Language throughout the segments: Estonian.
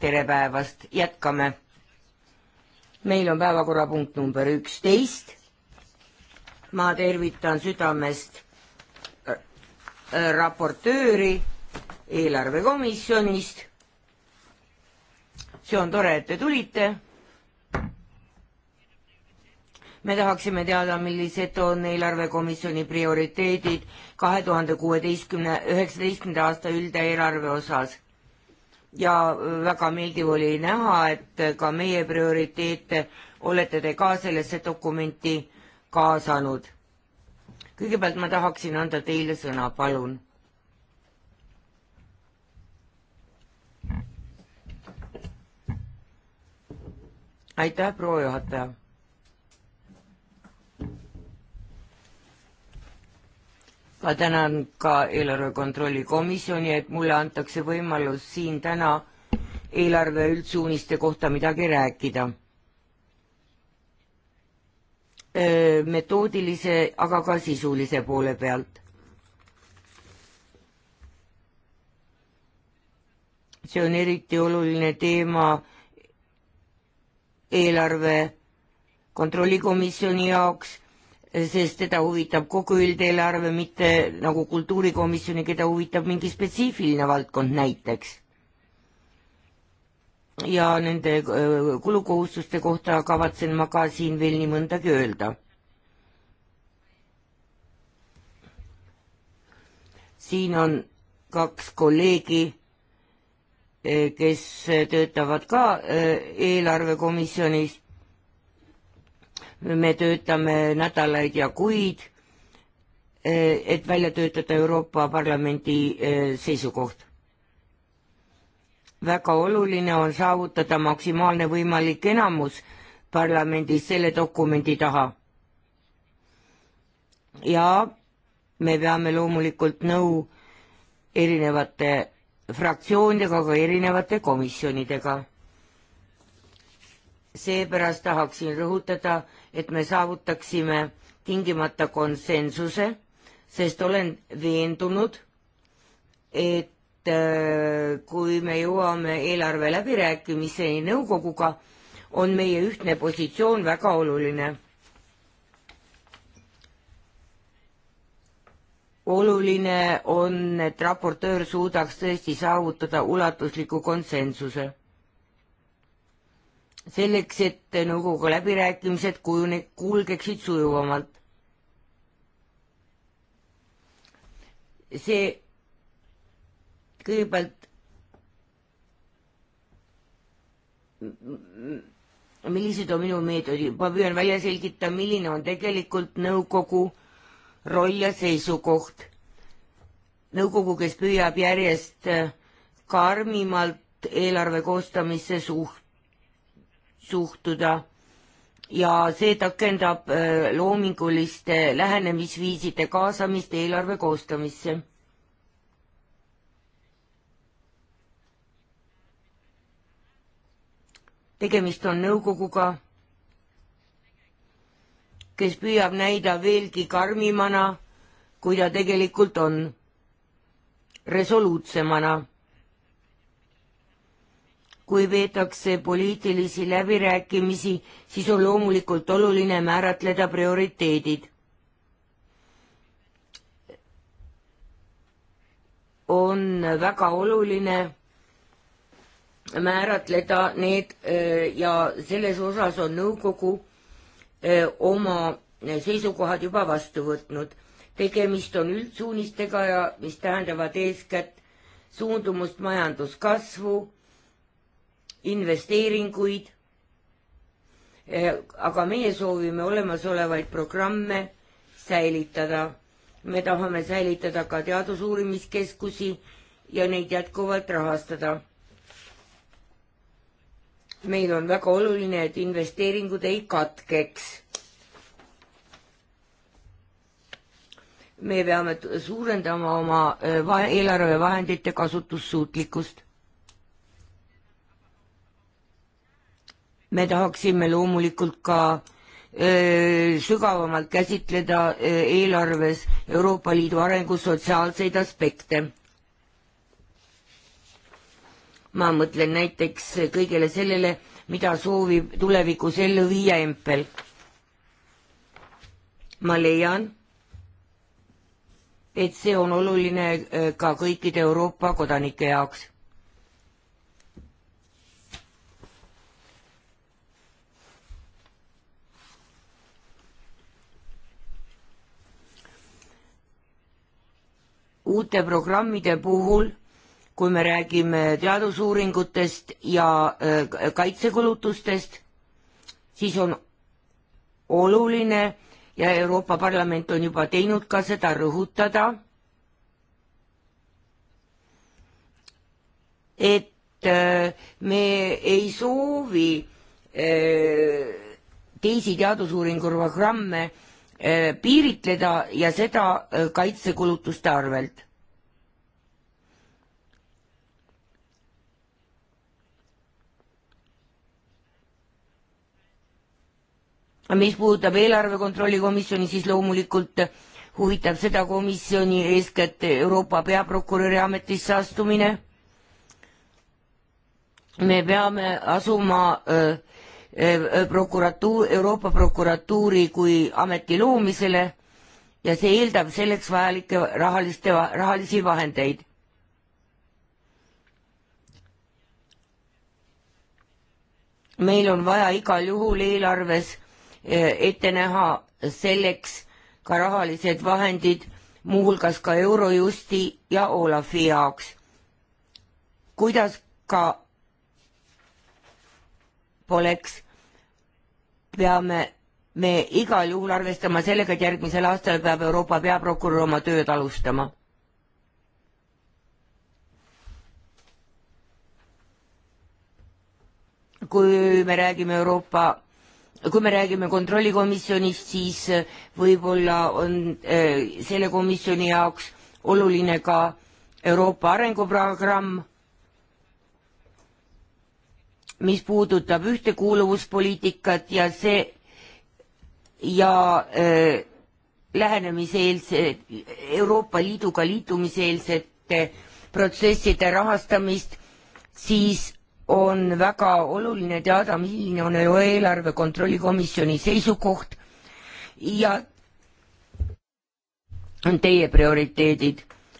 tere päevast, jätkame. meil on päevakorrapunkt number üksteist. ma tervitan südamest äh, äh, raportööri eelarvekomisjonist. see on tore, et te tulite. me tahaksime teada, millised on eelarvekomisjoni prioriteedid kahe tuhande kuueteistkümne, üheksateistkümnenda aasta üldeelarve osas ja väga meeldiv oli näha, et ka meie prioriteete olete te ka sellesse dokumenti kaasanud. kõigepealt ma tahaksin anda teile sõna, palun. aitäh, proua juhataja ma tänan ka eelarve kontrolli komisjoni, et mulle antakse võimalus siin täna eelarve üldsuuniste kohta midagi rääkida. metoodilise, aga ka sisulise poole pealt. see on eriti oluline teema eelarve kontrollikomisjoni jaoks sest teda huvitab kogu üldeelarve, mitte nagu kultuurikomisjoni, keda huvitab mingi spetsiifiline valdkond näiteks. ja nende äh, kulukohustuste kohta kavatsen ma ka siin veel nii mõndagi öelda. siin on kaks kolleegi, äh, kes töötavad ka äh, eelarvekomisjonis me töötame nädalaid ja kuid, eh, et välja töötada Euroopa Parlamendi eh, seisukoht. väga oluline on saavutada maksimaalne võimalik enamus parlamendis selle dokumendi taha. ja me peame loomulikult nõu erinevate fraktsioonidega, ka erinevate komisjonidega. seepärast tahaksin rõhutada, et me saavutaksime tingimata konsensuse, sest olen veendunud, et äh, kui me jõuame eelarve läbirääkimiseni nõukoguga, on meie ühtne positsioon väga oluline. oluline on, et raportöör suudaks tõesti saavutada ulatusliku konsensuse selleks, et nõukoguga läbirääkimised kujune-, kulgeksid sujuvamalt. see kõigepealt millised on minu meetodid, ma püüan välja selgitada, milline on tegelikult nõukogu roll ja seisukoht. nõukogu, kes püüab järjest karmimalt eelarve koostamisse suht-, suhtuda ja see takendab äh, loominguliste lähenemisviiside kaasamist eelarve koostamisse. tegemist on nõukoguga, kes püüab näida veelgi karmimana, kui ta tegelikult on, resoluutsemana kui peetakse poliitilisi läbirääkimisi, siis on loomulikult oluline määratleda prioriteedid. on väga oluline määratleda need eh, ja selles osas on nõukogu eh, oma seisukohad juba vastu võtnud. tegemist on üldsuunistega ja mis tähendavad eeskätt suundumust majanduskasvu investeeringuid, eh, aga meie soovime olemasolevaid programme säilitada. me tahame säilitada ka teadusuurimiskeskusi ja neid jätkuvalt rahastada. meil on väga oluline, et investeeringud ei katkeks. me peame suurendama oma eh, eelarvevahendite kasutussuutlikkust me tahaksime loomulikult ka öö, sügavamalt käsitleda öö, eelarves Euroopa Liidu arengu sotsiaalseid aspekte. ma mõtlen näiteks kõigele sellele, mida soovib tulevikus ellu viia Empel. ma leian, et see on oluline ka kõikide Euroopa kodanike jaoks uute programmide puhul, kui me räägime teadusuuringutest ja äh, kaitsekulutustest, siis on oluline ja Euroopa Parlament on juba teinud ka seda rõhutada, et äh, me ei soovi äh, teisi teadusuuringu programme Äh, piiritleda ja seda äh, kaitsekulutuste arvelt. mis puudutab eelarve kontrolli komisjoni, siis loomulikult huvitab seda komisjoni eeskätt Euroopa peaprokuröri ametisse astumine. me peame asuma öö, äh, Eh, prokuratuur, Euroopa prokuratuuri kui ameti loomisele ja see eeldab selleks vajalikke rahaliste, rahalisi vahendeid. meil on vaja igal juhul eelarves eh, ette näha selleks ka rahalised vahendid, muuhulgas ka Eurojusti ja Olafi jaoks. kuidas ka poleks peame me igal juhul arvestama sellega, et järgmisel aastal peab Euroopa peaprokurör oma tööd alustama. kui me räägime Euroopa, kui me räägime kontrollikomisjonist, siis võib-olla on eh, selle komisjoni jaoks oluline ka Euroopa arenguprogramm mis puudutab ühtekuuluvuspoliitikat ja see ja öö, äh, lähenemiseelse, Euroopa Liiduga liitumiseelsete protsesside rahastamist, siis on väga oluline teada, milline on eelarve kontrolli komisjoni seisukoht ja on teie prioriteedid.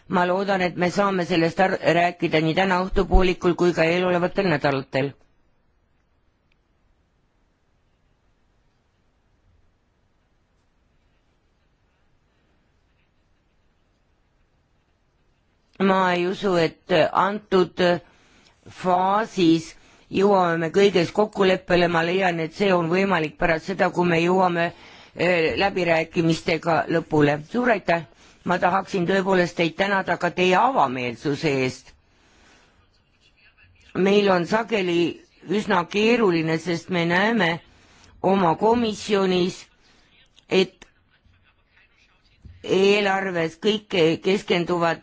ma loodan, et me saame sellest rääkida nii täna õhtupoolikul kui ka eelolevatel nädalatel ma ei usu, et äh, antud äh, faasis jõuame me kõiges kokkuleppele, ma leian, et see on võimalik pärast seda, kui me jõuame äh, läbirääkimistega lõpule. suur aitäh, ma tahaksin tõepoolest teid tänada ka teie avameelsuse eest. meil on sageli üsna keeruline, sest me näeme oma komisjonis, et eelarves kõik keskenduvad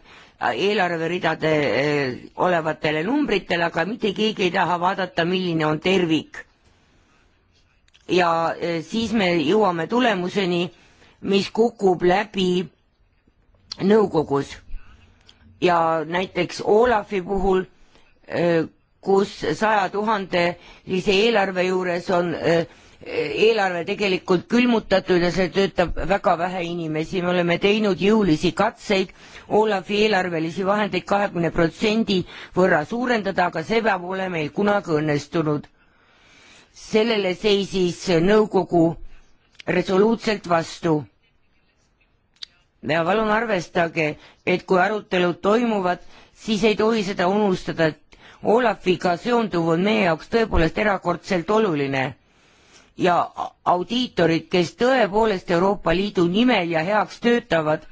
eelarveridade eh, olevatele numbritele, aga mitte keegi ei taha vaadata, milline on tervik. ja eh, siis me jõuame tulemuseni, mis kukub läbi nõukogus ja näiteks Olafi puhul, eh, kus saja tuhandelise eelarve juures on öö, eelarve tegelikult külmutatud ja see töötab väga vähe inimesi, me oleme teinud jõulisi katseid Olavi eelarvelisi vahendeid kahekümne protsendi võrra suurendada, aga see peab olema meil kunagi õnnestunud. sellele seisis nõukogu resoluutselt vastu. ja palun arvestage, et kui arutelud toimuvad, siis ei tohi seda unustada, et Olafiga seonduv on meie jaoks tõepoolest erakordselt oluline ja audiitorid, kes tõepoolest Euroopa Liidu nimel ja heaks töötavad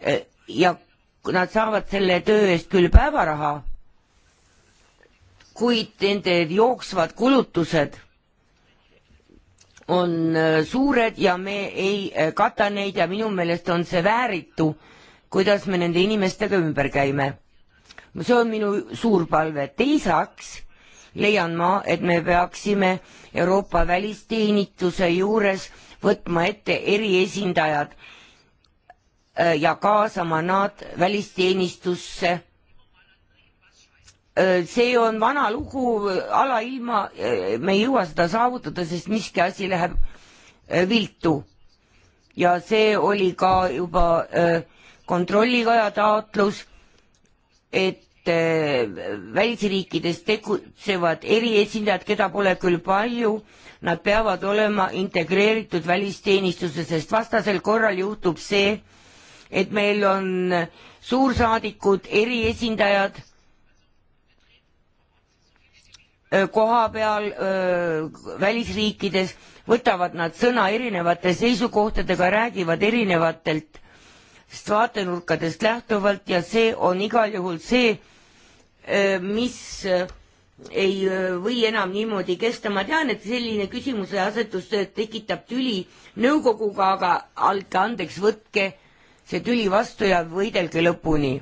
eh, ja nad saavad selle töö eest küll päevaraha, kuid nende jooksvad kulutused on eh, suured ja me ei eh, kata neid ja minu meelest on see vääritu, kuidas me nende inimestega ümber käime. see on minu suur palve, teisaks leian ma, et me peaksime Euroopa välisteenituse juures võtma ette eriesindajad äh, ja kaasama nad välisteenistusse. Äh, see on vana lugu, äh, alailma me ei jõua seda saavutada, sest miski asi läheb viltu. ja see oli ka juba kontrollikoja taotlus, et Äh, välisriikides tegutsevad eriesindajad, keda pole küll palju, nad peavad olema integreeritud välisteenistusse, sest vastasel korral juhtub see, et meil on suursaadikud, eriesindajad äh, koha peal öö, äh, välisriikides, võtavad nad sõna erinevate seisukohtadega, räägivad erinevatelt vaatenurkadest lähtuvalt ja see on igal juhul see, Äh, mis äh, ei äh, või enam niimoodi kesta, ma tean, et selline küsimuse asetus tekitab tüli nõukoguga, aga andke andeks, võtke see tüli vastu ja võidelge lõpuni.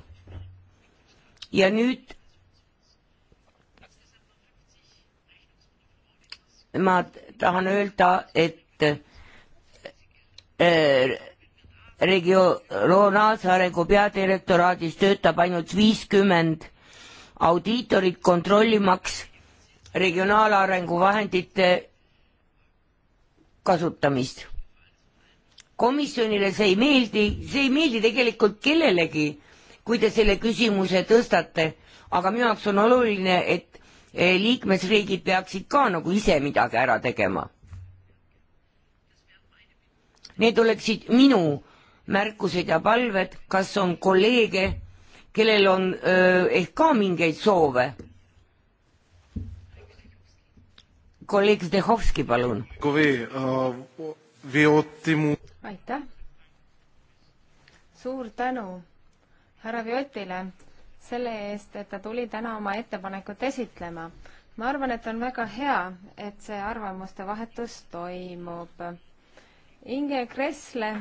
ja nüüd ma tahan öelda, et äh, regionaalse arengu peadirektoraadis töötab ainult viiskümmend audiitorid kontrollimaks regionaalarengu vahendite kasutamist. komisjonile see ei meeldi, see ei meeldi tegelikult kellelegi, kui te selle küsimuse tõstate, aga minu jaoks on oluline, et eh, liikmesriigid peaksid ka nagu ise midagi ära tegema. Need oleksid minu märkused ja palved, kas on kolleege, kellel on öö, ehk ka mingeid soove? kolleeg Zdehovski, palun. aitäh. suur tänu härra Viotile selle eest, et ta tuli täna oma ettepanekut esitlema. ma arvan, et on väga hea, et see arvamuste vahetus toimub. Inge Kressle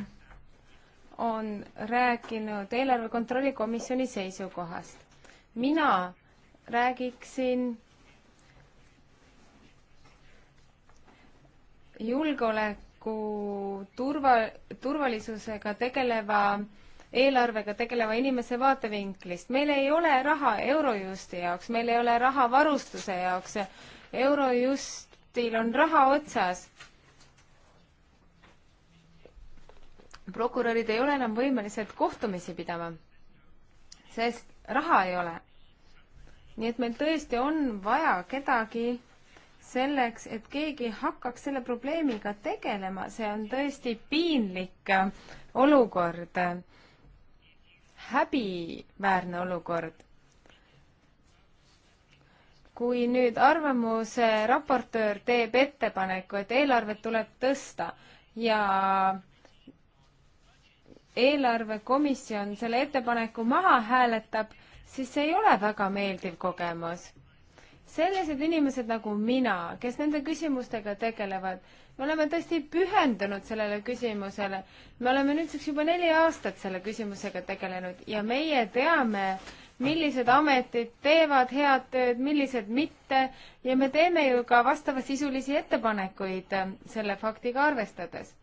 on rääkinud eelarve kontrolli komisjoni seisukohast. mina räägiksin julgeoleku turva, turvalisusega tegeleva eelarvega tegeleva inimese vaatevinklist. meil ei ole raha Eurojusti jaoks, meil ei ole raha varustuse jaoks. Eurojustil on raha otsas prokurörid ei ole enam võimelised kohtumisi pidama, sest raha ei ole. nii et meil tõesti on vaja kedagi selleks, et keegi hakkaks selle probleemiga tegelema, see on tõesti piinlik olukord, häbiväärne olukord. kui nüüd arvamuse raportöör teeb ettepaneku, et eelarvet tuleb tõsta ja eelarvekomisjon selle ettepaneku maha hääletab, siis see ei ole väga meeldiv kogemus. sellised inimesed nagu mina, kes nende küsimustega tegelevad, me oleme tõesti pühendunud sellele küsimusele. me oleme nüüdseks juba neli aastat selle küsimusega tegelenud ja meie teame, millised ametid teevad head tööd, millised mitte ja me teeme ju ka vastavasisulisi ettepanekuid äh, selle faktiga arvestades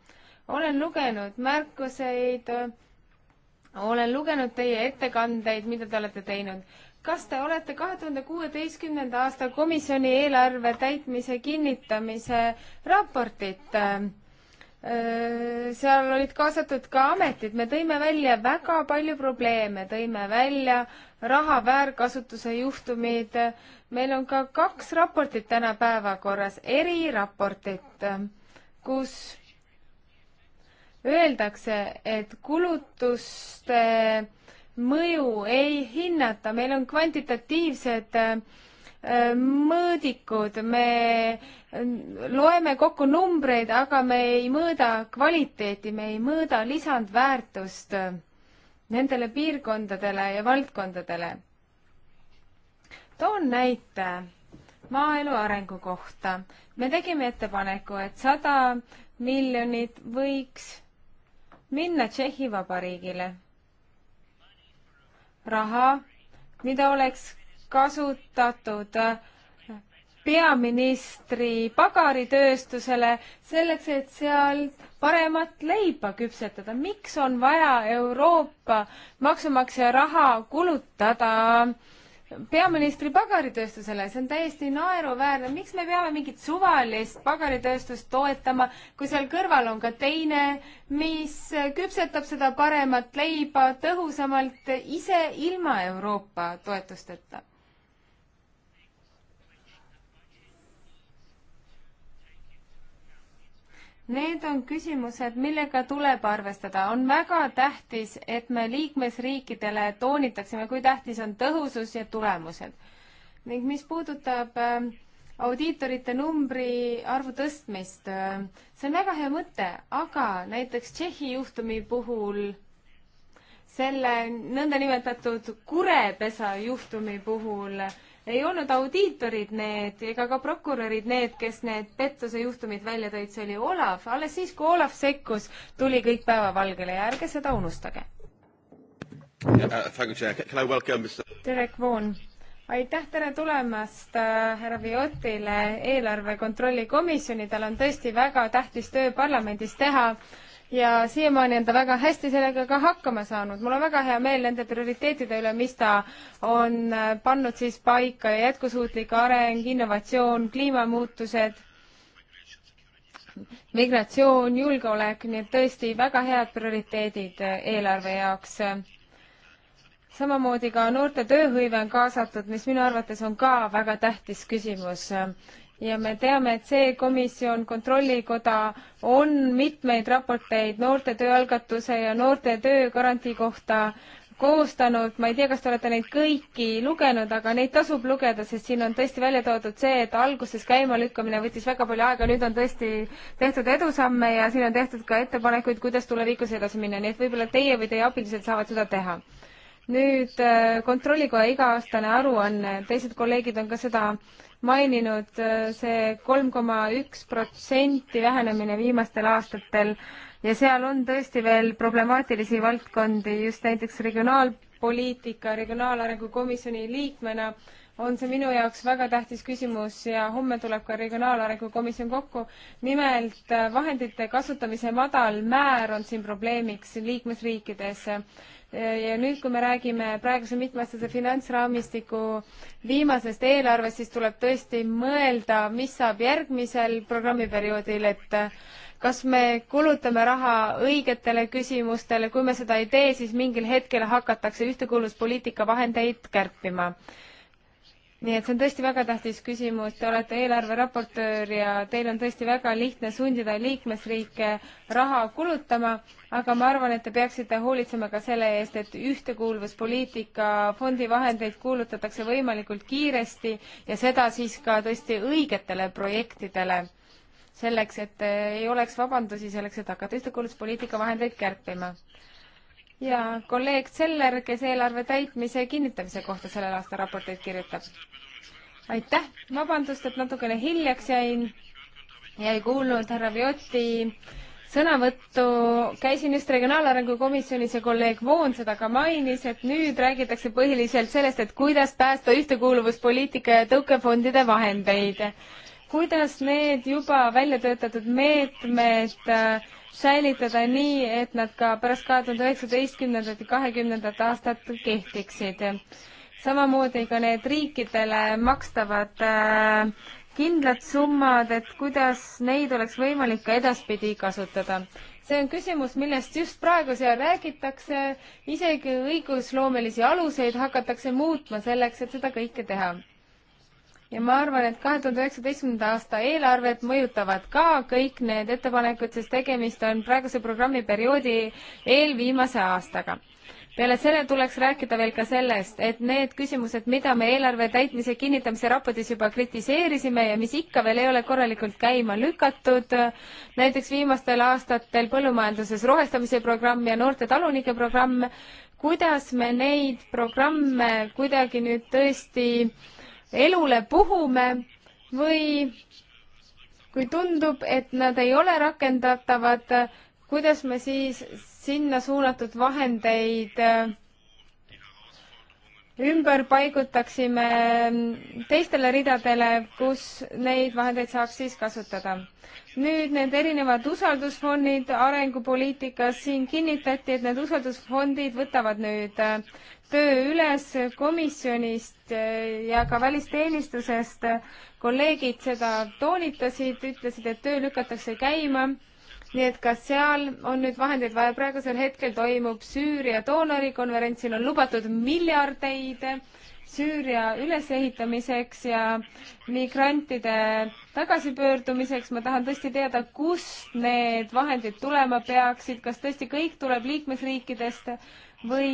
olen lugenud märkuseid, olen lugenud teie ettekandeid, mida te olete teinud. kas te olete kahe tuhande kuueteistkümnenda aasta komisjoni eelarve täitmise kinnitamise raportit äh, seal olid kaasatud ka ametid, me tõime välja väga palju probleeme, tõime välja raha väärkasutuse juhtumid. meil on ka kaks raportit täna päevakorras, eriraportit, kus öeldakse, et kulutuste mõju ei hinnata, meil on kvantitatiivsed äh, mõõdikud, me äh, loeme kokku numbreid, aga me ei mõõda kvaliteeti, me ei mõõda lisandväärtust äh, nendele piirkondadele ja valdkondadele. toon näite maaelu arengu kohta. me tegime ettepaneku, et sada miljonit võiks minna Tšehhi Vabariigile. raha, mida oleks kasutatud peaministri pagaritööstusele selleks, et seal paremat leiba küpsetada. miks on vaja Euroopa maksumaksja raha kulutada äh, peaministri pagaritööstusele, see on täiesti naeruväärne, miks me peame mingit suvalist pagaritööstust toetama, kui seal kõrval on ka teine, mis küpsetab seda paremat leiba tõhusamalt ise ilma Euroopa toetusteta. Need on küsimused, millega tuleb arvestada. on väga tähtis, et me liikmesriikidele toonitaksime, kui tähtis on tõhusus ja tulemused. ning mis puudutab äh, audiitorite numbri arvu tõstmist, äh, see on väga hea mõte, aga näiteks Tšehhi juhtumi puhul selle nõndanimetatud kurepesa juhtumi puhul äh, ei olnud audiitorid need ega ka prokurörid need, kes need pettuse juhtumid välja tõid, see oli Olav. alles siis, kui Olav sekkus, tuli kõik päevavalgele ja ärge seda unustage. Uh, Derek Vaughan aitäh, tere tulemast äh, härra äh, Viotile eelarve kontrolli komisjoni, tal on tõesti väga tähtis töö parlamendis teha ja siiamaani on ta väga hästi sellega ka hakkama saanud. mul on väga hea meel nende prioriteetide üle, mis ta on äh, pannud siis paika ja jätkusuutlik areng, innovatsioon, kliimamuutused, migratsioon, julgeolek, nii et tõesti väga head prioriteedid äh, eelarve jaoks samamoodi ka noorte tööhõive on kaasatud, mis minu arvates on ka väga tähtis küsimus ja me teame, et see komisjon, Kontrollikoda, on mitmeid raporteid noorte tööalgatuse ja noorte töögarantii kohta koostanud, ma ei tea, kas te olete neid kõiki lugenud, aga neid tasub lugeda, sest siin on tõesti välja toodud see, et alguses käimalükkamine võttis väga palju aega, nüüd on tõesti tehtud edusamme ja siin on tehtud ka ettepanekuid, kuidas tulevikus edasi minna, nii et võib-olla teie või teie abilised saavad seda teha nüüd äh, Kontrollikoja iga-aastane aruanne, teised kolleegid on ka seda maininud see, äh, see kolm koma üks protsenti vähenemine viimastel aastatel ja seal on tõesti veel problemaatilisi valdkondi, just näiteks regionaalpoliitika, regionaalarengu komisjoni liikmena äh, on see minu jaoks väga tähtis küsimus ja homme tuleb ka Regionaalarengu Komisjon kokku. nimelt äh, vahendite kasutamise madal määr on siin probleemiks liikmesriikides. Äh, ja nüüd, kui me räägime praeguse mitmeaastase finantsraamistiku viimasest eelarvest, siis tuleb tõesti mõelda, mis saab järgmisel programmiperioodil, et äh, kas me kulutame raha õigetele küsimustele, kui me seda ei tee, siis mingil hetkel hakatakse ühtekuuluvuspoliitika vahendeid kärpima nii et see on tõesti väga tähtis küsimus, te olete eelarveraportöör ja teil on tõesti väga lihtne sundida liikmesriike raha kulutama, aga ma arvan, et te peaksite hoolitsema ka selle eest, et ühtekuuluvuspoliitika fondi vahendeid kuulutatakse võimalikult kiiresti ja seda siis ka tõesti õigetele projektidele. selleks, et ei oleks vabandusi selleks, et hakata ühtekuuluvuspoliitika vahendeid kärpima ja kolleeg Zeller, kes eelarve täitmise kinnitamise kohta sellel aastal raporteid kirjutab. aitäh, vabandust, et natukene hiljaks jäin ja ei kuulnud härra Vioti sõnavõttu. käisin just Regionaalarengu komisjonis ja kolleeg Voon seda ka mainis, et nüüd räägitakse põhiliselt sellest, et kuidas päästa ühtekuuluvuspoliitika ja tõukefondide vahendeid. kuidas need juba välja töötatud meetmed äh, säilitada nii, et nad ka pärast kahe tuhande üheksateistkümnendat ja kahekümnendat aastat kehtiksid. samamoodi ka need riikidele makstavad äh, kindlad summad, et kuidas neid oleks võimalik ka edaspidi kasutada. see on küsimus, millest just praegu seal räägitakse, isegi õigusloomelisi aluseid hakatakse muutma selleks, et seda kõike teha ja ma arvan, et kahe tuhande üheksateistkümnenda aasta eelarvet mõjutavad ka kõik need ettepanekud, sest tegemist on praeguse programmiperioodi eelviimase aastaga peale selle tuleks rääkida veel ka sellest, et need küsimused, mida me eelarve täitmise kinnitamise raportis juba kritiseerisime ja mis ikka veel ei ole korralikult käima lükatud, näiteks viimastel aastatel põllumajanduses rohestamise programm ja noorte talunike programm, kuidas me neid programme kuidagi nüüd tõesti äh, elule puhume või kui tundub, et nad ei ole rakendatavad, kuidas me siis sinna suunatud vahendeid äh, ümber paigutaksime teistele ridadele, kus neid vahendeid saaks siis kasutada. nüüd need erinevad usaldusfondid arengupoliitikas, siin kinnitati, et need usaldusfondid võtavad nüüd äh, töö üles komisjonist äh, ja ka välisteenistusest. kolleegid seda toonitasid, ütlesid, et töö lükatakse käima. nii et kas seal on nüüd vahendeid vaja, praegusel hetkel toimub Süüria doonorikonverentsil on lubatud miljardeid Süüria ülesehitamiseks ja migrantide tagasipöördumiseks. ma tahan tõesti teada, kust need vahendid tulema peaksid, kas tõesti kõik tuleb liikmesriikidest või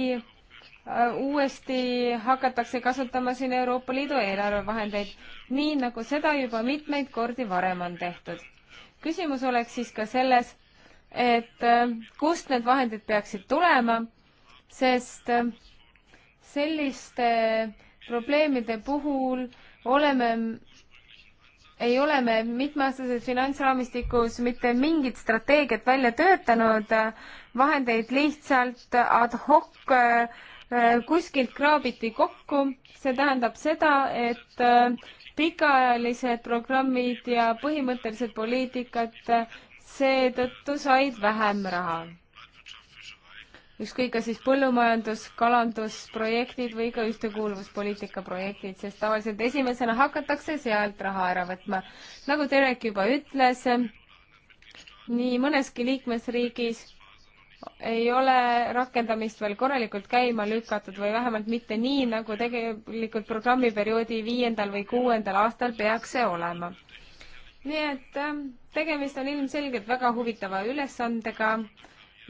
Äh, uuesti hakatakse kasutama siin Euroopa Liidu eelarvevahendeid, nii nagu seda juba mitmeid kordi varem on tehtud. küsimus oleks siis ka selles, et äh, kust need vahendid peaksid tulema, sest äh, selliste probleemide puhul oleme, ei ole me mitmeaastases finantsraamistikus mitte mingit strateegiat välja töötanud, vahendeid lihtsalt ad hoc Äh, kuskilt kraabiti kokku, see tähendab seda, et äh, pikaajalised programmid ja põhimõttelised poliitikad äh, seetõttu said vähem raha. ükskõik, kas siis põllumajandus, kalandusprojektid või ka ühtekuuluvuspoliitika projektid, sest tavaliselt esimesena hakatakse sealt raha ära võtma. nagu Terek juba ütles, nii mõneski liikmesriigis ei ole rakendamist veel korralikult käima lükatud või vähemalt mitte nii, nagu tegelikult programmiperioodi viiendal või kuuendal aastal peaks see olema. nii et ähm, tegemist on ilmselgelt väga huvitava ülesandega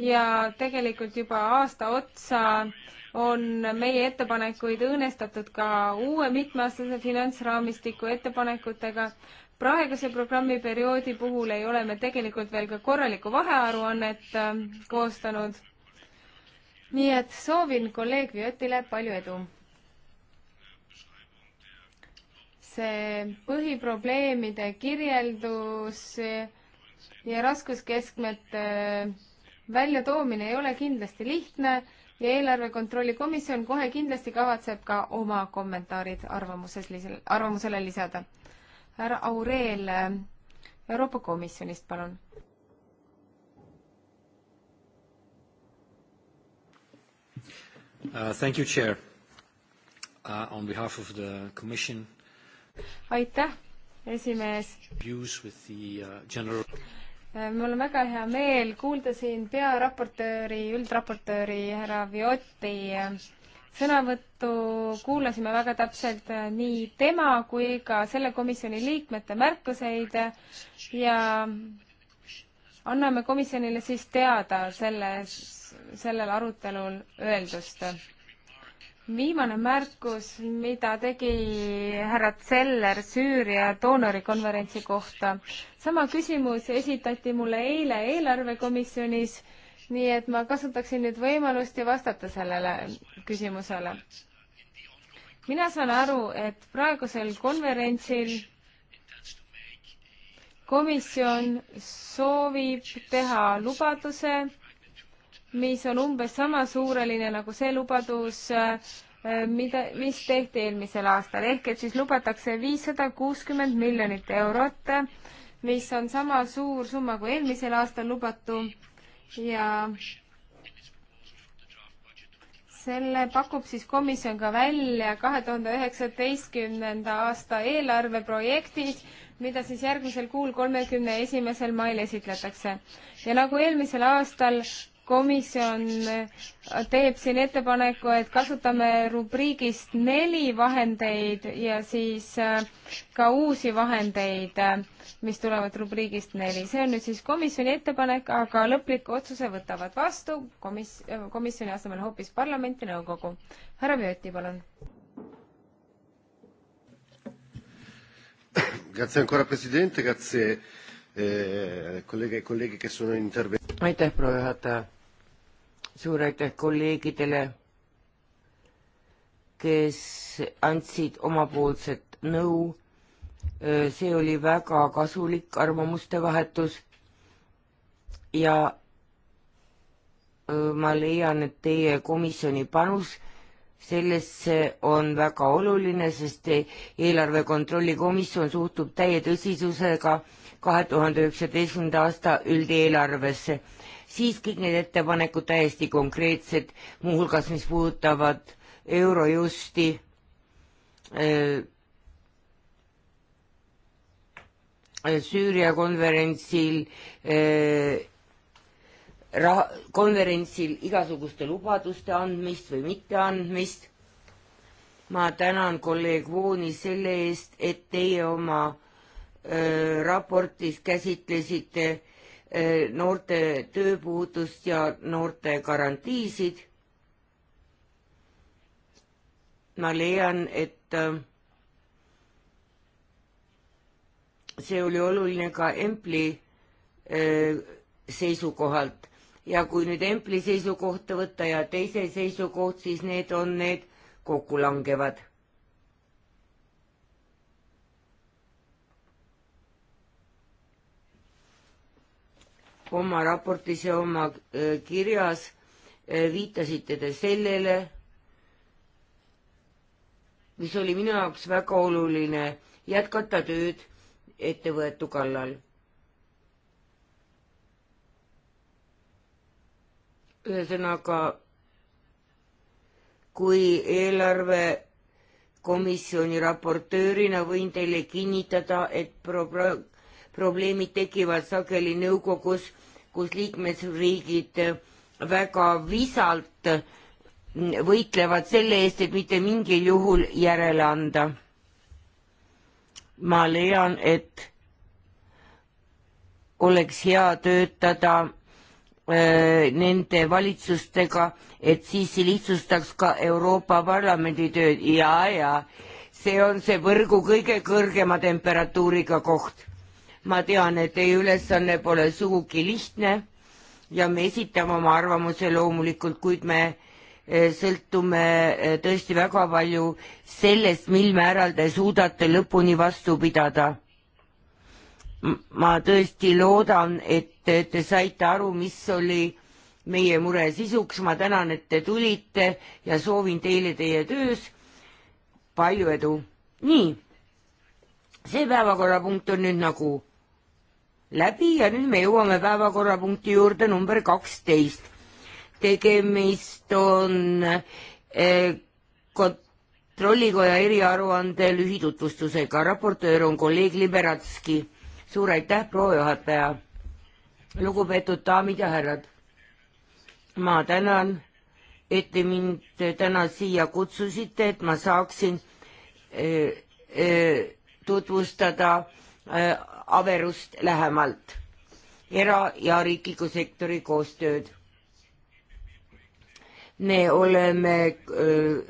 ja tegelikult juba aasta otsa äh, on meie ettepanekuid õõnestatud ka uue mitmeaastase finantsraamistiku ettepanekutega. praeguse programmiperioodi puhul ei ole me tegelikult veel ka korralikku vahearuannet ähm, koostanud. nii et soovin kolleeg Viotile palju edu. see põhiprobleemide kirjeldus ja raskuskeskmete äh, väljatoomine ei ole kindlasti lihtne ja eelarve kontrolli komisjon kohe kindlasti kavatseb ka oma kommentaarid arvamuses, arvamusele lisada. härra Aureel Euroopa Komisjonist, palun. Uh, thank you, Chair. Uh, on behalf of the Commission. aitäh, esimees. Views with the uh, general Äh, mul on väga hea meel kuulda siin pearaportööri, üldraportööri härra Vioti äh, sõnavõttu, kuulasime väga täpselt äh, nii tema kui ka selle komisjoni liikmete märkuseid ja anname komisjonile siis teada selles, sellel arutelul öeldust viimane märkus, mida tegi härra Zeller Süüria doonorikonverentsi kohta. sama küsimus esitati mulle eile eelarvekomisjonis, nii et ma kasutaksin nüüd võimalust ja vastata sellele küsimusele. mina saan aru, et praegusel konverentsil komisjon soovib teha lubaduse mis on umbes sama suureline nagu see lubadus, äh, mida, mis tehti eelmisel aastal, ehk et siis lubatakse viissada kuuskümmend miljonit eurot, mis on sama suur summa kui eelmisel aastal lubatu ja selle pakub siis komisjon ka välja kahe tuhande üheksateistkümnenda aasta eelarveprojektis, mida siis järgmisel kuul, kolmekümne esimesel mail esitletakse. ja nagu eelmisel aastal komisjon teeb siin ettepaneku, et kasutame rubriigist neli vahendeid ja siis äh, ka uusi vahendeid, äh, mis tulevad rubriigist neli. see on nüüd siis komisjoni ettepanek, aga lõpliku otsuse võtavad vastu komis-, äh, komisjoni asemel hoopis parlament ja nõukogu. härra Vjoti, palun. Grazie ancora Presidente, grazie eh, colleghe e colleghi che sono intervenuti. Aitäh, proua juhataja suur aitäh kolleegidele, kes andsid omapoolset nõu. see oli väga kasulik arvamuste vahetus ja ma leian, et teie komisjoni panus sellesse on väga oluline, sest eelarve kontrolli komisjon suhtub täie tõsisusega kahe tuhande üheksateistkümnenda aasta üldeelarvesse siis kõik need ettepanekud täiesti konkreetsed, muuhulgas mis puudutavad Eurojusti äh, äh, Süüria konverentsil äh, rah-, konverentsil igasuguste lubaduste andmist või mitteandmist. ma tänan kolleeg Vooni selle eest, et teie oma öö, raportis käsitlesite öö, Eh, noorte tööpuudust ja noorte garantiisid. ma leian, et eh, see oli oluline ka Empli eh, seisukohalt ja kui nüüd Empli seisukohta võtta ja teise seisukoht, siis need on need kokkulangevad oma raportis ja oma äh, kirjas äh, viitasite te sellele, mis oli minu jaoks väga oluline, jätkata tööd ettevõetu kallal. ühesõnaga, kui eelarve komisjoni raportöörina võin teile kinnitada, et pro-, probleemid tekivad sageli nõukogus, kus liikmesriigid väga visalt võitlevad selle eest, et mitte mingil juhul järele anda. ma leian, et oleks hea töötada öö, äh, nende valitsustega, et siis lihtsustaks ka Euroopa Parlamendi tööd ja, ja see on see võrgu kõige kõrgema temperatuuriga koht ma tean, et teie ülesanne pole sugugi lihtne ja me esitame oma arvamuse loomulikult, kuid me eh, sõltume eh, tõesti väga palju sellest, mil määral te suudate lõpuni vastu pidada ma tõesti loodan, et te saite aru, mis oli meie mure sisuks, ma tänan, et te tulite ja soovin teile teie töös palju edu. nii, see päevakorrapunkt on nüüd nagu läbi ja nüüd me jõuame päevakorrapunkti juurde number kaksteist. tegemist on eh, kontrollikoja eriaruande lühitutvustusega, raportöör on kolleeg Liberatski. suur aitäh, proua juhataja. lugupeetud daamid ja härrad, ma tänan, et te mind täna siia kutsusite, et ma saaksin eh, eh, tutvustada eh, averust lähemalt, era- ja riikliku sektori koostööd. me oleme öö,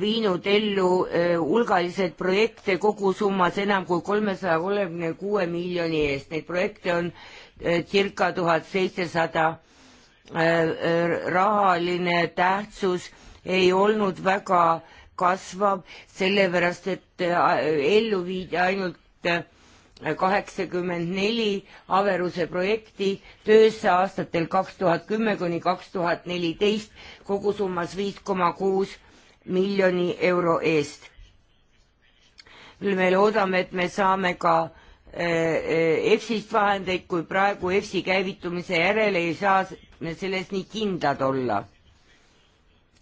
viinud ellu hulgaliselt projekte kogusummas enam kui kolmesaja kolmekümne kuue miljoni eest. Neid projekte on circa tuhat seitsesada. rahaline tähtsus ei olnud väga äh, kasvab, sellepärast et äh, ellu viidi ainult äh, kaheksakümmend neli Averuse projekti töösse aastatel kaks tuhat kümme kuni kaks tuhat neliteist kogusummas viis koma kuus miljoni euro eest. küll me loodame, et me saame ka äh, EFSist vahendeid, kui praegu EFSi käivitumise järel ei saa me selles nii kindlad olla.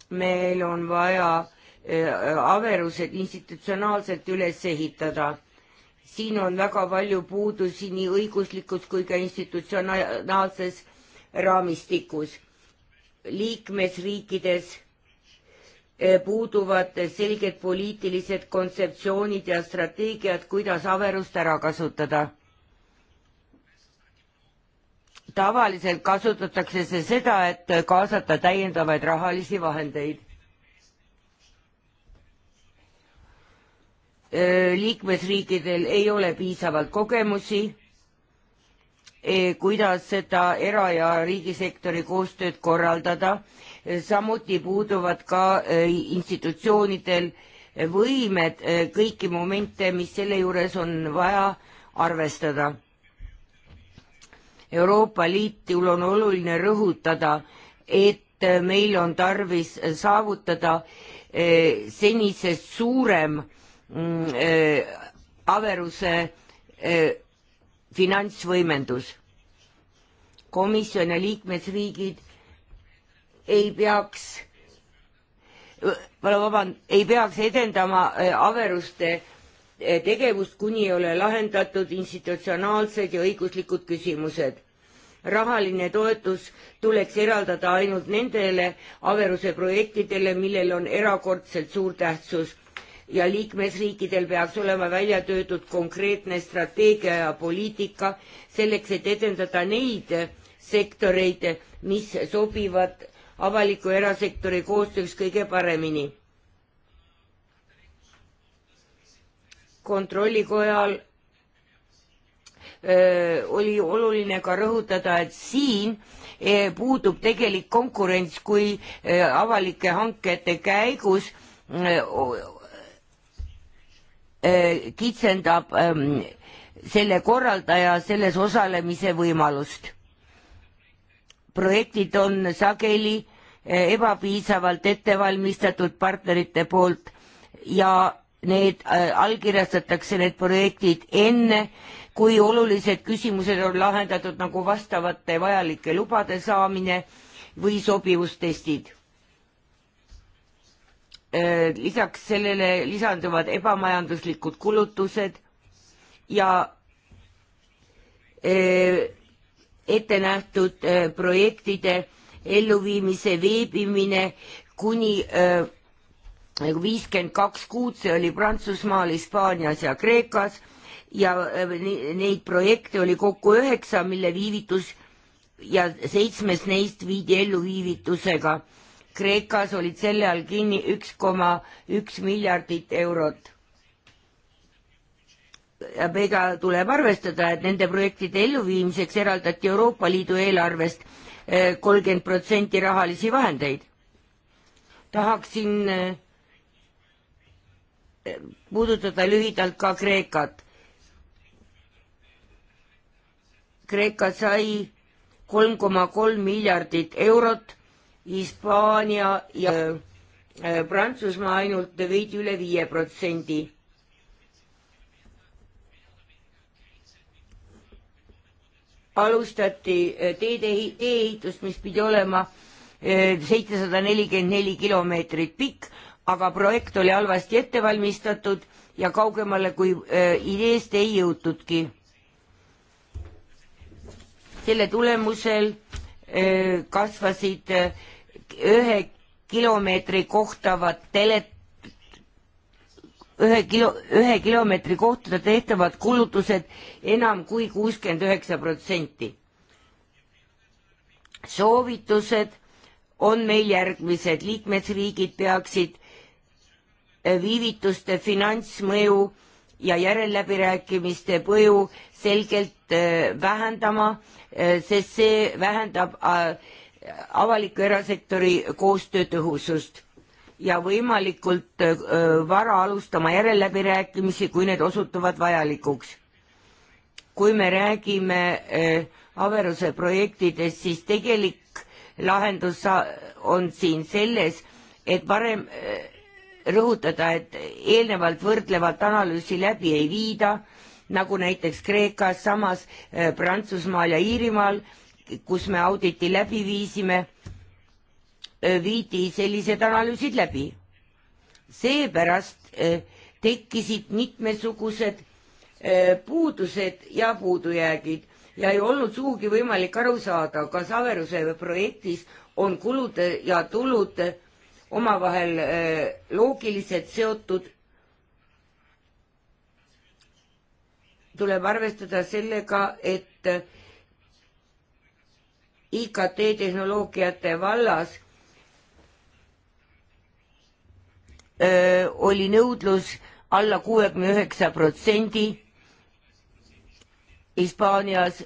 meil on vaja Äh, averused institutsionaalselt üles ehitada. siin on väga palju puudusi nii õiguslikus kui ka institutsionaalses raamistikus. liikmesriikides äh, puuduvad selged poliitilised kontseptsioonid ja strateegiad, kuidas averust ära kasutada tavaliselt kasutatakse see seda, et kaasata täiendavaid rahalisi vahendeid. liikmesriikidel ei ole piisavalt kogemusi, kuidas seda era- ja riigisektori koostööd korraldada, samuti puuduvad ka institutsioonidel võimed kõiki momente, mis selle juures on vaja arvestada. Euroopa Liitul on oluline rõhutada, et meil on tarvis saavutada senisest suurem Mm, eh, averuse eh, finantsvõimendus. komisjon ja liikmesriigid ei peaks, vabandust, ei peaks edendama eh, Averuste tegevust, kuni ei ole lahendatud institutsionaalsed ja õiguslikud küsimused. rahaline toetus tuleks eraldada ainult nendele Averuse projektidele, millel on erakordselt suur tähtsus ja liikmesriikidel peaks olema välja töötud konkreetne strateegia ja poliitika selleks, et edendada neid sektoreid, mis sobivad avaliku erasektori koostööks kõige paremini. kontrollikojal öö, oli oluline ka rõhutada, et siin öö, e, puudub tegelik konkurents, kui öö, e, avalike hankete käigus öö, e, Äh, kitsendab ähm, selle korraldaja selles osalemise võimalust. projektid on sageli äh, ebapiisavalt ettevalmistatud partnerite poolt ja need äh, allkirjastatakse, need projektid enne, kui olulised küsimused on lahendatud, nagu vastavate vajalike lubade saamine või sobivustestid Äh, lisaks sellele lisanduvad ebamajanduslikud kulutused ja äh, ette nähtud äh, projektide elluviimise veebimine kuni viiskümmend kaks kuud, see oli Prantsusmaal, Hispaanias ja Kreekas ja neid projekte oli kokku üheksa, mille viivitus ja seitsmes neist viidi ellu viivitusega Kreekas olid selle all kinni üks koma üks miljardit eurot. ega tuleb arvestada, et nende projektide elluviimiseks eraldati Euroopa Liidu eelarvest eh, kolmkümmend protsenti rahalisi vahendeid. tahaksin eh, puudutada lühidalt ka Kreekat. Kreeka sai kolm koma kolm miljardit eurot Hispaania ja äh, äh, Prantsusmaa ainult veidi üle viie protsendi. alustati äh, teede, tee-ehitust, mis pidi olema seitsesada nelikümmend neli kilomeetrit pikk, aga projekt oli halvasti ette valmistatud ja kaugemale kui ideest ei jõutudki. selle tulemusel kasvasid ühe kilomeetri kohtavat telet, ühe kilo, ühe kilomeetri kohta tehtavad kulutused enam kui kuuskümmend üheksa protsenti. soovitused on meil järgmised, liikmesriigid peaksid eh, viivituste finantsmõju ja järelläbirääkimiste mõju selgelt eh, vähendama, eh, sest see vähendab ah, avaliku erasektori koostöö tõhusust ja võimalikult äh, vara alustama järelläbirääkimisi, kui need osutuvad vajalikuks. kui me räägime äh, Averuse projektidest, siis tegelik lahendus on siin selles, et varem äh, rõhutada, et eelnevalt võrdlevat analüüsi läbi ei viida, nagu näiteks Kreekas, samas Prantsusmaal ja Iirimaal kus me auditi läbi viisime, viidi sellised analüüsid läbi. seepärast tekkisid mitmesugused puudused ja puudujäägid ja ei olnud sugugi võimalik aru saada, kas Averuse projektis on kulud ja tulud omavahel loogiliselt seotud. tuleb arvestada sellega, et IKT tehnoloogiate vallas öö, oli nõudlus alla kuuekümne üheksa protsendi Hispaanias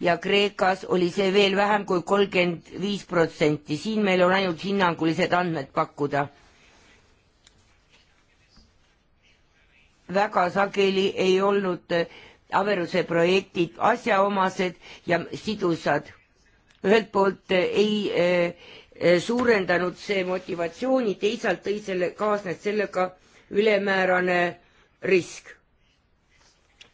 ja Kreekas oli see veel vähem kui kolmkümmend viis protsenti, siin meil on ainult hinnangulised andmed pakkuda. väga sageli ei olnud äh, Averuse projektid asjaomased ja sidusad ühelt poolt eh, ei eh, suurendanud see motivatsiooni, teisalt tõi selle, kaasnes sellega ülemäärane risk.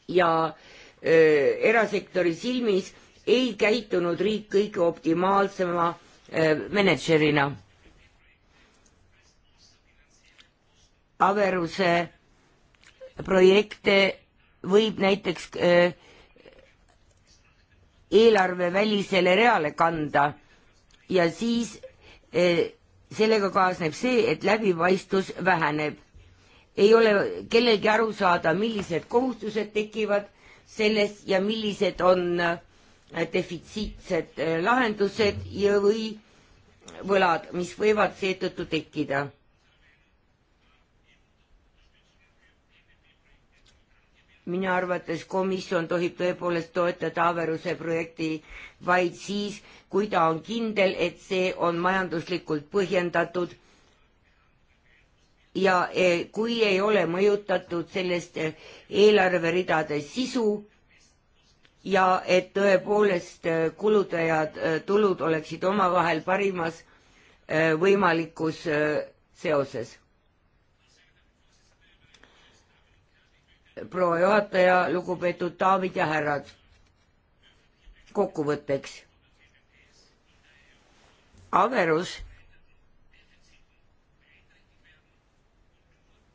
ja eh, erasektori silmis ei käitunud riik kõige optimaalsema mänedžerina. Averuse projekte võib näiteks äh, eelarve välisele reale kanda ja siis eh, sellega kaasneb see, et läbipaistvus väheneb. ei ole kellelgi aru saada, millised kohustused tekivad sellest ja millised on eh, defitsiitsed eh, lahendused ja, või võlad, mis võivad seetõttu tekkida minu arvates komisjon tohib tõepoolest toetada Averuse projekti vaid siis, kui ta on kindel, et see on majanduslikult põhjendatud ja e, kui ei ole mõjutatud sellest eelarveridade sisu ja et tõepoolest e, kulude ja e, tulud oleksid omavahel parimas võimalikus seoses proua juhataja, lugupeetud daamid ja härrad. kokkuvõtteks. averus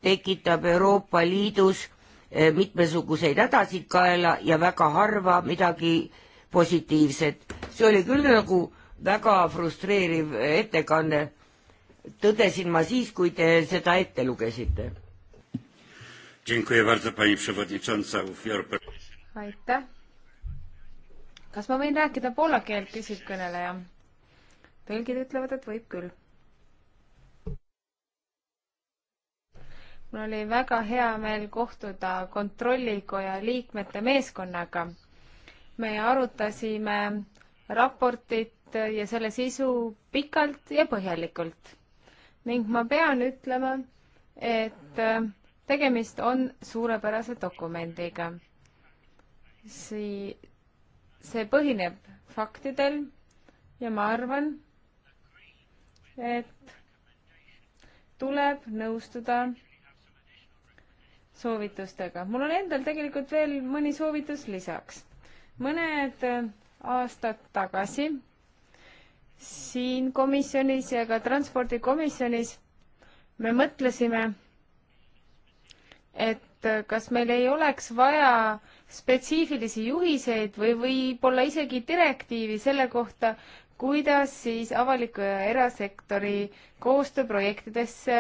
tekitab Euroopa Liidus eh, mitmesuguseid hädasid kaela ja väga harva midagi positiivset. see oli küll nagu väga frustreeriv ettekanne. tõdesin ma siis, kui te seda ette lugesite aitäh. kas ma võin rääkida poola keelt, küsib kõneleja. tõlgid ütlevad, et võib küll. mul oli väga hea meel kohtuda kontrollikoja liikmete meeskonnaga. me arutasime raportit ja selle sisu pikalt ja põhjalikult ning ma pean ütlema, et äh, tegemist on suurepärase dokumendiga. see, see põhineb faktidel ja ma arvan, et tuleb nõustuda soovitustega. mul on endal tegelikult veel mõni soovitus lisaks. mõned äh, aastad tagasi siin komisjonis ja ka transpordikomisjonis me mõtlesime et äh, kas meil ei oleks vaja spetsiifilisi juhiseid või võib-olla isegi direktiivi selle kohta, kuidas siis avaliku ja erasektori koostööprojektidesse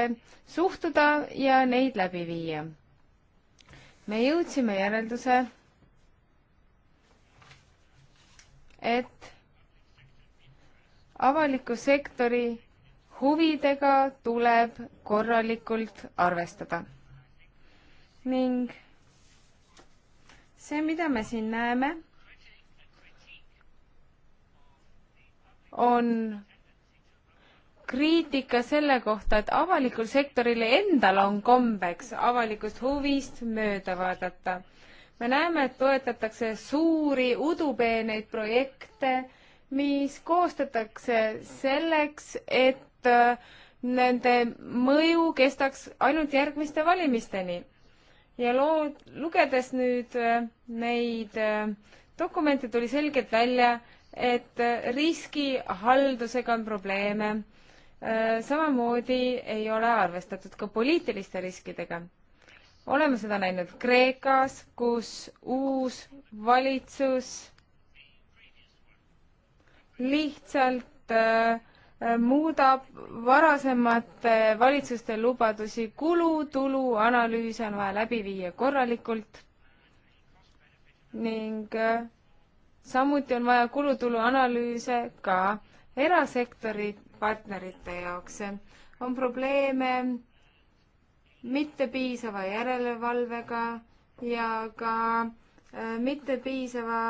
suhtuda ja neid läbi viia. me jõudsime järelduse, et avaliku sektori huvidega tuleb korralikult arvestada ning see, mida me siin näeme, on kriitika selle kohta, et avalikul sektoril endal on kombeks avalikust huvist mööda vaadata. me näeme, et toetatakse suuri udupeeneid projekte, mis koostatakse selleks, et äh, nende mõju kestaks ainult järgmiste valimisteni ja loo-, lugedes nüüd äh, neid äh, dokumente, tuli selgelt välja, et äh, riskihaldusega on probleeme. samamoodi ei ole arvestatud ka poliitiliste riskidega. oleme seda näinud Kreekas, kus uus valitsus lihtsalt äh, Äh, muudab varasemate valitsuste lubadusi kulu-tulu analüüse on vaja läbi viia korralikult ning äh, samuti on vaja kulutulu analüüse ka erasektori partnerite jaoks. on probleeme mittepiisava järelevalvega ja ka äh, mittepiisava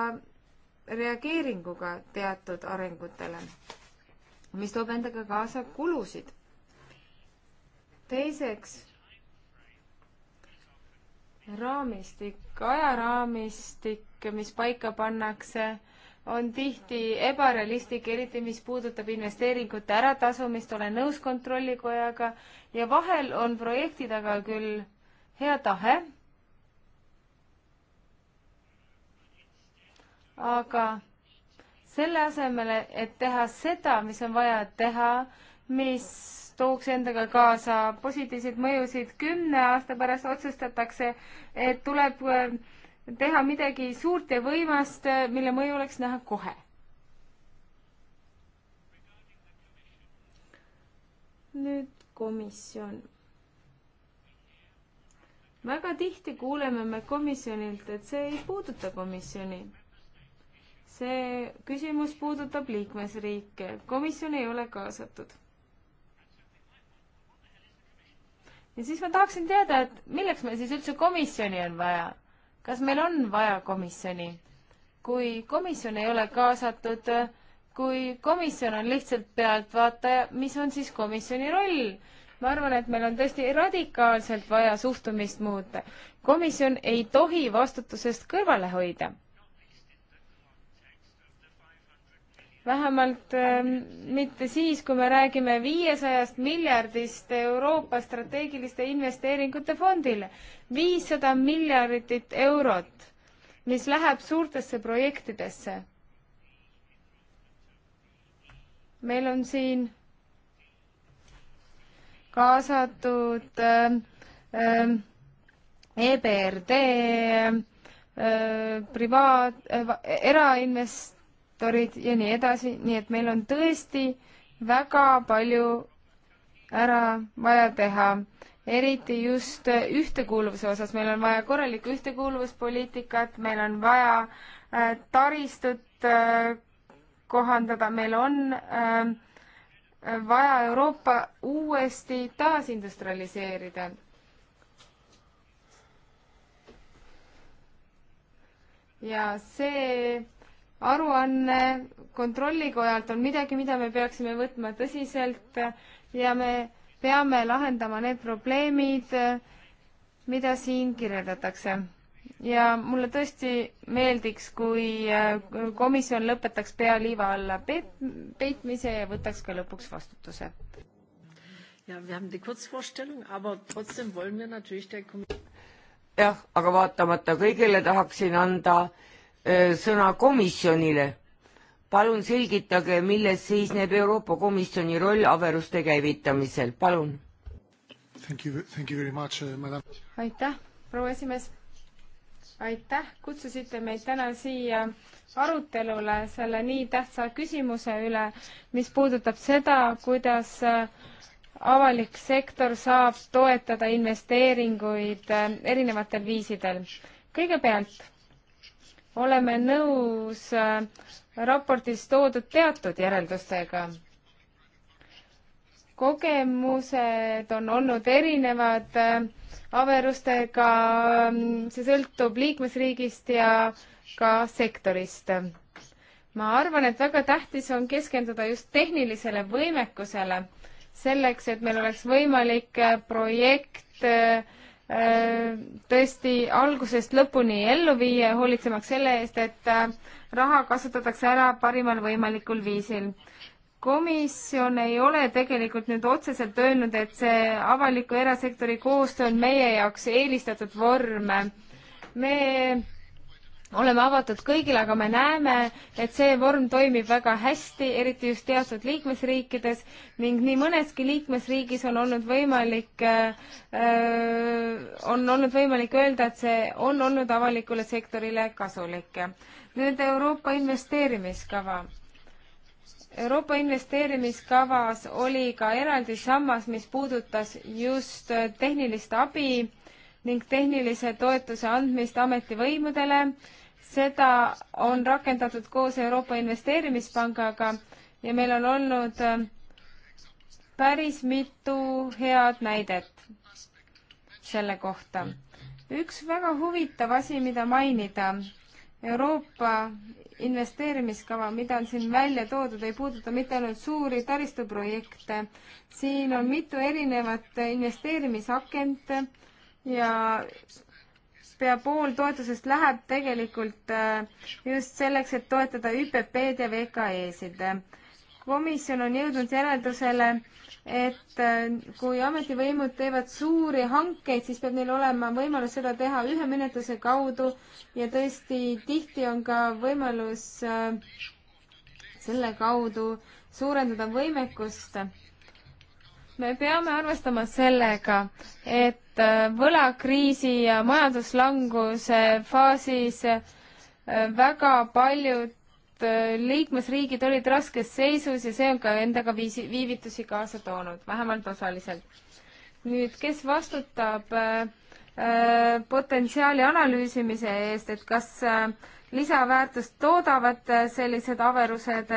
reageeringuga teatud arengutele mis toob endaga kaasa kulusid. teiseks, raamistik, ajaraamistik, mis paika pannakse, on tihti ebarealistlik, eriti mis puudutab investeeringute äratasumist, olen nõus Kontrollikojaga, ja vahel on projekti taga küll hea tahe, aga selle asemel, et teha seda, mis on vaja teha, mis tooks endaga kaasa positiivseid mõjusid, kümne aasta pärast otsustatakse, et tuleb äh, teha midagi suurt ja võimast, äh, mille mõju oleks näha kohe. nüüd komisjon. väga tihti kuuleme me komisjonilt, et see ei puuduta komisjoni see küsimus puudutab liikmesriike, komisjon ei ole kaasatud. ja siis ma tahaksin teada, et milleks meil siis üldse komisjoni on vaja? kas meil on vaja komisjoni? kui komisjon ei ole kaasatud, kui komisjon on lihtsalt pealtvaataja, mis on siis komisjoni roll? ma arvan, et meil on tõesti radikaalselt vaja suhtumist muuta. komisjon ei tohi vastutusest kõrvale hoida vähemalt äh, mitte siis, kui me räägime viiesajast miljardist Euroopa strateegiliste investeeringute fondile. viissada miljardit eurot, mis läheb suurtesse projektidesse. meil on siin kaasatud äh, äh, EBRD äh,, privaat äh,, erainvest-, sektorid ja nii edasi, nii et meil on tõesti väga palju ära vaja teha, eriti just ühtekuuluvuse osas, meil on vaja korralikku ühtekuuluvuspoliitikat, meil on vaja äh, taristut äh, kohandada, meil on äh, vaja Euroopa uuesti taasindustrialiseerida ja see aruanne kontrollikojalt on midagi, mida me peaksime võtma tõsiselt ja me peame lahendama need probleemid, mida siin kirjeldatakse. ja mulle tõesti meeldiks, kui äh, komisjon lõpetaks pea liiva alla peit-, peitmise ja võtaks ka lõpuks vastutuse. jah, aga vaatamata kõigele tahaksin anda Äh, sõna komisjonile. palun selgitage, milles seisneb Euroopa Komisjoni roll averuste käivitamisel, palun. Eh, aitäh, proua esimees. aitäh, kutsusite meid täna siia arutelule selle nii tähtsa küsimuse üle, mis puudutab seda, kuidas äh, avalik sektor saab toetada investeeringuid äh, erinevatel viisidel. kõigepealt oleme nõus äh, raportis toodud teatud järeldustega. kogemused on olnud erinevad äh, averustega, ähm, see sõltub liikmesriigist ja ka sektorist. ma arvan, et väga tähtis on keskenduda just tehnilisele võimekusele, selleks et meil oleks võimalik äh, projekt äh, tõesti algusest lõpuni ellu viia, hoolitsemaks selle eest, et äh, raha kasutatakse ära parimal võimalikul viisil. komisjon ei ole tegelikult nüüd otseselt öelnud, et see avaliku erasektori koostöö on meie jaoks eelistatud vorm. me oleme avatud kõigile, aga me näeme, et see vorm toimib väga hästi, eriti just teatud liikmesriikides ning nii mõneski liikmesriigis on olnud võimalik äh,, on olnud võimalik öelda, et see on olnud avalikule sektorile kasulik. nüüd Euroopa investeerimiskava. Euroopa investeerimiskavas oli ka eraldi sammas, mis puudutas just tehnilist abi ning tehnilise toetuse andmist ametivõimudele äh, seda on rakendatud koos Euroopa Investeerimispangaga ja meil on olnud äh, päris mitu head näidet selle kohta. üks väga huvitav asi, mida mainida, Euroopa investeerimiskava, mida on siin välja toodud, ei puuduta mitte ainult suuri taristuprojekte, siin on mitu erinevat investeerimisakent ja pea pool toetusest läheb tegelikult äh, just selleks, et toetada ÜPP-d ja VKE-sid. komisjon on jõudnud järeldusele, et äh, kui ametivõimud teevad suuri hankeid, siis peab neil olema võimalus seda teha ühe menetluse kaudu ja tõesti tihti on ka võimalus äh, selle kaudu suurendada võimekust me peame arvestama sellega, et äh, võlakriisi ja majanduslanguse faasis äh, väga paljud äh, liikmesriigid olid raskes seisus ja see on ka endaga viisi, viivitusi kaasa toonud, vähemalt osaliselt. nüüd, kes vastutab äh, potentsiaali analüüsimise eest, et kas äh, lisaväärtust toodavad äh, sellised averused,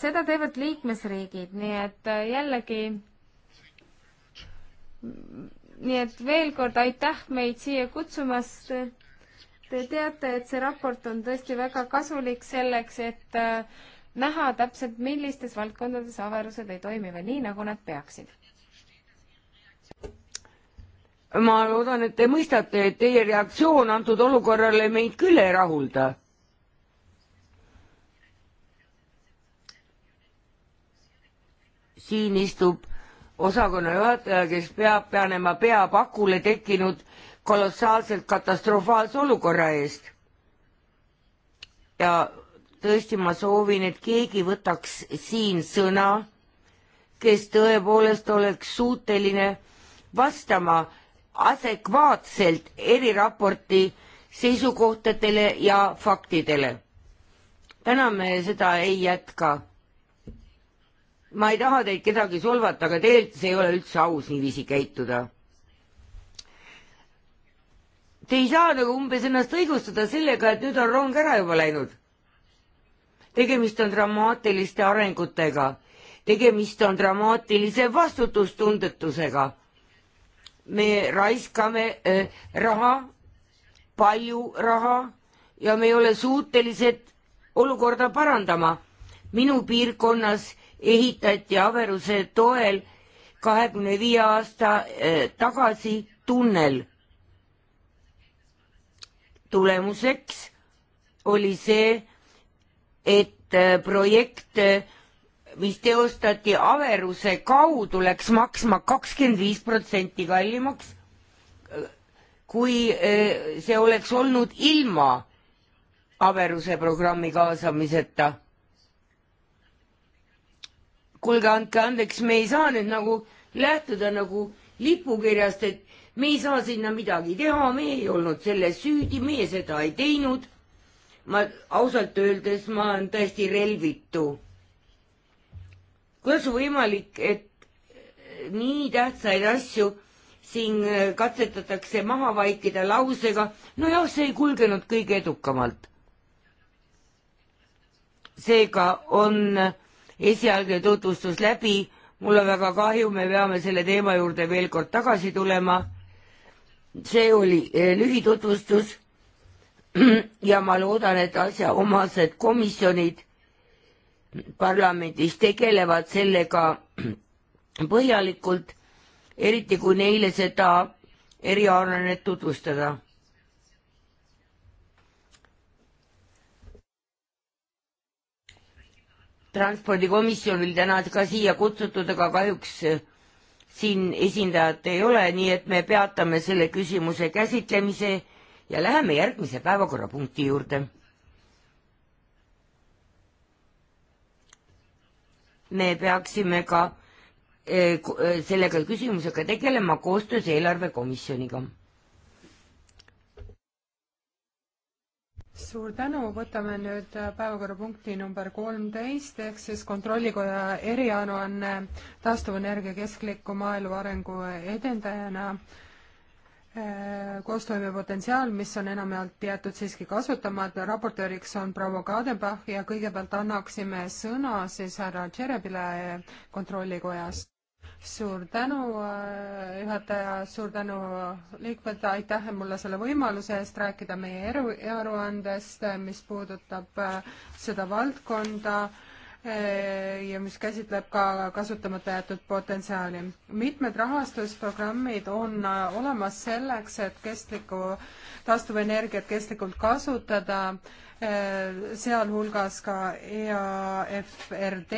seda teevad liikmesriigid, nii et jällegi nii et veel kord aitäh meid siia kutsumast. Te teate, et see raport on tõesti väga kasulik selleks, et äh, näha täpselt, millistes valdkondades averused ei toimi veel nii, nagu nad peaksid. ma loodan, et te mõistate, et teie reaktsioon antud olukorrale meid küll ei rahulda siin istub osakonna juhataja, kes peab panema pea pakule tekkinud kolossaalselt katastrofaalse olukorra eest. ja tõesti, ma soovin, et keegi võtaks siin sõna, kes tõepoolest oleks suuteline vastama adekvaatselt eriraporti seisukohtadele ja faktidele. täna me seda ei jätka ma ei taha teid kedagi solvata, aga tegelikult see ei ole üldse aus niiviisi käituda. Te ei saa nagu umbes ennast õigustada sellega, et nüüd on rong ära juba läinud. tegemist on dramaatiliste arengutega, tegemist on dramaatilise vastutustundetusega. me raiskame äh, raha, palju raha ja me ei ole suutelised olukorda parandama. minu piirkonnas ehitati Averuse toel kahekümne viie aasta eh, tagasi tunnel. tulemuseks oli see, et eh, projekt, eh, mis teostati Averuse kaudu, läks maksma kakskümmend viis protsenti kallimaks, kui see oleks olnud ilma Averuse programmi kaasamiseta kuulge, andke andeks, me ei saa nüüd nagu lähtuda nagu lipukirjast, et me ei saa sinna midagi teha, me ei olnud selles süüdi, meie seda ei teinud. ma ausalt öeldes, ma olen täiesti relvitu. kuidas võimalik, et nii tähtsaid asju siin äh, katsetatakse maha vaikida lausega, nojah, see ei kulgenud kõige edukamalt. seega on äh, esialgne tutvustus läbi. mul on väga kahju, me peame selle teema juurde veel kord tagasi tulema. see oli eh, lühitutvustus ja ma loodan, et asjaomased komisjonid parlamendis tegelevad sellega põhjalikult, eriti kui neile seda eriarvanet tutvustada transpordikomisjon oli täna ka siia kutsutud, aga kahjuks siin esindajat ei ole, nii et me peatame selle küsimuse käsitlemise ja läheme järgmise päevakorrapunkti juurde. me peaksime ka eh, eh, sellega küsimusega tegelema koostöös eelarvekomisjoniga suur tänu, võtame nüüd äh, päevakorrapunkti number kolmteist ehk siis Kontrollikoja eriaruanne taastuvenergia keskliku maaelu arengu edendajana äh, koostoimepotentsiaal, mis on enamjaolt jäetud siiski kasutamata, raportööriks on proua Kadenbach ja kõigepealt annaksime sõna siis härra Tšerebile äh, Kontrollikojast suur tänu, äh, juhataja, suur tänu liikmed, aitäh mulle selle võimaluse eest rääkida meie eru, aruandest, äh, mis puudutab äh, seda valdkonda ja mis käsitleb ka kasutamata jäetud potentsiaali. mitmed rahastusprogrammid on olemas selleks, et kestlikku, taastuvenergiat kestlikult kasutada, sealhulgas ka EAFRD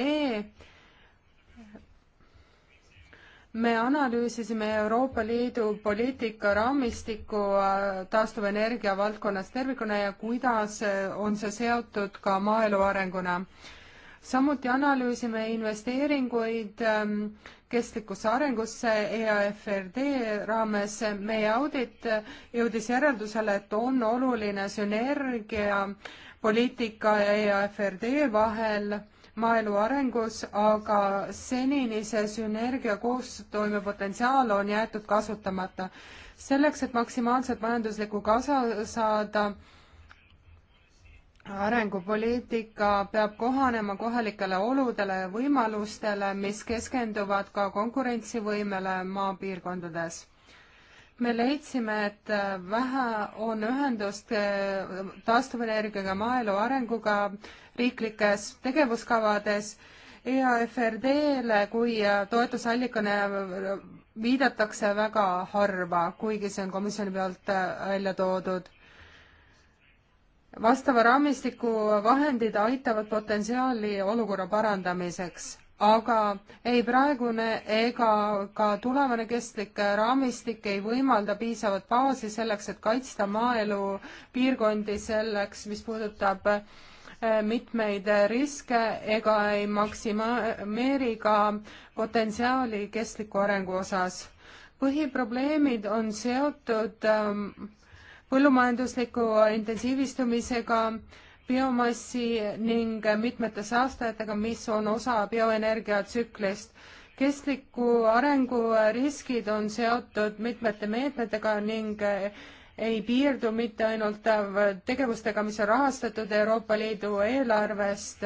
me analüüsisime Euroopa Liidu poliitika raamistikku äh, taastuvenergia valdkonnas tervikuna ja kuidas äh, on see seotud ka maaelu arenguna. samuti analüüsime investeeringuid ähm, kestlikkusse arengusse EAFRD raames. meie audit äh, jõudis järeldusele, et on oluline sünergia poliitika ja EAFRD vahel maaelu arengus, aga senini see sünergia koostoime potentsiaal on jäetud kasutamata. selleks, et maksimaalselt majanduslikku kasu saada, arengupoliitika peab kohanema kohalikele oludele ja võimalustele, mis keskenduvad ka konkurentsivõimele maapiirkondades. me leidsime, et vähe on ühendust taastuvenergiaga maaelu arenguga riiklikes tegevuskavades EAFRD-le kui toetusallikane viidatakse väga harva, kuigi see on komisjoni pealt äh, välja toodud. vastava raamistiku vahendid aitavad potentsiaali olukorra parandamiseks, aga ei praegune ega ka tulevane kestlik raamistik ei võimalda piisavat baasi selleks, et kaitsta maaelu piirkondi selleks, mis puudutab äh, mitmeid riske ega ei maksimeeri ka potentsiaali kestliku arengu osas. põhiprobleemid on seotud ähm, põllumajandusliku intensiivistumisega, biomassi ning mitmete saastajatega, mis on osa bioenergia tsüklist. kestliku arengu riskid on seotud mitmete meetmetega ning ei piirdu mitte ainult tegevustega, mis on rahastatud Euroopa Liidu eelarvest.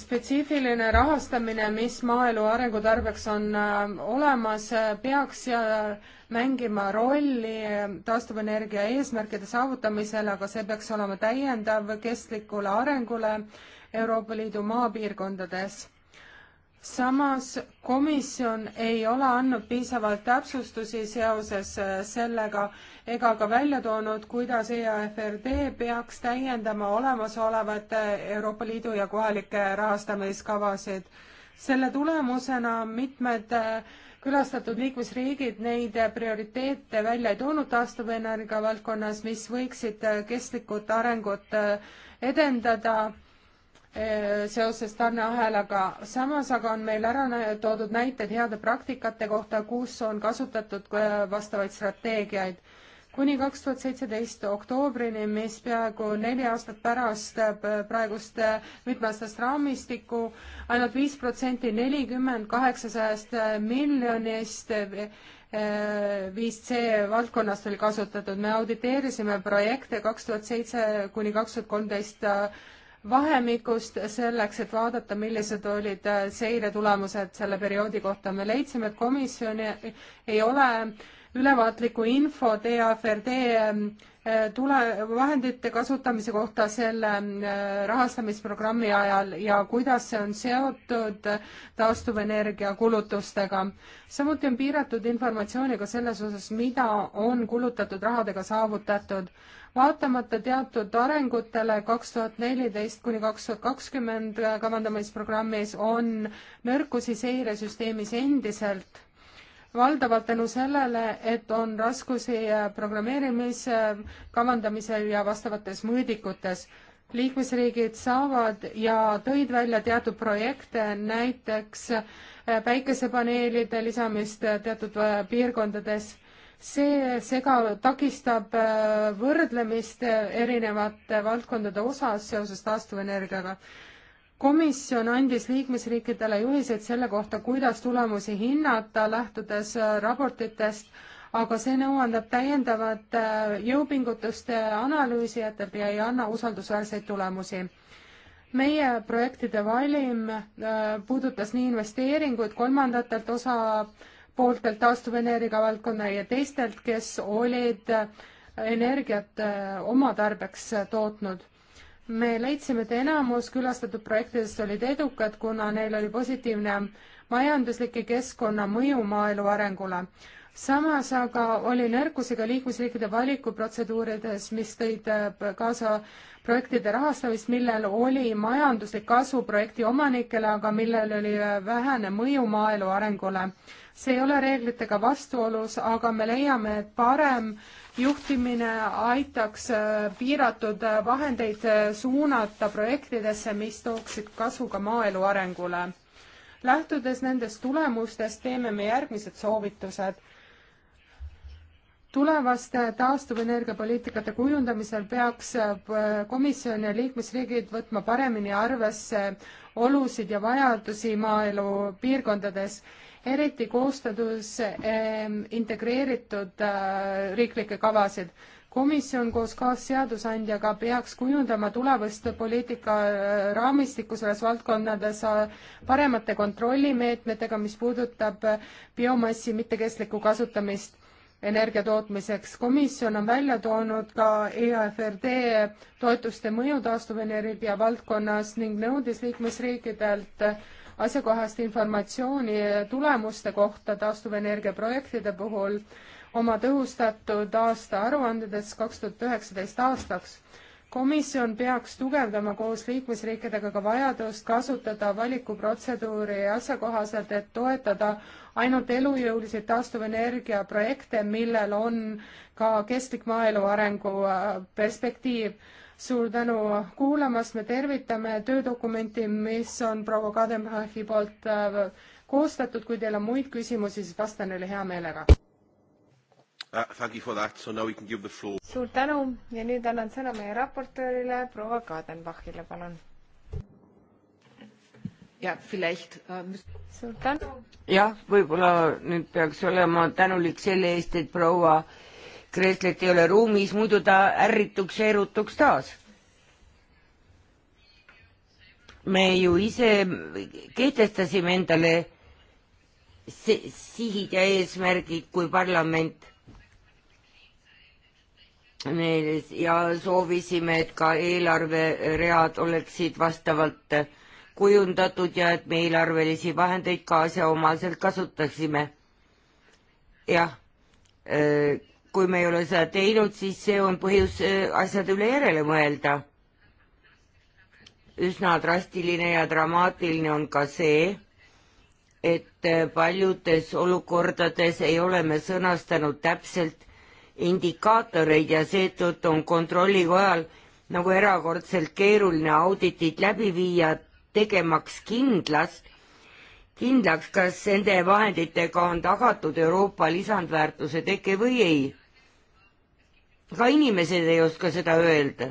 spetsiifiline rahastamine, mis maaelu arengu tarbeks on äh, olemas, peaks äh, mängima rolli äh, taastuvenergia eesmärkide saavutamisel, aga see peaks olema täiendav kestlikule arengule Euroopa Liidu maapiirkondades samas komisjon ei ole andnud piisavalt täpsustusi seoses äh, sellega ega ka välja toonud, kuidas EAFRD peaks täiendama olemasolevat Euroopa Liidu ja kohalikke rahastamiskavasid. selle tulemusena mitmed äh, külastatud liikmesriigid neid äh, prioriteete välja ei toonud taastuvenergia valdkonnas, mis võiksid kestlikud arengut edendada Eh, seoses tarneahelaga. samas aga on meil ära toodud näited heade praktikate kohta, kus on kasutatud eh, vastavaid strateegiaid. kuni kaks tuhat seitseteist oktoobrini, mis peaaegu neli aastat pärast eh, praegust mitmeaastast raamistikku ainult, ainult viis protsenti nelikümmend kaheksasajast miljonist viis C valdkonnast oli kasutatud. me auditeerisime projekte kaks tuhat seitse kuni kaks tuhat kolmteist vahemikust selleks, et vaadata, millised olid äh, seire tulemused selle perioodi kohta. me leidsime, et komisjon ei ole ülevaatlikku infot EAFRD ähm, äh, tule, vahendite kasutamise kohta selle äh, rahastamisprogrammi ajal ja kuidas see on seotud taastuvenergia kulutustega. samuti on piiratud informatsiooni ka selles osas, mida on kulutatud rahadega saavutatud vaatamata teatud arengutele kaks tuhat neliteist kuni kaks tuhat kakskümmend kavandamisprogrammis on nõrkusi seiresüsteemis endiselt valdavalt tänu sellele, et on raskusi programmeerimise, kavandamisel ja vastavates mõõdikutes. liikmesriigid saavad ja tõid välja teatud projekte, näiteks päikesepaneelide lisamist teatud äh, piirkondades see sega, takistab äh, võrdlemist äh, erinevate valdkondade osas seoses taastuvenergiaga. komisjon andis liikmesriikidele juhiseid selle kohta, kuidas tulemusi hinnata, lähtudes äh, raportitest, aga see nõuandab täiendavat jõupingutuste analüüsi, et ja ei anna usaldusväärseid tulemusi meie projektide valim puudutas nii investeeringuid kolmandatelt osa äh, pooltelt taastuvenergia valdkonna ja teistelt, kes olid äh, energiat äh, oma tarbeks äh, tootnud. me leidsime, et enamus külastatud projektidest olid edukad, kuna neil oli positiivne majanduslik ja keskkonnamõju maaelu arengule. samas aga oli nõrkusega liikmesriikide valikuprotseduurides, mis tõid kaasa projektide rahastamist, millel oli majanduslik kasu projekti omanikele, aga millel oli vähene mõju maaelu arengule see ei ole reeglitega vastuolus, aga me leiame, et parem juhtimine aitaks äh, piiratud äh, vahendeid äh, suunata projektidesse, mis tooksid kasu ka maaelu arengule. lähtudes nendest tulemustest, teeme me järgmised soovitused tulevaste taastuvenergiapoliitikate kujundamisel peaks komisjon ja liikmesriigid võtma paremini arvesse olusid ja vajadusi maaelu piirkondades eriti koostades ehm, integreeritud äh, riiklikke kavasid. komisjon koos kaasseadusandjaga peaks kujundama tulevast poliitika äh, raamistikku selles valdkondades äh, paremate kontrollimeetmetega, mis puudutab biomassi mittekestlikku kasutamist energia tootmiseks. komisjon on välja toonud ka EAFRD toetuste mõju taastuvenergia valdkonnas ning nõudis liikmesriikidelt äh, asjakohast informatsiooni tulemuste kohta taastuvenergia projektide puhul oma tõhustatud aastaaruandedes kaks tuhat üheksateist aastaks. komisjon peaks tugevdama koos liikmesriikidega ka vajadust kasutada valikuprotseduuri asjakohaselt, et toetada ainult elujõulisi taastuvenergia projekte, millel on ka kestlik maaelu arengu äh, perspektiiv suur tänu kuulamast, me tervitame töödokumenti, mis on proua Kadenbachi poolt äh, koostatud, kui teil on muid küsimusi, siis vastan neile hea meelega. Uh, suur tänu ja nüüd annan sõna meie raportöörile, proua Kadenbachile, palun. Äh, suur tänu. jah, võib-olla nüüd peaks olema tänulik selle eest, et proua Kreslet ei ole ruumis, muidu ta ärrituks ja erutuks taas. me ju ise kehtestasime endale si sihid ja eesmärgid kui parlament ja soovisime, et ka eelarveread oleksid vastavalt kujundatud ja et me eelarvelisi vahendeid ka asjaomaselt kasutaksime. jah, kui me ei ole seda teinud, siis see on põhjus äh, asjade üle järele mõelda. üsna drastiline ja dramaatiline on ka see, et äh, paljudes olukordades ei ole me sõnastanud täpselt indikaatoreid ja seetõttu on kontrollikojal nagu erakordselt keeruline auditit läbi viia, tegemaks kindlast, kindlaks, kas nende vahenditega on tagatud Euroopa lisandväärtuse teke või ei ka inimesed ei oska seda öelda.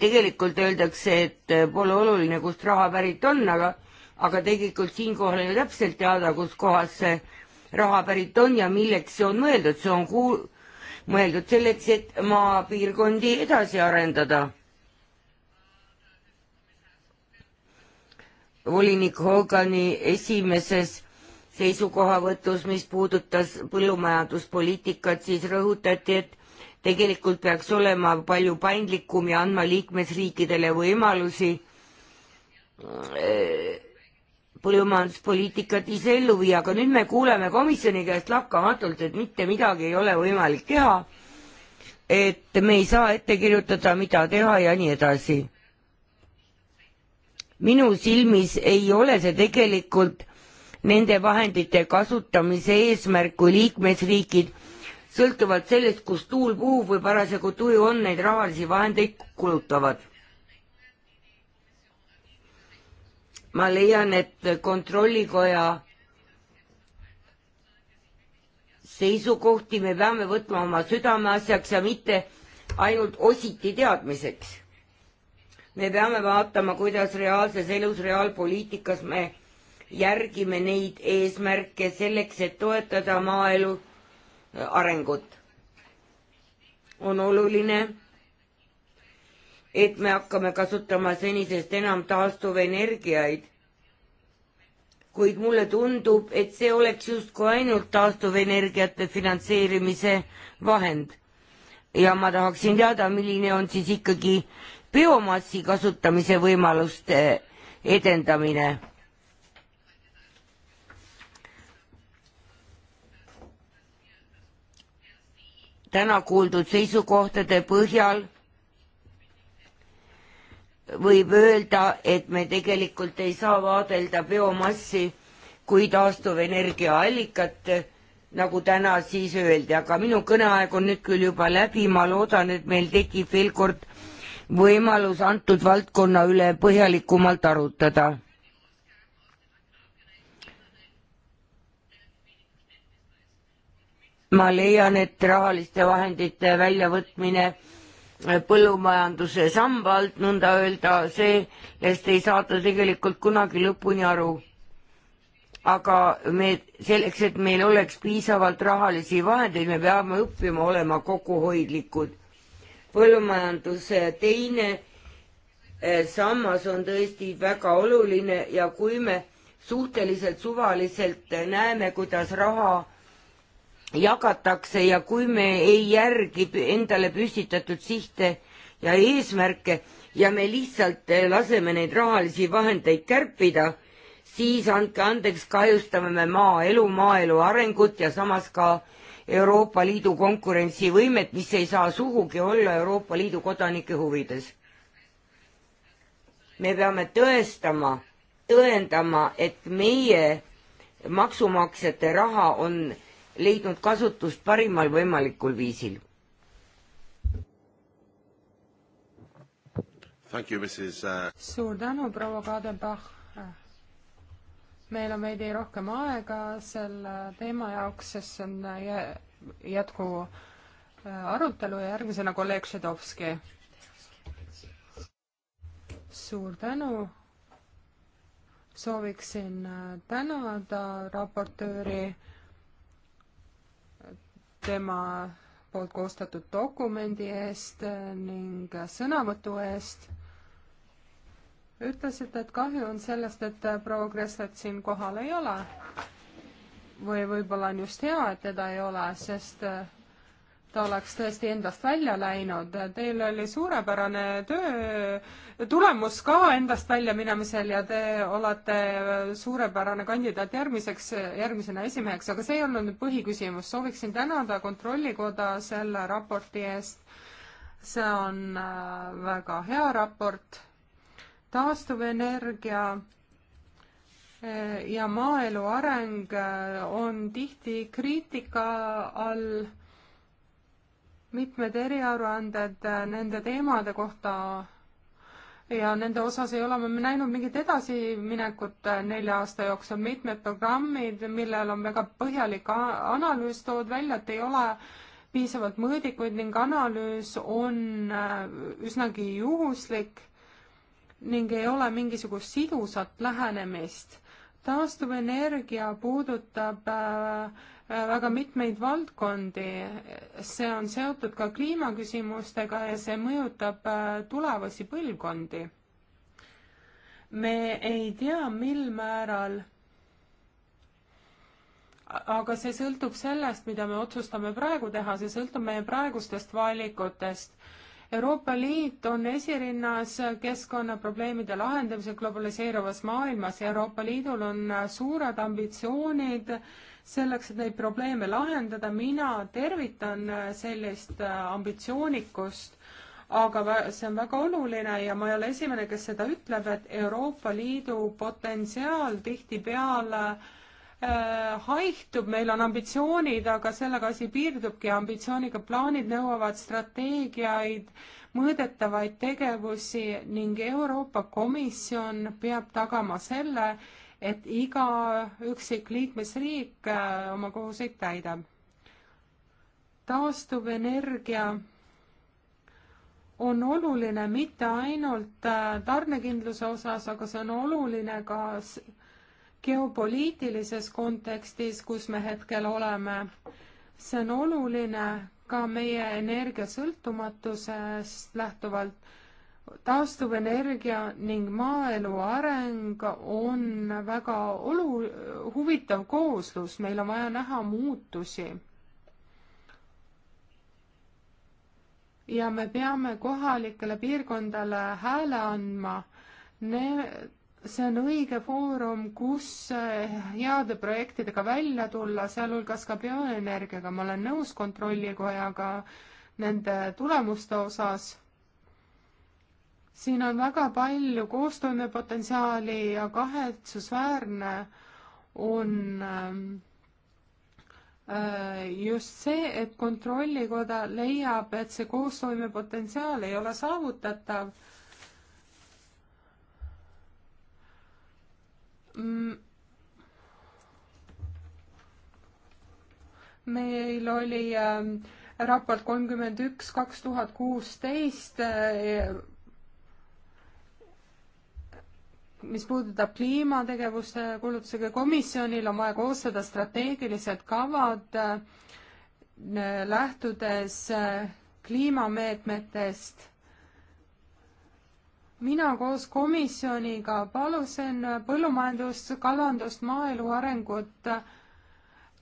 tegelikult öeldakse, et pole oluline, kust raha pärit on, aga, aga tegelikult siinkohal ei ole täpselt teada, kuskohast see raha pärit on ja milleks see on mõeldud, see on kuul-, mõeldud selleks, et maapiirkondi edasi arendada. volinik Hogani esimeses seisukohavõtus, mis puudutas põllumajanduspoliitikat, siis rõhutati, et tegelikult peaks olema palju paindlikum ja andma liikmesriikidele võimalusi äh, põllumajanduspoliitikat ise ellu viia, aga nüüd me kuuleme komisjoni käest lakkamatult, et mitte midagi ei ole võimalik teha, et me ei saa ette kirjutada, mida teha ja nii edasi. minu silmis ei ole see tegelikult nende vahendite kasutamise eesmärk, kui liikmesriigid sõltuvalt sellest, kus tuul puhub või parasjagu tuju on, neid rahalisi vahendeid kulutavad. ma leian, et kontrollikoja seisukohti me peame võtma oma südameasjaks ja mitte ainult ositi teadmiseks. me peame vaatama, kuidas reaalses elus, reaalpoliitikas me järgime neid eesmärke selleks, et toetada maaelu arengut. on oluline, et me hakkame kasutama senisest enam taastuvenergiaid. kuid mulle tundub, et see oleks justkui ainult taastuvenergiate finantseerimise vahend. ja ma tahaksin teada, milline on siis ikkagi biomassi kasutamise võimaluste edendamine täna kuuldud seisukohtade põhjal võib öelda, et me tegelikult ei saa vaadelda biomassi kui taastuvenergia allikat, nagu täna siis öeldi, aga minu kõneaeg on nüüd küll juba läbi, ma loodan, et meil tekib veel kord võimalus antud valdkonna üle põhjalikumalt arutada ma leian, et rahaliste vahendite väljavõtmine põllumajanduse samba alt, nõnda öelda, sellest ei saada tegelikult kunagi lõpuni aru. aga me selleks, et meil oleks piisavalt rahalisi vahendeid, me peame õppima olema kokkuhoidlikud. põllumajanduse teine eh, sammas on tõesti väga oluline ja kui me suhteliselt suvaliselt eh, näeme, kuidas raha jagatakse ja kui me ei järgi endale püstitatud sihte ja eesmärke ja me lihtsalt eh, laseme neid rahalisi vahendeid kärpida, siis andke andeks, kahjustame me maaelu, maaelu arengut ja samas ka Euroopa Liidu konkurentsivõimet, mis ei saa sugugi olla Euroopa Liidu kodanike huvides. me peame tõestama, tõendama, et meie maksumaksjate raha on leidnud kasutust parimal võimalikul viisil. Uh, suur tänu, proua Kadenbach. meil on veidi rohkem aega selle teema jaoks, sest see on äh, jätku äh, arutelu ja järgmisena kolleeg Šedovski. suur tänu. sooviksin äh, tänada raportööri tema poolt koostatud dokumendi eest ning sõnavõtu eest. ütlesite, et kahju on sellest, et proua Kresset siin kohal ei ole. või võib-olla on just hea, et teda ei ole, sest ta oleks tõesti endast välja läinud. Teil oli suurepärane töö tulemus ka endast välja minemisel ja te olete suurepärane kandidaat järgmiseks, järgmisena esimeheks, aga see ei olnud nüüd põhiküsimus. sooviksin tänada Kontrollikoda selle raporti eest. see on äh, väga hea raport. taastuvenergia äh, ja maaelu areng äh, on tihti kriitika all mitmed eriaruanded äh, nende teemade kohta ja nende osas ei ole me näinud mingit edasiminekut äh, nelja aasta jooksul. mitmed programmid, millel on väga põhjalik analüüs, toovad välja, et ei ole piisavalt mõõdikuid ning analüüs on äh, üsnagi juhuslik ning ei ole mingisugust sidusat lähenemist. taastuvenergia puudutab äh, Äh, väga mitmeid valdkondi, see on seotud ka kliimaküsimustega ja see mõjutab äh, tulevasi põlvkondi. me ei tea, mil määral aga see sõltub sellest, mida me otsustame praegu teha, see sõltub meie praegustest valikutest. Euroopa Liit on esirinnas keskkonnaprobleemide lahendamisel globaliseeruvas maailmas ja Euroopa Liidul on suured ambitsioonid äh, selleks, et neid probleeme lahendada, mina tervitan äh, sellist äh, ambitsioonikust, aga see on väga oluline ja ma ei ole esimene, kes seda ütleb, et Euroopa Liidu potentsiaal tihtipeale äh, haihtub, meil on ambitsioonid, aga sellega asi piirdubki, ambitsiooniga plaanid nõuavad strateegiaid, mõõdetavaid tegevusi ning Euroopa Komisjon peab tagama selle, et iga üksik liikmesriik äh, oma kohuseid täidab. taastuvenergia on oluline mitte ainult äh, tarnekindluse osas, aga see on oluline ka geopoliitilises kontekstis, kus me hetkel oleme. see on oluline ka meie energiasõltumatusest lähtuvalt taastuvenergia ning maaelu areng on väga olu-, huvitav kooslus, meil on vaja näha muutusi. ja me peame kohalikele piirkondadele hääle andma. Ne-, see on õige foorum, kus heade projektidega välja tulla, sealhulgas ka bioenergiaga, ma olen nõus Kontrollikojaga nende tulemuste osas siin on väga palju koostööpotentsiaali ja kahetsusväärne on ähm, äh, just see, et Kontrollikoda leiab, et see koostoimepotentsiaal ei ole saavutatav. Mm. meil oli ähm, raport kolmkümmend üks, kaks tuhat kuusteist äh, mis puudutab kliimategevuste kulutusega, komisjonil on vaja koostada strateegilised kavad äh, lähtudes äh, kliimameetmetest. mina koos komisjoniga palusin põllumajandust, kalandust, maaelu arengut äh,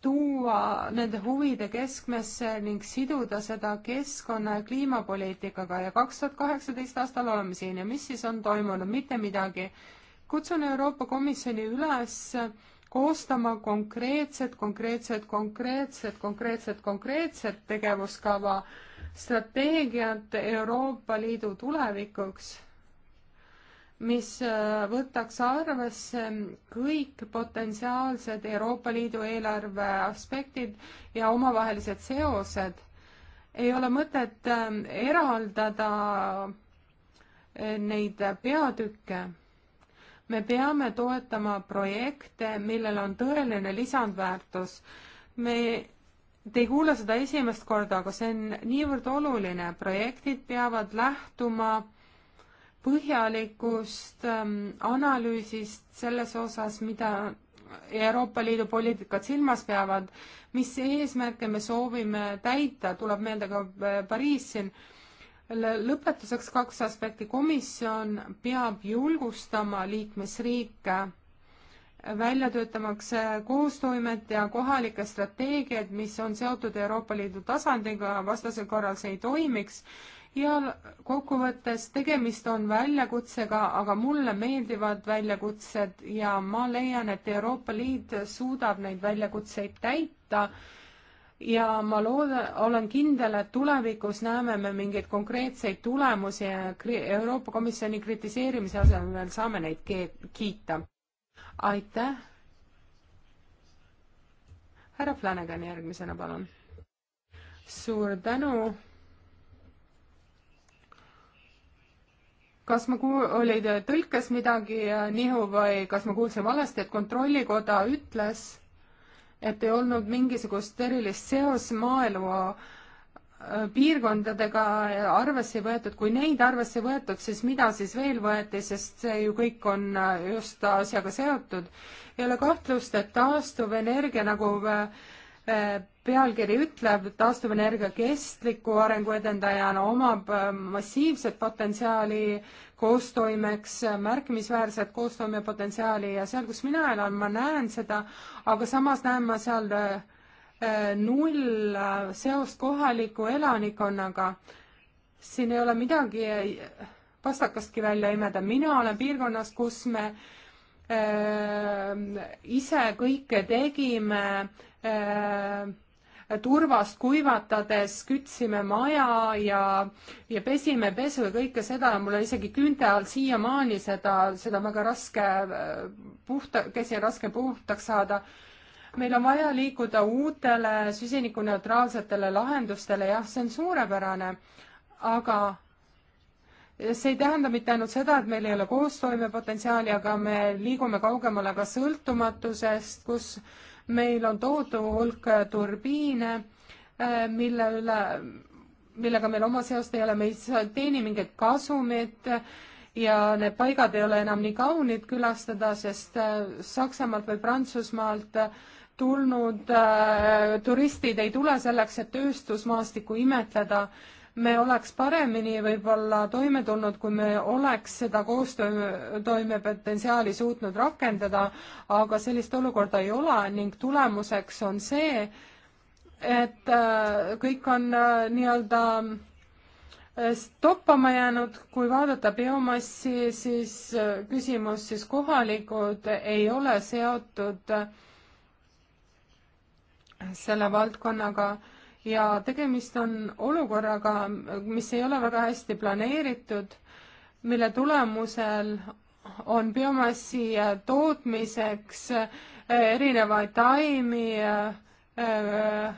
tuua nende huvide keskmesse ning siduda seda keskkonna ja kliimapoliitikaga ja kaks tuhat kaheksateist aastal oleme siin ja mis siis on toimunud, mitte midagi kutsun Euroopa Komisjoni üles koostama konkreetset, konkreetset, konkreetset, konkreetset, konkreetset tegevuskava, strateegiat Euroopa Liidu tulevikuks, mis äh, võtaks arvesse kõik potentsiaalsed Euroopa Liidu eelarve aspektid ja omavahelised seosed. ei ole mõtet äh, eraldada äh, neid peatükke me peame toetama projekte, millel on tõeline lisandväärtus. me, te ei kuula seda esimest korda, aga see on niivõrd oluline, projektid peavad lähtuma põhjalikust ähm, analüüsist selles osas, mida Euroopa Liidu poliitikad silmas peavad, mis eesmärke me soovime täita, tuleb meelde ka Pariis siin äh,, lõpetuseks kaks aspekti. komisjon peab julgustama liikmesriike välja töötamaks koostoimet ja kohalikke strateegiaid, mis on seotud Euroopa Liidu tasandiga, vastasel korral see ei toimiks ja kokkuvõttes tegemist on väljakutsega, aga mulle meeldivad väljakutsed ja ma leian, et Euroopa Liit suudab neid väljakutseid täita ja ma loodan, olen kindel, et tulevikus näeme me mingeid konkreetseid tulemusi ja Euroopa Komisjoni kritiseerimise asemel saame neid kiita. aitäh. härra Flanagan järgmisena, palun. suur tänu. kas ma kuul-, oli tõlkes midagi äh, nihu või kas ma kuulsin valesti, et Kontrollikoda ütles et ei olnud mingisugust erilist seos maaelu äh, piirkondadega arvesse ei võetud, kui neid arvesse ei võetud, siis mida siis veel võeti, sest see ju kõik on äh, just asjaga seotud. ei ole kahtlust, et taastuvenergia nagu äh, pealkiri ütleb, taastuvenergia kestliku arengu edendajana omab äh, massiivset potentsiaali koostoimeks, äh, märkimisväärset koostoimepotentsiaali ja seal, kus mina elan, ma näen seda, aga samas näen ma seal äh, null seost kohaliku elanikkonnaga. siin ei ole midagi pastakastki välja imeda, mina olen piirkonnas, kus me äh, ise kõike tegime äh, turvast kuivatades kütsime maja ja, ja pesime pesu ja kõike seda ja mul on isegi küünte all siiamaani seda, seda väga raske äh, puhta, käsi on raske puhtaks saada meil on vaja liikuda uutele süsinikuneutraalsetele lahendustele, jah, see on suurepärane, aga see ei tähenda mitte ainult seda, et meil ei ole koostoimepotentsiaali, aga me liigume kaugemale ka sõltumatusest, kus meil on tohutu hulk äh, turbiine, äh, mille üle, millega meil oma seost ei ole, me ei teeni mingit kasumit äh, ja need paigad ei ole enam nii kaunid külastada, sest Saksamaalt või Prantsusmaalt tulnud turistid ei tule selleks, et tööstusmaastikku imetleda me oleks paremini võib-olla toime tulnud, kui me oleks seda koostoimepotentsiaali suutnud rakendada, aga sellist olukorda ei ole ning tulemuseks on see, et äh, kõik on äh, nii-öelda äh, toppama jäänud, kui vaadata biomassi, siis küsimus, siis kohalikud ei ole seotud selle valdkonnaga ja tegemist on olukorraga, mis ei ole väga hästi planeeritud, mille tulemusel on biomassi äh, tootmiseks äh, erinevaid taimi äh,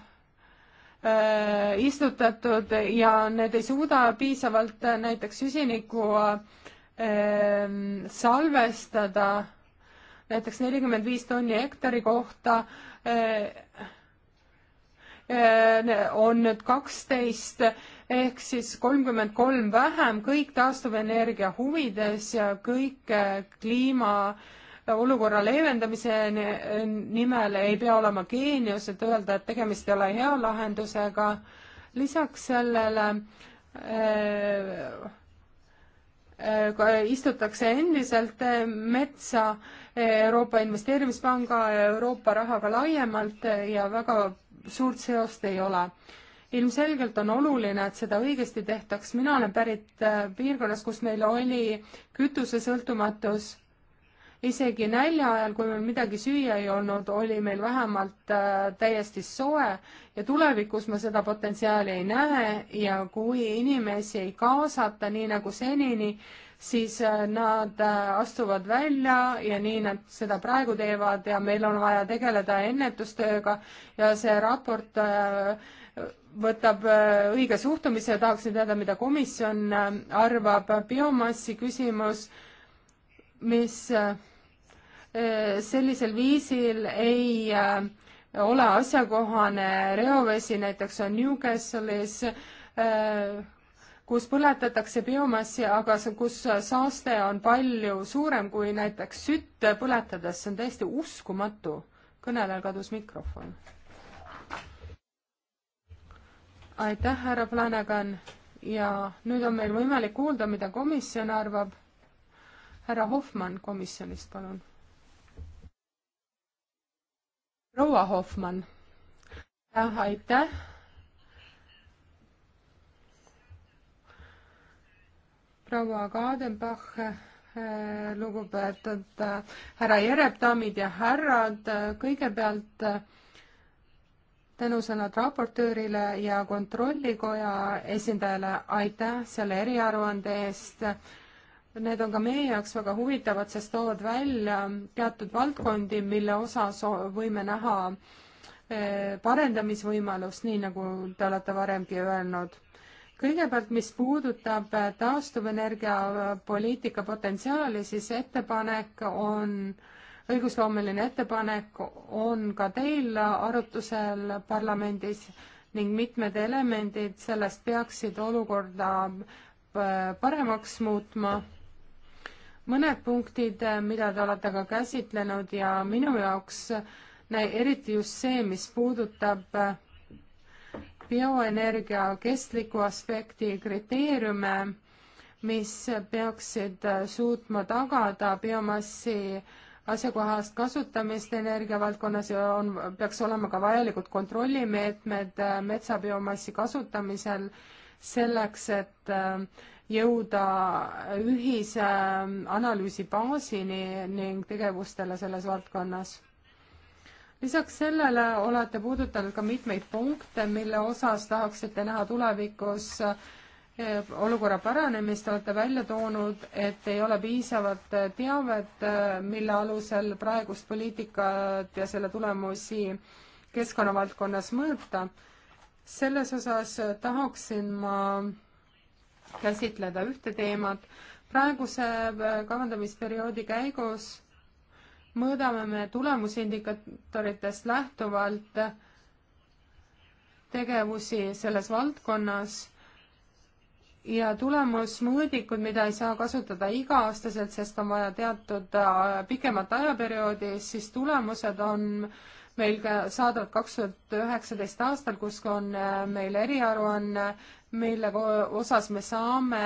istutatud ja need ei suuda piisavalt näiteks süsinikku ähm, salvestada, näiteks nelikümmend viis tonni hektari kohta Äh, on nüüd kaksteist ehk siis kolmkümmend kolm vähem, kõik taastuvenergia huvides ja kõik äh, kliima äh, olukorra leevendamise nimel ei pea olema geenius, et öelda, et tegemist ei ole hea lahendusega. lisaks sellele äh, istutakse endiselt metsa Euroopa Investeerimispanga ja Euroopa rahaga laiemalt ja väga suurt seost ei ole. ilmselgelt on oluline, et seda õigesti tehtaks, mina olen pärit äh, piirkonnas, kus meil oli kütusesõltumatus, isegi nälja ajal, kui meil midagi süüa ei olnud, oli meil vähemalt äh, täiesti soe ja tulevikus ma seda potentsiaali ei näe ja kui inimesi ei kaasata nii nagu senini, siis äh, nad äh, astuvad välja ja nii nad seda praegu teevad ja meil on vaja tegeleda ennetustööga ja see raport äh, võtab õige suhtumise ja tahaksin teada, mida komisjon arvab. biomassi küsimus, mis sellisel viisil ei ole asjakohane reovesi, näiteks on Newcastle'is kus põletatakse biomassi, aga kus saaste on palju suurem kui näiteks sütt põletades, see on täiesti uskumatu. kõnelejal kadus mikrofon. aitäh, härra Flanagan ja nüüd on meil võimalik kuulda, mida komisjon arvab. härra Hoffmann komisjonist, palun. proua Hoffmann. aitäh proua Kadenbach, äh, lugupeetud äh, härra Jereb, daamid ja härrad, äh, kõigepealt tänusõnad raportöörile ja kontrollikoja esindajale, aitäh selle eriaruande eest. Need on ka meie jaoks väga huvitavad, sest toovad välja teatud valdkondi, mille osas võime näha parendamisvõimalust, nii nagu te olete varemgi öelnud kõigepealt, mis puudutab äh, taastuvenergia äh, poliitika potentsiaali, siis ettepanek on, õigusloomeline ettepanek on ka teil arutusel parlamendis ning mitmed elemendid sellest peaksid olukorda äh, paremaks muutma. mõned punktid, mida te olete ka käsitlenud ja minu jaoks eriti just see, mis puudutab bioenergia kestliku aspekti kriteeriume, mis peaksid äh, suutma tagada biomassi asjakohast kasutamist energiavaldkonnas ja on, peaks olema ka vajalikud kontrollimeetmed äh, metsabiomassi kasutamisel selleks, et äh, jõuda ühise analüüsibaasini ning tegevustele selles valdkonnas lisaks sellele olete puudutanud ka mitmeid punkte, mille osas tahaksite näha tulevikus eh, olukorra paranemist, olete välja toonud, et ei ole piisavat teavet, eh, mille alusel praegust poliitikat ja selle tulemusi keskkonnavaldkonnas mõõta. selles osas tahaksin ma käsitleda ühte teemat. praeguse eh, kavandamisperioodi käigus mõõdame me tulemusindikaatoritest lähtuvalt tegevusi selles valdkonnas ja tulemusmõõdikud, mida ei saa kasutada iga-aastaselt, sest on vaja teatud äh, pikemat ajaperioodi, siis tulemused on meil ka saadavad kaks tuhat üheksateist aastal, kus on äh, meil eriaruanne, mille osas me saame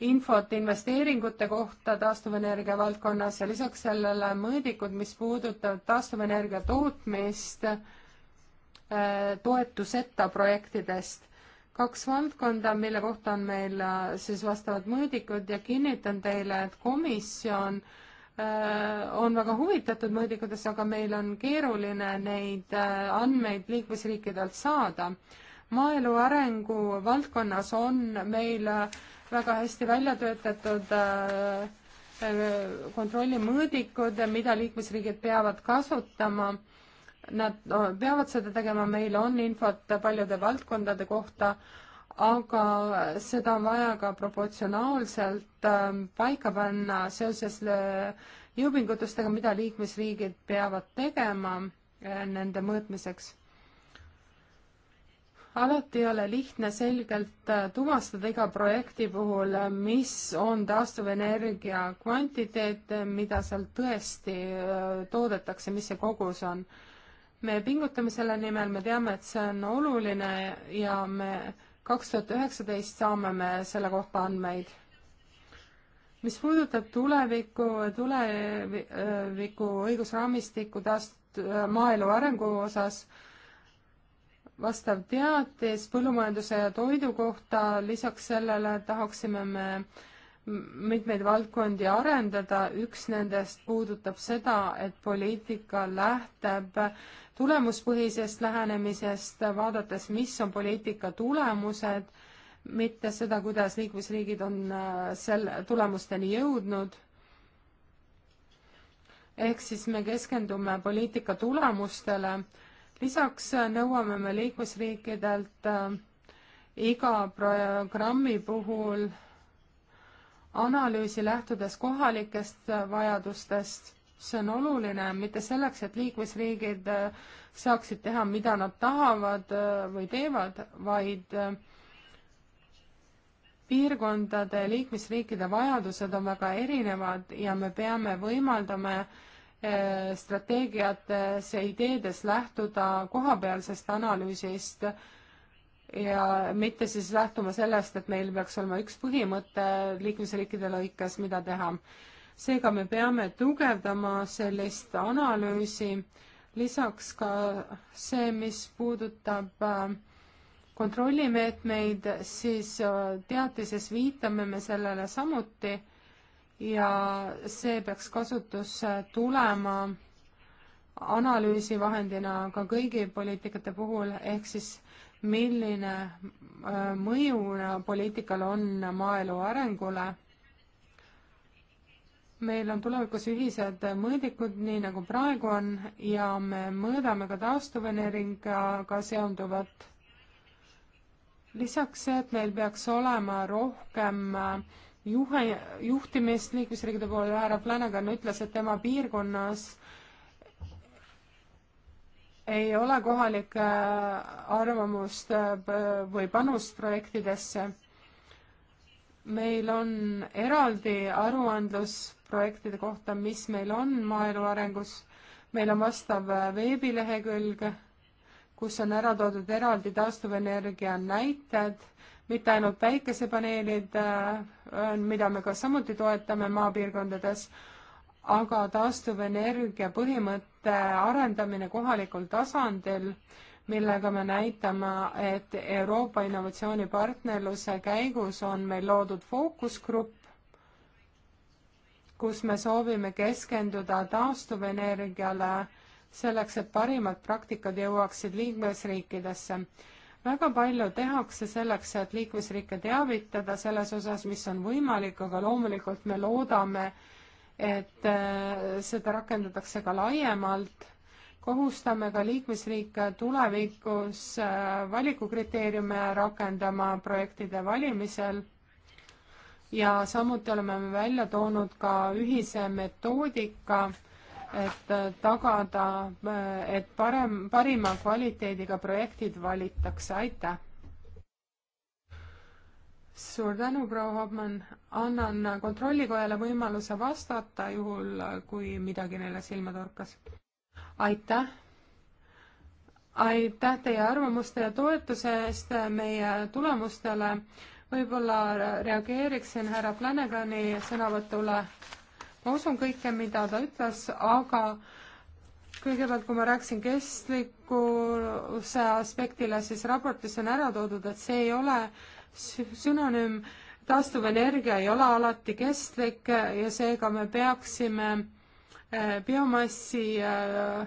infot investeeringute kohta taastuvenergia valdkonnas ja lisaks sellele mõõdikud, mis puudutavad taastuvenergia tootmist äh, toetuseta projektidest. kaks valdkonda, mille kohta on meil äh, siis vastavad mõõdikud ja kinnitan teile, et komisjon äh, on väga huvitatud mõõdikutest, aga meil on keeruline neid andmeid liikmesriikidelt saada. maaelu arengu valdkonnas on meil väga hästi välja töötatud äh, kontrollimõõdikud, mida liikmesriigid peavad kasutama. Nad peavad seda tegema, meil on infot paljude valdkondade kohta, aga seda on vaja ka proportsionaalselt ähm, paika panna seoses äh, jõupingutustega, mida liikmesriigid peavad tegema äh, nende mõõtmiseks alati ei ole lihtne selgelt äh, tuvastada iga projekti puhul, äh, mis on taastuvenergia kvantiteet, äh, mida seal tõesti toodetakse, mis see kogus on. me pingutame selle nimel, me teame, et see on oluline ja me kaks tuhat üheksateist saame me selle kohta andmeid mis puudutab tuleviku, tuleviku õigusraamistiku taast-, maaelu arengu osas, vastav teatis põllumajanduse ja toidu kohta, lisaks sellele tahaksime me mitmeid valdkondi arendada, üks nendest puudutab seda, et poliitika lähtub tulemuspõhisest lähenemisest, vaadates, mis on poliitika tulemused, mitte seda, kuidas liikmesriigid on äh, selle tulemusteni jõudnud. ehk siis me keskendume poliitika tulemustele lisaks äh, nõuame me liikmesriikidelt äh, iga programmi puhul analüüsi lähtudes kohalikest äh, vajadustest, see on oluline mitte selleks, et liikmesriigid saaksid teha, mida nad tahavad või teevad, vaid piirkondade, liikmesriikide vajadused on väga erinevad ja me peame võimaldama Äh, strateegiates ja ideedes lähtuda kohapealsest analüüsist ja mitte siis lähtuma sellest, et meil peaks olema üks põhimõte liikmesriikide lõikes, mida teha. seega me peame tugevdama sellist analüüsi, lisaks ka see, mis puudutab äh, kontrollimeetmeid, siis äh, teatises viitame me sellele samuti ja see peaks kasutusse tulema analüüsivahendina ka kõigi poliitikate puhul, ehk siis milline äh, mõju poliitikal on maaelu arengule. meil on tulevikus ühised mõõdikud, nii nagu praegu on, ja me mõõdame ka taastuvenergiaga seonduvat. lisaks see, et meil peaks olema rohkem äh, juhe, juhtimist liikmesriikide poole, härra Flanagan ütles, et tema piirkonnas ei ole kohalike äh, arvamust äh, või panust projektidesse. meil on eraldi aruandlus projektide kohta, mis meil on maaelu arengus, meil on vastav äh, veebilehekülg, kus on ära toodud eraldi taastuvenergia näited mitte ainult päikesepaneelid, äh, mida me ka samuti toetame maapiirkondades, aga taastuvenergia põhimõtte arendamine kohalikul tasandil, millega me näitame, et Euroopa innovatsioonipartnerluse käigus on meil loodud fookusgrupp, kus me soovime keskenduda taastuvenergiale selleks, et parimad praktikad jõuaksid liikmesriikidesse väga palju tehakse selleks, et liikmesriike teavitada selles osas, mis on võimalik, aga loomulikult me loodame, et äh, seda rakendatakse ka laiemalt. kohustame ka liikmesriike tulevikus äh, valikukriteeriume rakendama projektide valimisel ja samuti oleme välja toonud ka ühise metoodika et tagada, et parem, parima kvaliteediga projektid valitakse, aitäh! suur tänu, proua Hobman, annan kontrollikojale võimaluse vastata, juhul kui midagi neile silma torkas. aitäh! aitäh teie arvamuste ja toetuse eest meie tulemustele, võib-olla reageeriksin härra Flanagani sõnavõtule ma usun kõike, mida ta ütles, aga kõigepealt, kui ma rääkisin kestlikkuse aspektile, siis raportis on ära toodud, et see ei ole sünonüüm, taastuvenergia ei ole alati kestlik ja seega me peaksime eh, biomassi eh,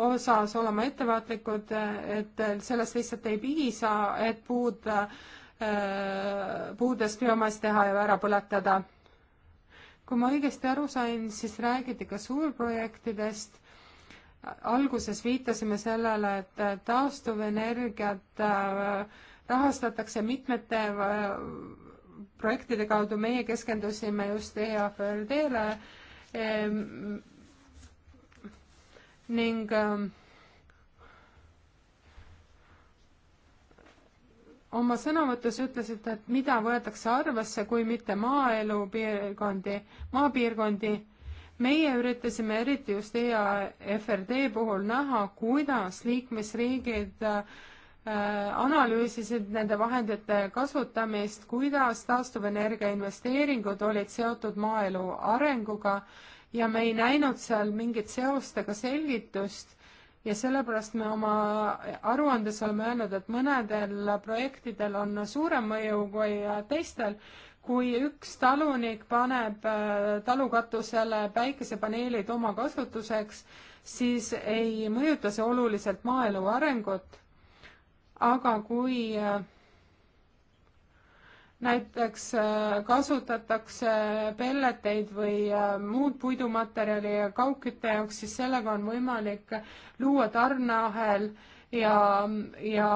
osas olema ettevaatlikud, eh, et sellest lihtsalt ei piisa, et puud, puudest biomass teha ja ära põletada kui ma õigesti aru sain, siis räägiti ka suurprojektidest. alguses viitasime sellele, et taastuvenergiat äh, rahastatakse mitmete äh, projektide kaudu, meie keskendusime just EAFRD-le ehm, ning äh, oma sõnavõtus ütlesite, et mida võetakse arvesse, kui mitte maaelu piirkondi, maapiirkondi. meie üritasime eriti just EAFRD puhul näha, kuidas liikmesriigid äh, analüüsisid nende vahendite kasutamist, kuidas taastuvenergia investeeringud olid seotud maaelu arenguga ja me ei näinud seal mingit seost ega selgitust ja sellepärast me oma aruandes oleme öelnud, et mõnedel projektidel on suurem mõju kui teistel, kui üks talunik paneb äh, talukatusele päikesepaneelid oma kasutuseks, siis ei mõjuta see oluliselt maaelu arengut. aga kui äh, näiteks äh, kasutatakse pelleteid või äh, muud puidumaterjali kaugkütte jaoks, siis sellega on võimalik luua tarneahel ja, ja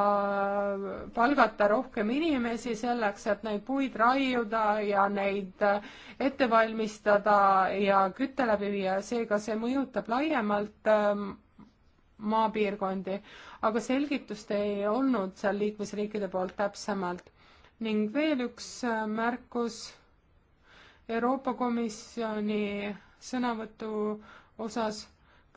palgata rohkem inimesi selleks, et neid puid raiuda ja neid äh, ette valmistada ja kütte läbi viia, seega see mõjutab laiemalt ähm, maapiirkondi, aga selgitust ei olnud seal liikmesriikide poolt täpsemalt ning veel üks äh, märkus Euroopa Komisjoni sõnavõtu osas.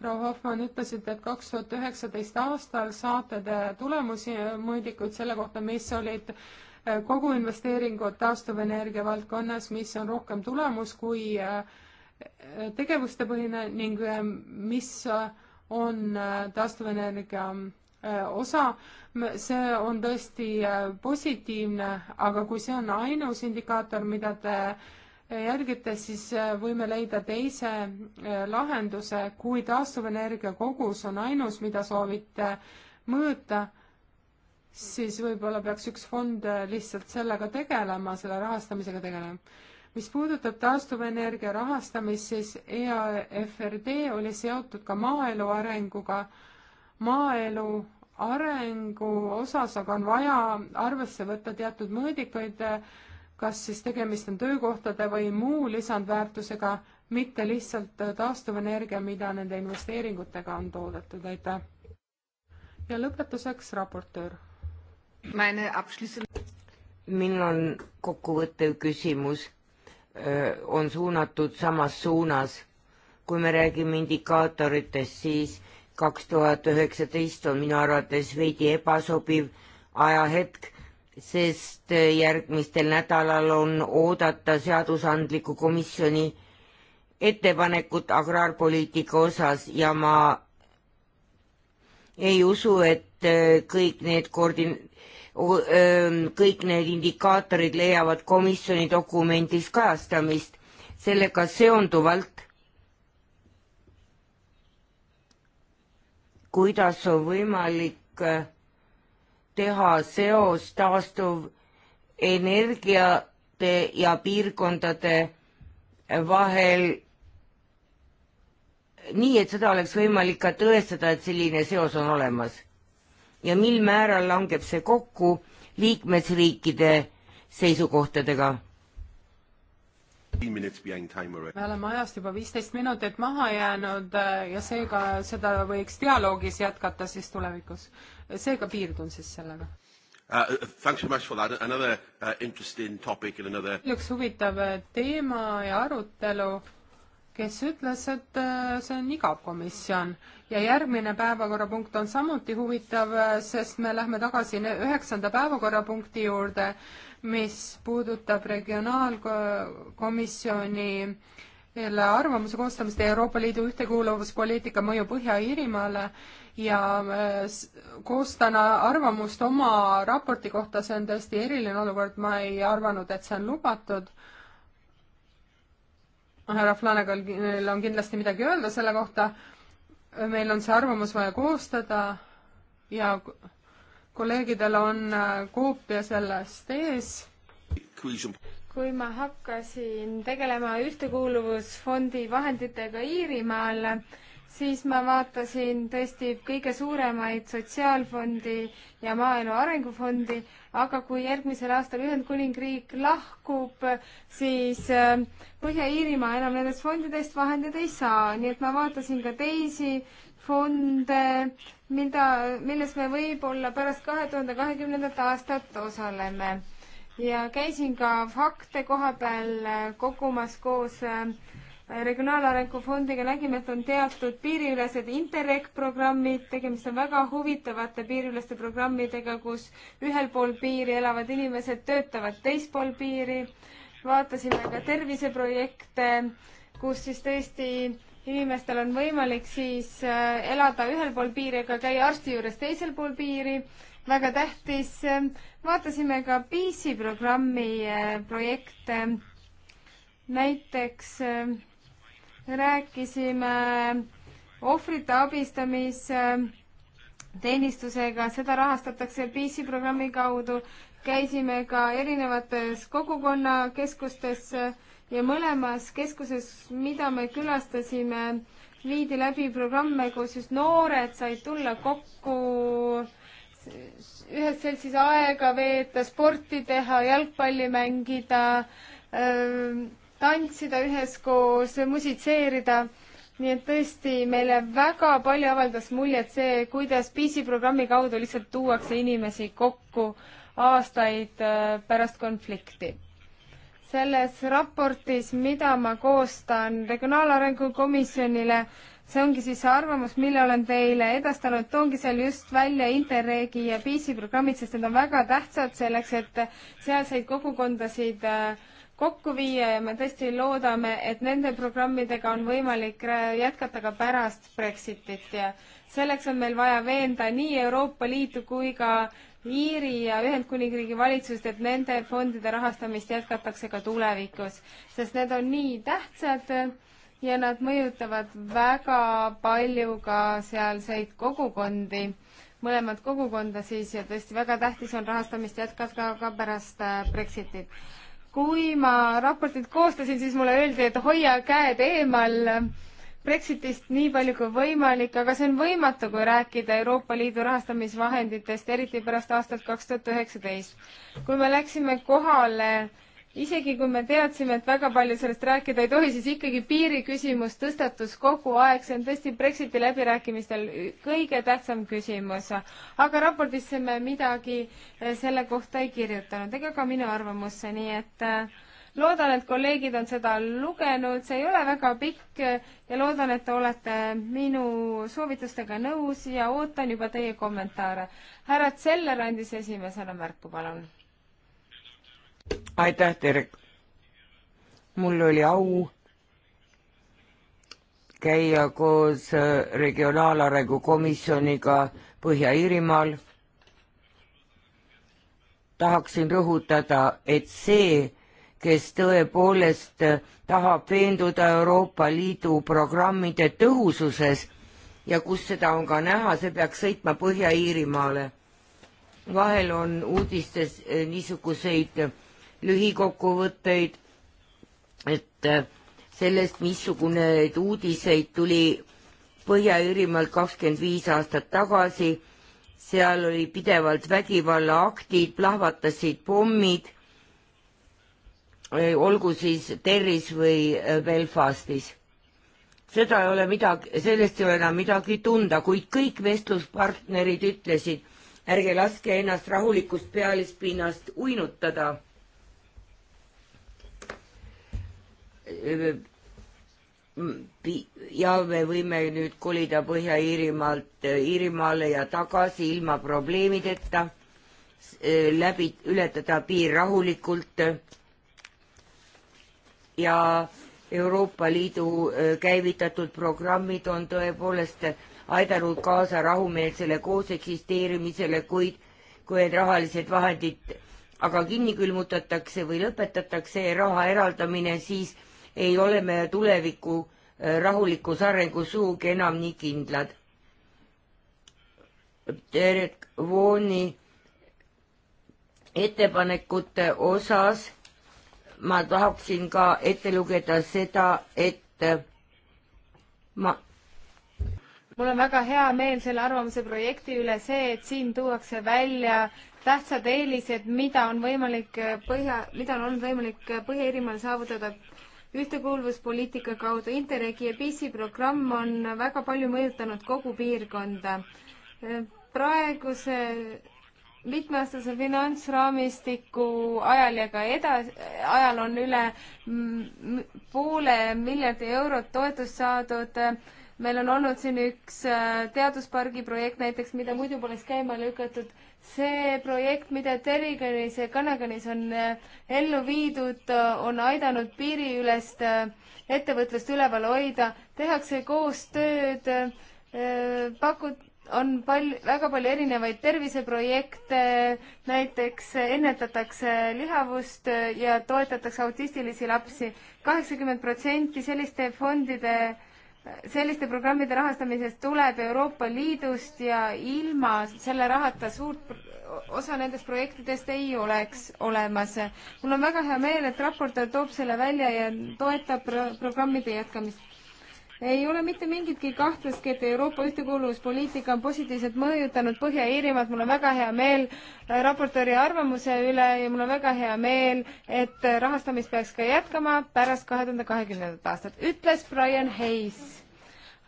proua Hoffmann ütlesite, et kaks tuhat üheksateist aastal saate te tulemusi, äh, mõõdikuid selle kohta, mis olid äh, kogu investeeringud taastuvenergia valdkonnas, mis on rohkem tulemus kui tegevustepõhine ning mis on taastuvenergia Äh, osa, see on tõesti äh, positiivne, aga kui see on ainus indikaator, mida te äh, järgite, siis võime leida teise lahenduse, kui taastuvenergia kogus on ainus, mida soovite mõõta, siis võib-olla peaks üks fond lihtsalt sellega tegelema, selle rahastamisega tegelema. mis puudutab taastuvenergia rahastamist, siis EAFRD oli seotud ka maaelu arenguga maaelu arengu osas aga on vaja arvesse võtta teatud mõõdikuid, kas siis tegemist on töökohtade või muu lisandväärtusega, mitte lihtsalt taastuvenergia, mida nende investeeringutega on toodetud, aitäh. ja lõpetuseks raportöör. minul on kokkuvõttev küsimus, on suunatud samas suunas. kui me räägime indikaatoritest, siis kaks tuhat üheksateist on minu arvates veidi ebasobiv ajahetk, sest järgmistel nädalal on oodata seadusandliku komisjoni ettepanekut agraarpoliitika osas ja ma ei usu, et äh, kõik need koordin-, ähm, kõik need indikaatorid leiavad komisjoni dokumendis kajastamist. sellega seonduvalt kuidas on võimalik äh, teha seos taastuvenergiate ja piirkondade äh, vahel nii, et seda oleks võimalik ka tõestada, et selline seos on olemas. ja mil määral langeb see kokku liikmesriikide seisukohtadega? me oleme ajast juba viisteist minutit maha jäänud äh, ja seega seda võiks dialoogis jätkata siis tulevikus. seega piirdun siis sellega. Uh, uh, thanks very much for that. Another uh, interesting topic and another... üks huvitav äh, teema ja arutelu, kes ütles, et äh, see on igav komisjon ja järgmine päevakorrapunkt on samuti huvitav, sest me lähme tagasi üheksanda päevakorrapunkti juurde mis puudutab regionaalkomisjoni arvamuse koostamist Euroopa Liidu ühtekuuluvuspoliitika mõju Põhja-Iirimaale ja äh, koostan arvamust oma raporti kohta, see on tõesti eriline olukord, ma ei arvanud, et see on lubatud. härra Flanaganil on kindlasti midagi öelda selle kohta. meil on see arvamus vaja koostada ja kolleegidel on äh, koopia sellest ees. kui ma hakkasin tegelema Ühtekuuluvusfondi vahenditega Iirimaal, siis ma vaatasin tõesti kõige suuremaid sotsiaalfondi ja maaelu arengufondi, aga kui järgmisel aastal Ühendkuningriik lahkub, siis äh, Põhja-Iirimaa enam nendest fondidest vahendeid ei saa, nii et ma vaatasin ka teisi fonde, mida, milles me võib-olla pärast kahe tuhande kahekümnendat aastat osaleme. ja käisin ka fakte koha peal kogumas koos äh, Regionaalarengu Fondiga nägime, et on teatud piiriülesed Interreg programmid, tegemist on väga huvitavate piiriüleste programmidega, kus ühel pool piiri elavad inimesed töötavad teispool piiri. vaatasime ka terviseprojekte, kus siis tõesti inimestel on võimalik siis äh, elada ühel pool piiri, aga käia arsti juures teisel pool piiri, väga tähtis. vaatasime ka PC programmi äh, projekte. näiteks äh, rääkisime ohvrite abistamisteenistusega, seda rahastatakse PC programmi kaudu. käisime ka erinevates kogukonnakeskustes ja mõlemas keskuses, mida me külastasime, viidi läbi programme, kus just noored said tulla kokku, ühes seltsis aega veeta, sporti teha, jalgpalli mängida, ähm, tantsida üheskoos, musitseerida. nii et tõesti, meile väga palju avaldas muljet see, kuidas PC programmi kaudu lihtsalt tuuakse inimesi kokku aastaid äh, pärast konflikti selles raportis, mida ma koostan Regionaalarengu Komisjonile, see ongi siis see arvamus, mille olen teile edastanud, toongi seal just välja Interregi ja PC programmid, sest need on väga tähtsad selleks, et sealseid kogukondasid äh, kokku viia ja me tõesti loodame, et nende programmidega on võimalik jätkata ka pärast Brexitit ja selleks on meil vaja veenda nii Euroopa Liitu kui ka Iiri ja Ühendkuningriigi valitsust, et nende fondide rahastamist jätkatakse ka tulevikus, sest need on nii tähtsad ja nad mõjutavad väga palju ka sealseid kogukondi, mõlemat kogukonda siis ja tõesti väga tähtis on rahastamist jätkata ka pärast äh, Brexitit. kui ma raportit koostasin, siis mulle öeldi, et hoia käed eemal äh, Brexitist nii palju kui võimalik, aga see on võimatu, kui rääkida Euroopa Liidu rahastamisvahenditest, eriti pärast aastat kaks tuhat üheksateist. kui me läksime kohale, isegi kui me teadsime, et väga palju sellest rääkida ei tohi, siis ikkagi piiriküsimus tõstatus kogu aeg, see on tõesti Brexiti läbirääkimistel kõige tähtsam küsimus. aga raportisse me midagi selle kohta ei kirjutanud ega ka minu arvamusse, nii et äh, loodan, et kolleegid on seda lugenud, see ei ole väga pikk ja loodan, et te olete minu soovitustega nõus ja ootan juba teie kommentaare. härra Zeller andis esimesena märku, palun. aitäh, Terek. mul oli au käia koos Regionaalarengu Komisjoniga Põhja-Iirimaal. tahaksin rõhutada, et see, kes tõepoolest äh, tahab veenduda Euroopa Liidu programmide tõhususes ja kus seda on ka näha, see peaks sõitma Põhja-Iirimaale. vahel on uudistes äh, niisuguseid äh, lühikokkuvõtteid, et sellest, missuguneid uudiseid tuli Põhja-Iirimaalt kakskümmend viis aastat tagasi, seal oli pidevalt vägivallaaktid, plahvatasid pommid olgu siis Terris või Belfastis. seda ei ole midagi, sellest ei ole enam midagi tunda, kuid kõik vestluspartnerid ütlesid, ärge laske ennast rahulikust pealispinnast uinutada. ja me võime nüüd kolida Põhja-Iirimaalt Iirimaale ja tagasi ilma probleemideta, läbi, ületada piir rahulikult ja Euroopa Liidu äh, käivitatud programmid on tõepoolest aidanud kaasa rahumeelsele kooseksisteerimisele, kuid kui need rahalised vahendid aga kinni külmutatakse või lõpetatakse raha eraldamine, siis ei ole me tuleviku äh, rahulikus arengus sugugi enam nii kindlad. Derek Vooni ettepanekute osas ma tahaksin ka ette lugeda seda, et äh, ma mul on väga hea meel selle arvamuse projekti üle see, et siin tuuakse välja tähtsad eelised, mida on võimalik äh, põhja, mida on olnud võimalik äh, Põhja-Iirimaal saavutada ühtekuuluvuspoliitika kaudu. Interregi ja PC programm on väga palju mõjutanud kogu piirkonda. praeguse mitmeaastase finantsraamistiku ajal ja ka edasi, ajal on üle poole miljardi eurot toetust saadud. meil on olnud siin üks äh, teaduspargi projekt näiteks, mida muidu poleks käima lükatud. see projekt, mida Terrigenis ja Kanaganis on äh, ellu viidud, äh, on aidanud piiriülest ettevõtlust üleval hoida, tehakse koostööd, pakud on pal-, väga palju erinevaid terviseprojekte, näiteks ennetatakse lihavust ja toetatakse autistilisi lapsi. kaheksakümmend protsenti selliste fondide, selliste programmide rahastamisest tuleb Euroopa Liidust ja ilma selle rahata suurt osa nendest projektidest ei oleks olemas. mul on väga hea meel, et raportöör toob selle välja ja toetab pro programmide jätkamist ei ole mitte mingitki kahtlustki, et Euroopa ühtekuuluvuspoliitika on positiivselt mõjutanud Põhja-Iirimaad, mul on väga hea meel äh, raportööri arvamuse üle ja mul on väga hea meel, et äh, rahastamist peaks ka jätkama pärast kahe tuhande kahekümnendat aastat, ütles Brian Hayes.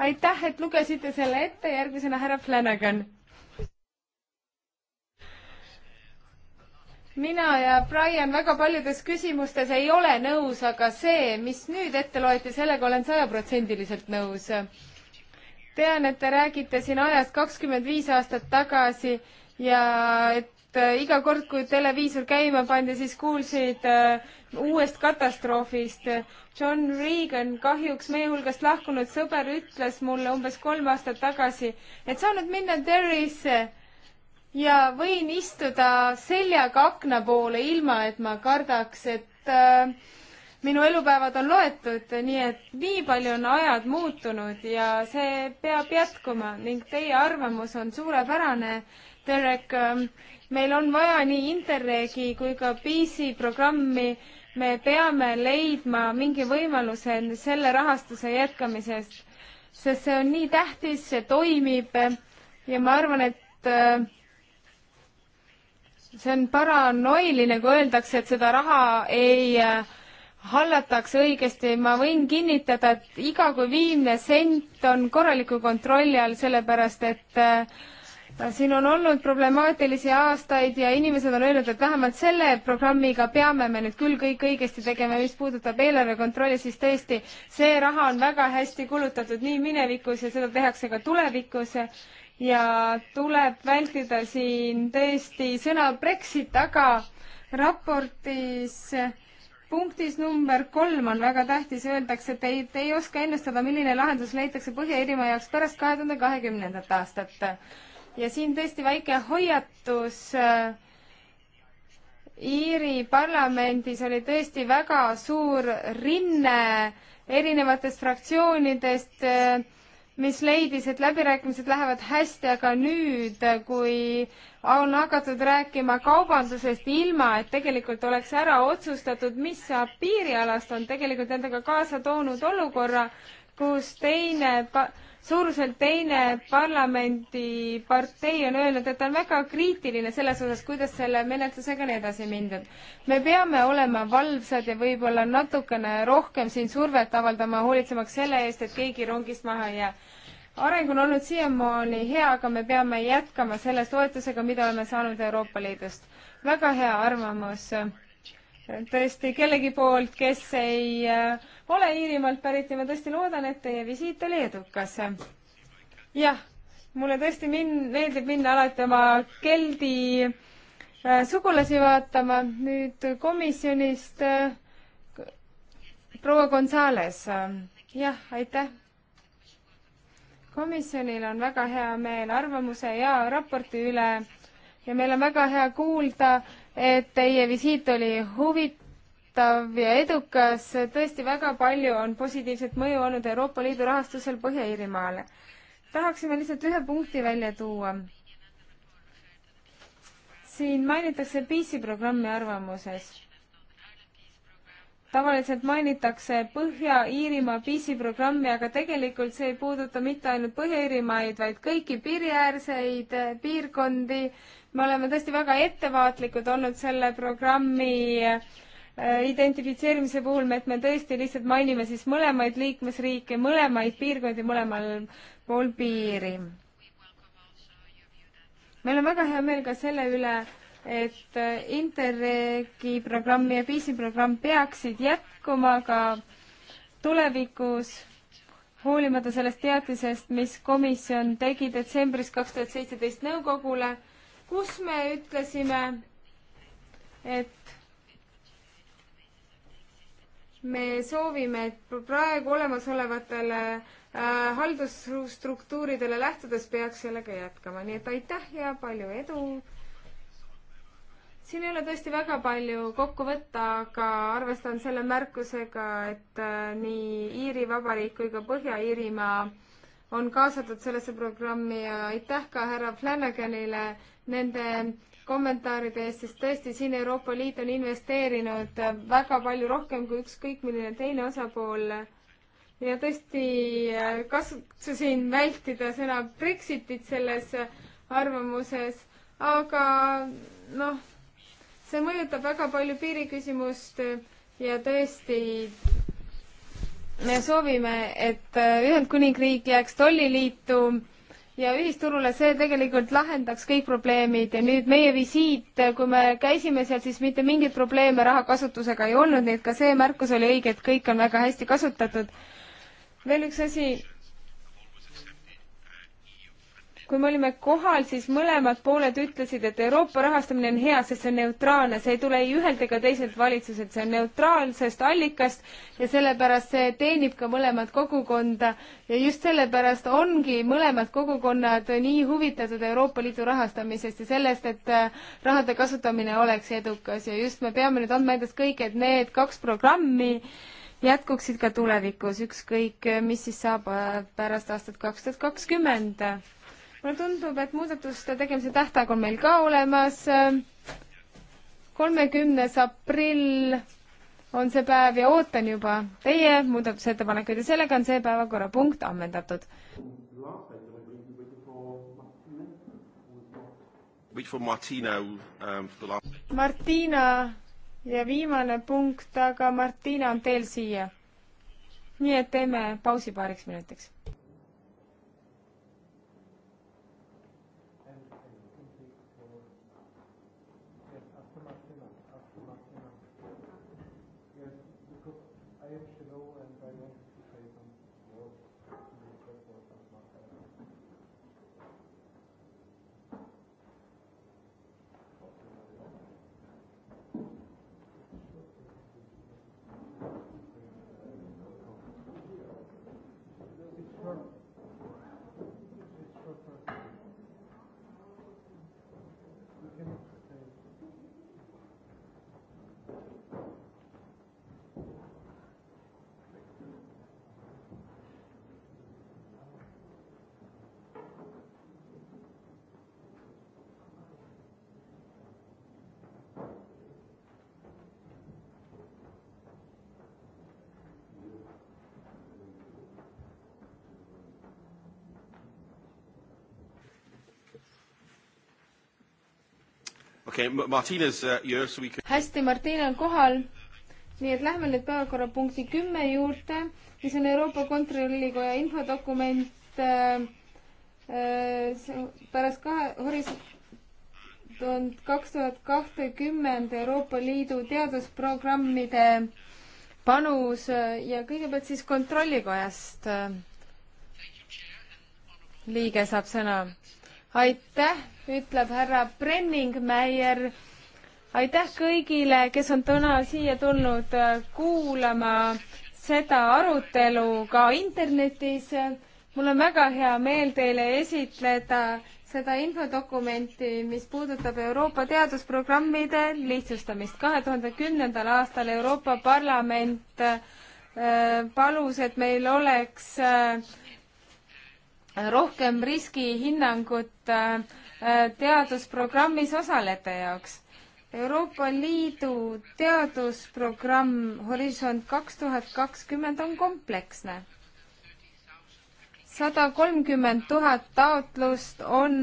aitäh, et lugesite selle ette, järgmisena härra Flanagan mina ja Brian väga paljudes küsimustes ei ole nõus, aga see, mis nüüd ette loeti, sellega olen sajaprotsendiliselt nõus. tean, et te räägite siin ajast kakskümmend viis aastat tagasi ja et äh, iga kord, kui televiisor käima pandi, siis kuulsid äh, uuest katastroofist. John Reagan, kahjuks meie hulgast lahkunud sõber, ütles mulle umbes kolm aastat tagasi, et sa nüüd minna Derry'sse ja võin istuda seljaga akna poole, ilma et ma kardaks, et äh, minu elupäevad on loetud, nii et nii palju on ajad muutunud ja see peab jätkuma ning teie arvamus on suurepärane, Derek äh,. meil on vaja nii Interregi kui ka PC programmi me peame leidma mingi võimaluse selle rahastuse jätkamisest, sest see on nii tähtis, see toimib ja ma arvan, et äh, see on paranoiline, kui öeldakse, et seda raha ei äh, hallatakse õigesti, ma võin kinnitada, et iga kui viimne sent on korraliku kontrolli all, sellepärast et äh, siin on olnud problemaatilisi aastaid ja inimesed on öelnud, et vähemalt selle programmiga peame me nüüd küll kõik õigesti tegema, mis puudutab eelarve kontrolli, siis tõesti, see raha on väga hästi kulutatud nii minevikus ja seda tehakse ka tulevikus ja tuleb vältida siin tõesti sõna Brexit, aga raportis punktis number kolm on väga tähtis, öeldakse, et ei, te ei oska ennustada, milline lahendus leitakse Põhja-Iirimaa jaoks pärast kahe tuhande kahekümnendat aastat. ja siin tõesti väike hoiatus. Iiri parlamendis oli tõesti väga suur rinne erinevatest fraktsioonidest äh, mis leidis, et läbirääkimised lähevad hästi, aga nüüd, kui on hakatud rääkima kaubandusest ilma, et tegelikult oleks ära otsustatud, mis saab piirialast, on tegelikult endaga kaasa toonud olukorra, kus teine pa-, suuruselt teine parlamendipartei on öelnud, et ta on väga kriitiline selles osas, kuidas selle menetlusega on edasi mindud. me peame olema valvsad ja võib-olla natukene rohkem siin survet avaldama, hoolitsemaks selle eest, et keegi rongist maha ei jää. areng on olnud siiamaani hea, aga me peame jätkama selle toetusega, mida oleme saanud Euroopa Liidust. väga hea arvamus tõesti kellegi poolt, kes ei äh, ole Iirimaalt pärit ja ma tõesti loodan, et teie visiit oli edukas. jah, mulle tõesti min-, meeldib minna alati oma keldi äh, sugulasi vaatama, nüüd komisjonist äh, proua Gonzales, jah, aitäh. komisjonil on väga hea meel arvamuse ja raporti üle ja meil on väga hea kuulda, et teie visiit oli huvitav toetav ja edukas, tõesti väga palju on positiivset mõju olnud Euroopa Liidu rahastusel Põhja-Iirimaale. tahaksime lihtsalt ühe punkti välja tuua. siin mainitakse Peace'i programmi arvamuses. tavaliselt mainitakse Põhja-Iirimaa Peace'i programmi, aga tegelikult see ei puuduta mitte ainult Põhja-Iirimaid, vaid kõiki piiriäärseid piirkondi, me oleme tõesti väga ettevaatlikud olnud selle programmi Äh, identifitseerimise puhul me, et me tõesti lihtsalt mainime siis mõlemaid liikmesriike, mõlemaid piirkondi mõlemal pool piiri. meil on väga hea meel ka selle üle, et äh, Interregi programm ja PISI programm peaksid jätkuma ka tulevikus, hoolimata sellest teatisest, mis komisjon tegi detsembris kaks tuhat seitseteist nõukogule, kus me ütlesime, et me soovime, et praegu olemasolevatele äh, haldusstruktuuridele lähtudes peaks sellega jätkama, nii et aitäh ja palju edu. siin ei ole tõesti väga palju kokku võtta, aga arvestan selle märkusega, et äh, nii Iiri Vabariik kui ka Põhja-Iirimaa on kaasatud sellesse programmi ja aitäh ka härra Flanaganile nende kommentaaride eest, sest tõesti siin Euroopa Liit on investeerinud väga palju rohkem kui ükskõik milline teine osapool. ja tõesti äh, kasutasin vältida sõna Brexitit selles arvamuses, aga noh, see mõjutab väga palju piiriküsimust ja tõesti me soovime, et äh, Ühendkuningriik jääks tolliliitu ja ühisturule see tegelikult lahendaks kõik probleemid ja nüüd meie visiit, kui me käisime seal, siis mitte mingeid probleeme raha kasutusega ei olnud, nii et ka see märkus oli õige, et kõik on väga hästi kasutatud. veel üks asi, kui me olime kohal, siis mõlemad pooled ütlesid, et Euroopa rahastamine on hea, sest see on neutraalne, see ei tule ei ühelt ega teiselt valitsuselt, see on neutraalsest allikast ja sellepärast see teenib ka mõlemat kogukonda ja just sellepärast ongi mõlemad kogukonnad nii huvitatud Euroopa Liidu rahastamisest ja sellest, et äh, rahade kasutamine oleks edukas ja just me peame nüüd andma endast kõik, et need kaks programmi jätkuksid ka tulevikus, ükskõik äh, mis siis saab äh, pärast aastat kaks tuhat kakskümmend mulle tundub, et muudatuste tegemise tähtaeg on meil ka olemas. kolmekümnes aprill on see päev ja ootan juba teie muudatusettepanekuid ja sellega on see päevakorrapunkt ammendatud. Um, Martina ja viimane punkt, aga Martina on teel siia. nii et teeme pausi paariks minutiks. okay,. Uh, so can... hästi, Martina on kohal. nii et lähme nüüd päevakorrapunkti kümme juurde, mis on Euroopa Kontrollikoja infodokument äh, äh, pärast kahe horis-, tuhat kaks tuhat kahtekümmend Euroopa Liidu teadusprogrammide panus äh, ja kõigepealt siis Kontrollikojast äh, liige saab sõna aitäh, ütleb härra Brenningmeier. aitäh kõigile, kes on täna siia tulnud äh, kuulama seda arutelu ka internetis. mul on väga hea meel teile esitleda seda infodokumenti, mis puudutab Euroopa teadusprogrammide lihtsustamist. kahe tuhande kümnendal aastal Euroopa Parlament äh, palus, et meil oleks äh, rohkem riskihinnangut äh, äh, teadusprogrammis osalejate jaoks. Euroopa Liidu teadusprogramm Horisont kaks tuhat kakskümmend on kompleksne. sada kolmkümmend tuhat taotlust on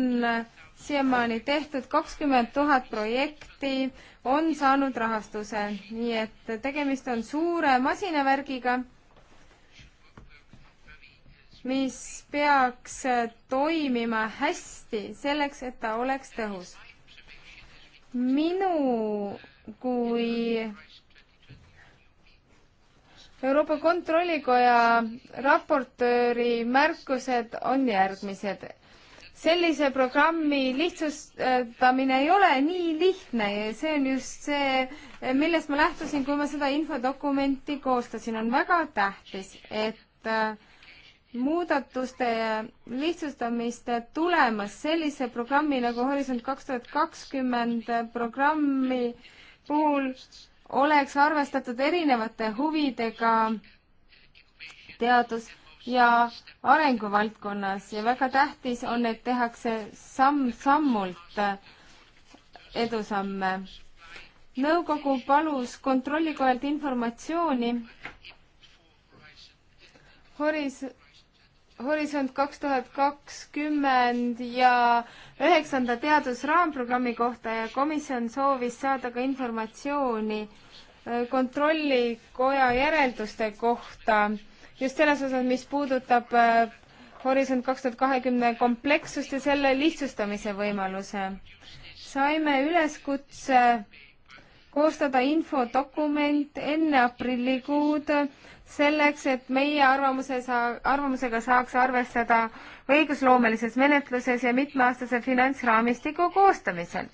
siiamaani tehtud, kakskümmend tuhat projekti on saanud rahastuse, nii et tegemist on suure masinavärgiga mis peaks toimima hästi selleks, et ta oleks tõhus. minu kui Euroopa Kontrollikoja raportööri märkused on järgmised. sellise programmi lihtsustamine ei ole nii lihtne ja see on just see, millest ma lähtusin, kui ma seda infodokumenti koostasin, on väga tähtis, et äh, muudatuste ja lihtsustamiste tulemas sellise programmi nagu Horisont kaks tuhat kakskümmend programmi puhul oleks arvestatud erinevate huvidega teadus- ja arenguvaldkonnas ja väga tähtis on, et tehakse samm-sammult edusamme. nõukogu palus kontrollikojalt informatsiooni horis-, Horisont kaks tuhat kakskümmend ja üheksanda teadusraamprogrammi kohta ja komisjon soovis saada ka informatsiooni äh, kontrollikoja järelduste kohta just selles osas, mis puudutab äh, Horisont kaks tuhat kahekümne komplekssust ja selle lihtsustamise võimaluse. saime üleskutse koostada infodokument enne aprillikuud selleks, et meie arvamuse saa-, arvamusega saaks arvestada õigusloomelises menetluses ja mitmeaastase finantsraamistiku koostamisel.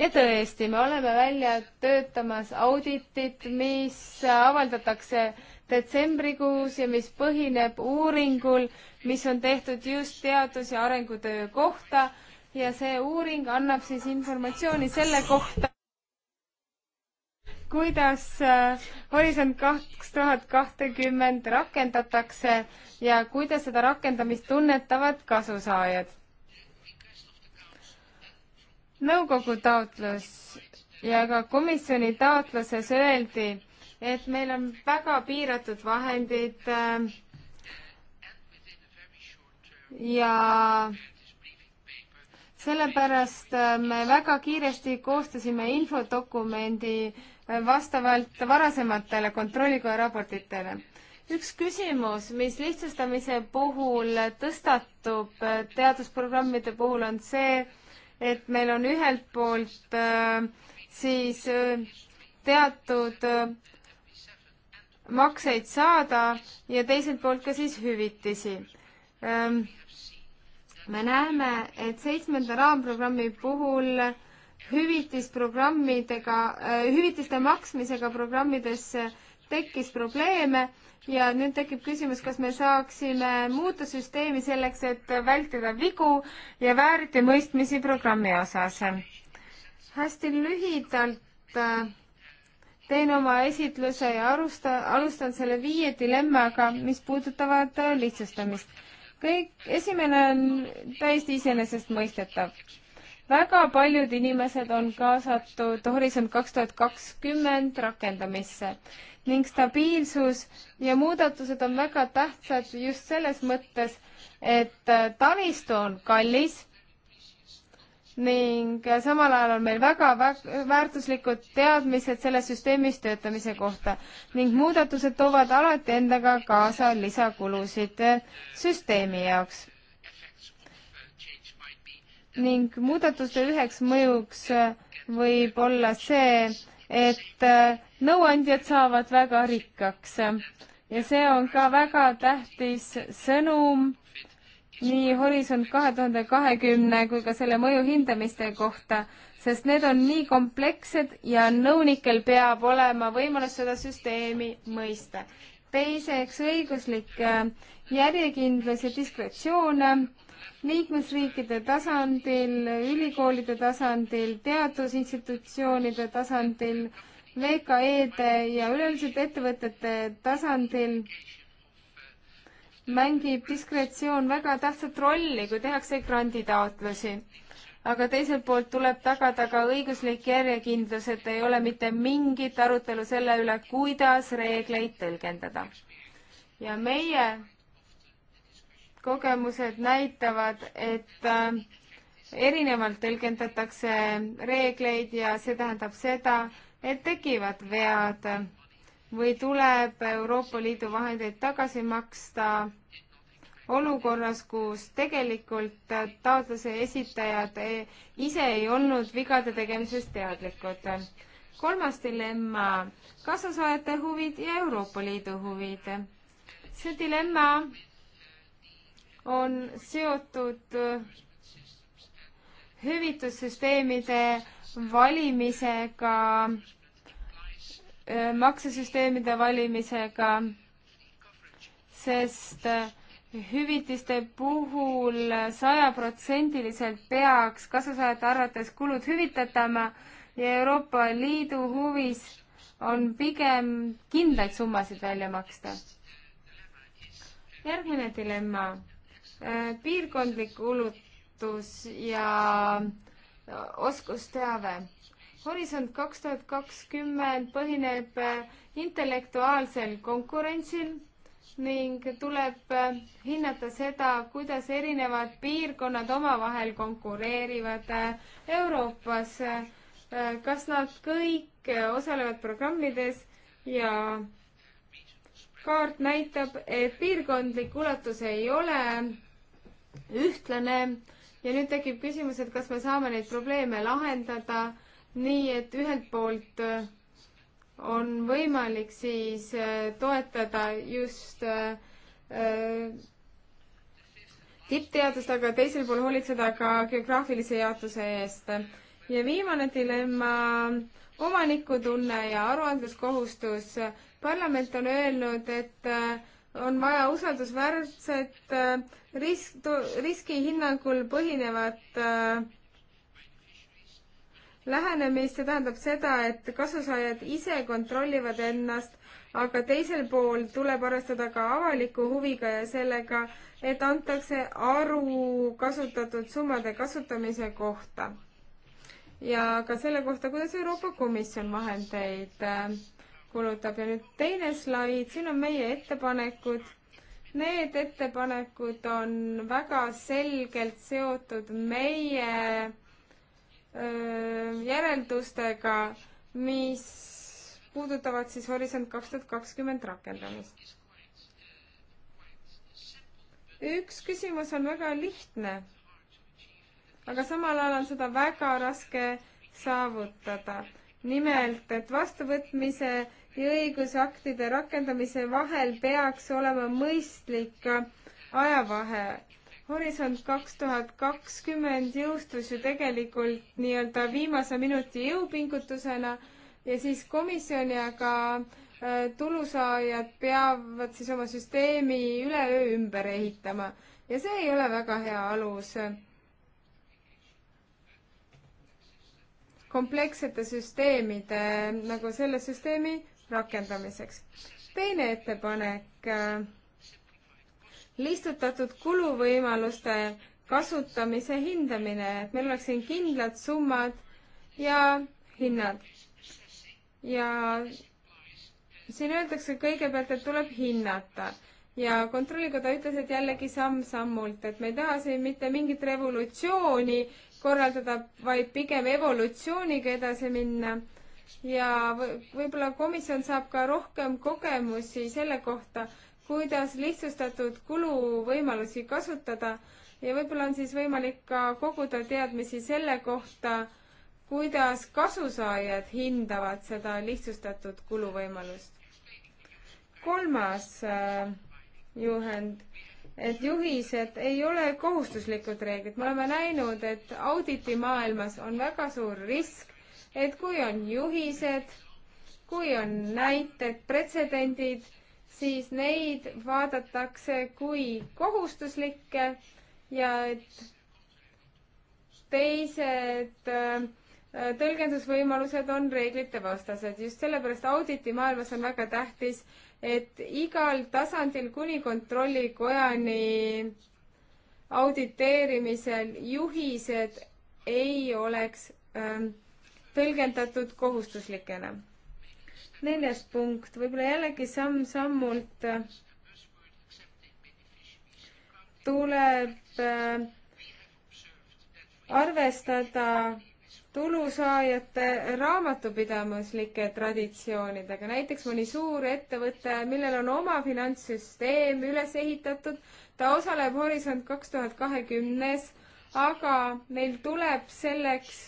ja tõesti, me oleme välja töötamas auditit, mis avaldatakse detsembrikuus ja mis põhineb uuringul, mis on tehtud just teadus- ja arengutöö kohta ja see uuring annab siis informatsiooni selle kohta, kuidas äh, Horisont kaks tuhat kahtekümmend rakendatakse ja kuidas seda rakendamist tunnetavad kasusaajad? nõukogu taotlus ja ka komisjoni taotluses öeldi, et meil on väga piiratud vahendid äh, ja sellepärast äh, me väga kiiresti koostasime infodokumendi äh, vastavalt varasematele kontrollikoja raportitele. üks küsimus, mis lihtsustamise puhul tõstatub äh, teadusprogrammide puhul, on see, et meil on ühelt poolt äh, siis äh, teatud makseid saada ja teiselt poolt ka siis hüvitisi. Ähm, me näeme, et seitsmenda raamprogrammi puhul hüvitisprogrammidega, äh, hüvitiste maksmisega programmides tekkis probleeme ja nüüd tekib küsimus, kas me saaksime muuta süsteemi selleks, et vältida vigu ja väärtimõistmisi programmi osas. hästi lühidalt äh, teen oma esitluse ja alusta, alustan selle viie dilemmaga, mis puudutavad äh, lihtsustamist. kõik, esimene on täiesti iseenesestmõistetav väga paljud inimesed on kaasatud Horisont kaks tuhat kakskümmend rakendamisse ning stabiilsus ja muudatused on väga tähtsad just selles mõttes, et äh, taristu on kallis ning äh, samal ajal on meil väga väärtuslikud teadmised selles süsteemis töötamise kohta ning muudatused toovad alati endaga kaasa lisakulusid äh, süsteemi jaoks ning muudatuste üheks mõjuks äh, võib olla see, et äh, nõuandjad saavad väga rikkaks ja see on ka väga tähtis sõnum nii Horisont kahe tuhande kahekümne kui ka selle mõju hindamiste kohta, sest need on nii komplekssed ja nõunikel peab olema võimalus seda süsteemi mõista. teiseks õiguslik äh, järjekindlus ja diskretsioon liikmesriikide tasandil, ülikoolide tasandil, teadusinstitutsioonide tasandil, VKE-de ja üleüldiselt ettevõtete tasandil mängib diskretsioon väga tähtsat rolli, kui tehakse granditaotlusi. aga teiselt poolt tuleb tagada ka õiguslik järjekindlus, et ei ole mitte mingit arutelu selle üle, kuidas reegleid tõlgendada. ja meie kogemused näitavad, et äh, erinevalt tõlgendatakse reegleid ja see tähendab seda, et tekivad vead või tuleb Euroopa Liidu vahendeid tagasi maksta olukorras, kus tegelikult taotluse esitajad e, ise ei olnud vigade tegemisest teadlikud. kolmas dilemma, kaasasaajate huvid ja Euroopa Liidu huvid. see dilemma on seotud äh, hüvitussüsteemide valimisega, äh, maksesüsteemide valimisega, sest äh, hüvitiste puhul sajaprotsendiliselt peaks kasusaajate arvates kulud hüvitatama ja Euroopa Liidu huvis on pigem kindlaid summasid välja maksta. järgmine dilemma Äh, piirkondlik kulutus ja äh, oskusteave. Horisont kaks tuhat kakskümmend põhineb äh, intellektuaalsel konkurentsil ning tuleb hinnata seda, kuidas erinevad piirkonnad omavahel konkureerivad Euroopas, kas nad kõik osalevad programmides ja kaart näitab, et piirkondlik ulatus ei ole ühtlane ja nüüd tekib küsimus, et kas me saame neid probleeme lahendada nii, et ühelt poolt äh, on võimalik siis äh, toetada just äh, tippteadust, aga teisel pool hoolitseda ka geograafilise jaotuse eest. ja viimane dilemma, omanikutunne ja aruandluskohustus. parlament on öelnud, et on vaja usaldusväärset äh, risk, riskihinnangul põhinevat äh, lähenemist, see tähendab seda, et kasusaajad ise kontrollivad ennast, aga teisel pool tuleb arvestada ka avaliku huviga ja sellega, et antakse aru kasutatud summade kasutamise kohta. ja ka selle kohta, kuidas Euroopa Komisjon vahendeid äh, kulutab ja nüüd teine slaid, siin on meie ettepanekud Need ettepanekud on väga selgelt seotud meie järeldustega, mis puudutavad siis Horisont kaks tuhat kakskümmend rakendamist. üks küsimus on väga lihtne, aga samal ajal on seda väga raske saavutada. nimelt, et vastuvõtmise ja õigusaktide rakendamise vahel peaks olema mõistlik ajavahe. Horisont kaks tuhat kakskümmend jõustus ju tegelikult nii-öelda viimase minuti jõupingutusena ja siis komisjon ja ka äh, tulusaajad peavad siis oma süsteemi üleöö ümber ehitama ja see ei ole väga hea alus komplekssete süsteemide nagu selle süsteemi rakendamiseks. teine ettepanek, äh, lihtsustatud kuluvõimaluste kasutamise hindamine, et meil oleks siin kindlad summad ja hinnad. ja siin öeldakse kõigepealt, et tuleb hinnata ja Kontrollikoda ütles, et jällegi samm-sammult, et me ei taha siin mitte mingit revolutsiooni korraldada, vaid pigem evolutsiooniga edasi minna ja võib-olla komisjon saab ka rohkem kogemusi selle kohta, kuidas lihtsustatud kuluvõimalusi kasutada ja võib-olla on siis võimalik ka koguda teadmisi selle kohta, kuidas kasusaajad hindavad seda lihtsustatud kuluvõimalust. kolmas äh, juhend, et juhised ei ole kohustuslikud reeglid. me oleme näinud, et auditimaailmas on väga suur risk, et kui on juhised, kui on näited, pretsedendid, siis neid vaadatakse kui kohustuslikke ja et teised äh, tõlgendusvõimalused on reeglite vastased. just sellepärast auditi maailmas on väga tähtis, et igal tasandil kuni kontrollikojani auditeerimisel juhised ei oleks ähm, tõlgendatud kohustuslikena. neljas punkt, võib-olla jällegi samm-sammult tuleb äh, arvestada tulusaajate raamatupidamislike traditsioonidega, näiteks mõni suur ettevõte, millel on oma finantssüsteem üles ehitatud, ta osaleb Horisont kaks tuhat kahekümnes, aga meil tuleb selleks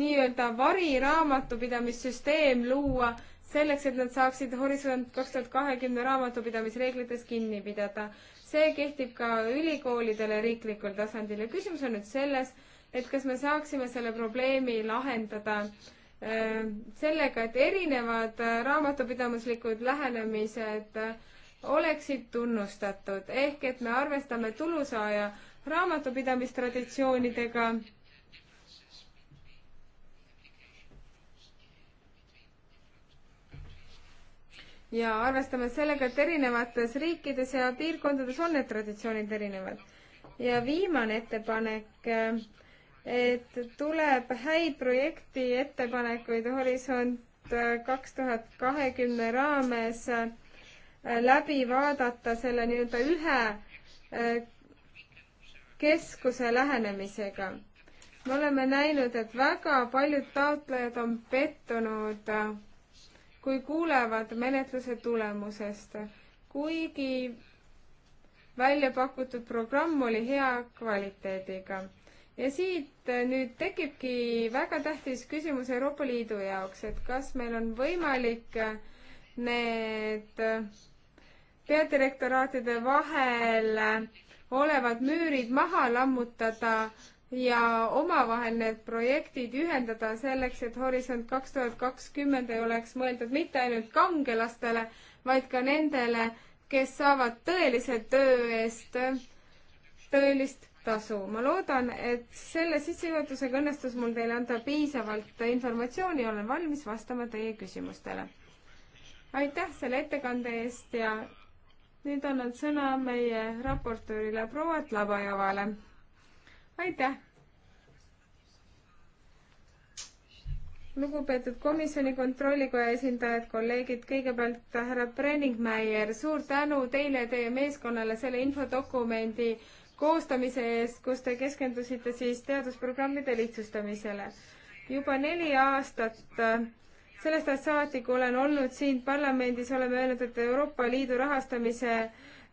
nii-öelda variraamatupidamissüsteem luua, selleks, et nad saaksid Horisont kaks tuhat kahekümne raamatupidamisreeglitest kinni pidada. see kehtib ka ülikoolidele riiklikul tasandil ja küsimus on nüüd selles, et kas me saaksime selle probleemi lahendada äh, sellega, et erinevad raamatupidamislikud lähenemised oleksid tunnustatud, ehk et me arvestame tulusaaja raamatupidamistraditsioonidega ja arvestame sellega, et erinevates riikides ja piirkondades on need traditsioonid erinevad. ja viimane ettepanek, et tuleb häid projekti ettepanekuid Horisont kaks tuhat kahekümne raames läbi vaadata selle nii-öelda ühe keskuse lähenemisega. me oleme näinud, et väga paljud taotlejad on pettunud kui kuulevad menetluse tulemusest. kuigi välja pakutud programm oli hea kvaliteediga. ja siit äh, nüüd tekibki väga tähtis küsimus Euroopa Liidu jaoks, et kas meil on võimalik äh, need äh, peadirektoraatide vahel olevad müürid maha lammutada ja omavahel need projektid ühendada selleks, et Horisont kaks tuhat kakskümmend ei oleks mõeldud mitte ainult kangelastele, vaid ka nendele, kes saavad tõelise töö eest tõelist tasu. ma loodan, et selle sissejuhatusega õnnestus mul teile anda piisavalt informatsiooni, olen valmis vastama teie küsimustele. aitäh selle ettekande eest ja nüüd annan sõna meie raportöörile proua Tlabajavale aitäh! lugupeetud komisjoni kontrollikoja esindajad, kolleegid, kõigepealt härra Brenningmeier, suur tänu teile ja teie meeskonnale selle infodokumendi koostamise eest, kus te keskendusite siis teadusprogrammide lihtsustamisele. juba neli aastat äh, sellest ajast saati, kui olen olnud siin parlamendis, oleme öelnud, et Euroopa Liidu rahastamise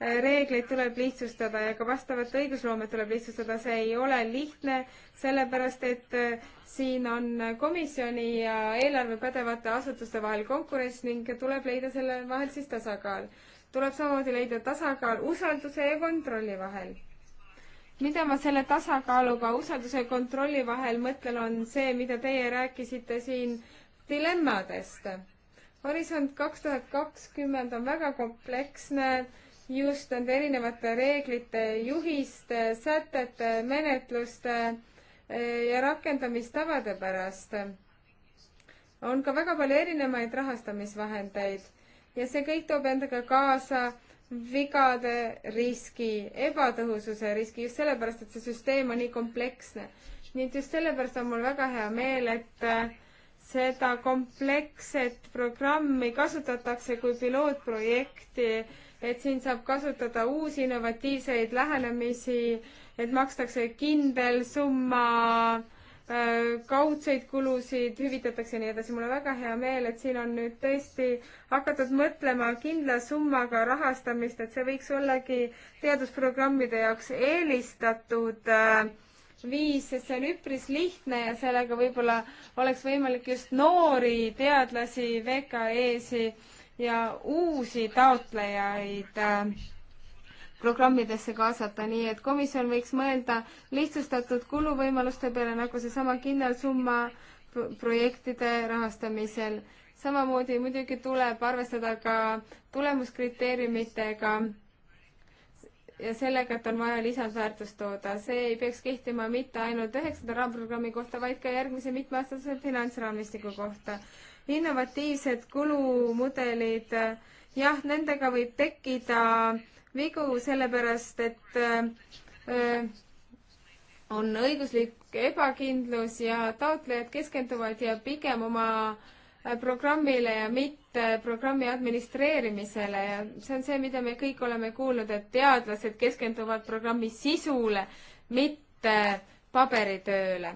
reegleid tuleb lihtsustada ja ka vastavat õigusloomet tuleb lihtsustada, see ei ole lihtne, sellepärast et äh, siin on komisjoni ja eelarve pädevate asutuste vahel konkurents ning tuleb leida selle vahel siis tasakaal. tuleb samamoodi leida tasakaal usalduse ja kontrolli vahel mida ma selle tasakaaluga usalduse ja kontrolli vahel mõtlen, on see, mida teie rääkisite siin dilemmadest. Horisont kaks tuhat kakskümmend on väga kompleksne äh, just nende erinevate reeglite, juhiste, sätete, menetluste eh, ja rakendamistavade pärast. on ka väga palju erinevaid rahastamisvahendeid ja see kõik toob endaga kaasa vigade riski, ebatõhususe riski, just sellepärast, et see süsteem on nii kompleksne. nii et just sellepärast on mul väga hea meel, et eh, seda kompleksset programmi kasutatakse kui pilootprojekti et siin saab kasutada uusi innovatiivseid lähenemisi, et makstakse kindel summa, äh, kaudseid kulusid hüvitatakse ja nii edasi. mul on väga hea meel, et siin on nüüd tõesti hakatud mõtlema kindla summaga rahastamist, et see võiks ollagi teadusprogrammide jaoks eelistatud äh, viis, sest see on üpris lihtne ja sellega võib-olla oleks võimalik just noori teadlasi, VKE-si ja uusi taotlejaid äh, programmidesse kaasata, nii et komisjon võiks mõelda lihtsustatud kuluvõimaluste peale, nagu seesama kindel summa projektide rahastamisel. samamoodi muidugi tuleb arvestada ka tulemuskriteeriumitega ja sellega, et on vaja lisandväärtust tooda. see ei peaks kehtima mitte ainult üheksanda raamprogrammi kohta, vaid ka järgmise mitmeaastase finantsraamistiku kohta innovatiivsed kulumudelid, jah, nendega võib tekkida vigu, sellepärast et äh, on õiguslik ebakindlus ja taotlejad keskenduvad ja pigem oma äh, programmile ja mitte programmi administreerimisele ja see on see, mida me kõik oleme kuulnud, et teadlased keskenduvad programmi sisule, mitte paberitööle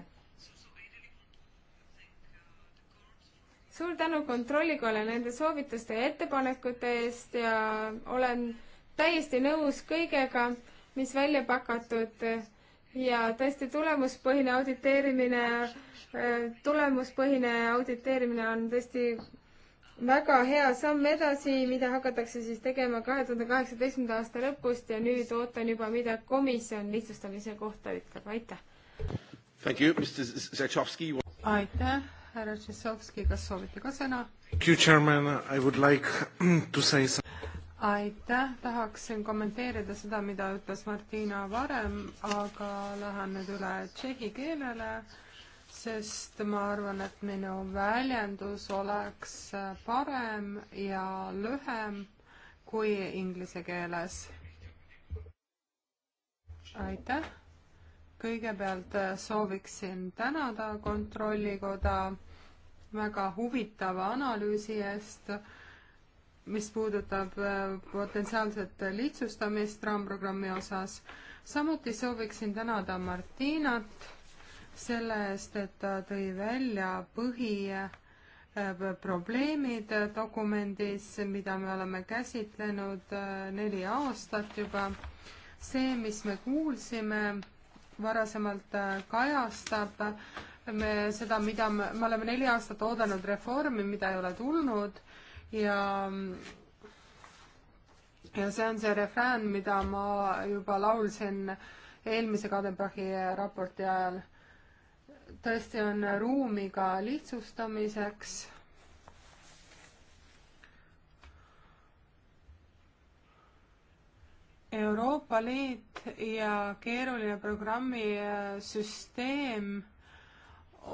suur tänu Kontrollikojale nende soovituste ja ettepanekute eest ja olen täiesti nõus kõigega, mis välja pakatud ja tõesti tulemuspõhine auditeerimine, äh, tulemuspõhine auditeerimine on tõesti väga hea samm edasi, mida hakatakse siis tegema kahe tuhande kaheksateistkümnenda aasta lõpust ja nüüd ootan juba, mida komisjon lihtsustamise kohta ütleb, aitäh. aitäh, härra Tšesovski, kas soovite ka sõna? aitäh, tahaksin kommenteerida seda, mida ütles Martina varem, aga lähen nüüd üle tšehhi keelele, sest ma arvan, et minu väljendus oleks parem ja lühem kui inglise keeles. aitäh kõigepealt äh, sooviksin tänada Kontrollikoda väga huvitava analüüsi eest, mis puudutab äh, potentsiaalset lihtsustamist raamprogrammi osas. samuti sooviksin tänada Martinat selle eest, et ta tõi välja põhiprobleemid äh, dokumendis, mida me oleme käsitlenud neli aastat juba. see, mis me kuulsime varasemalt äh, kajastab me seda, mida me, me oleme neli aastat oodanud reformi, mida ei ole tulnud ja ja see on see refrään, mida ma juba laulsin eelmise Kadenbachi raporti ajal. tõesti on ruumi ka lihtsustamiseks Euroopa Liit ja keeruline programmisüsteem äh,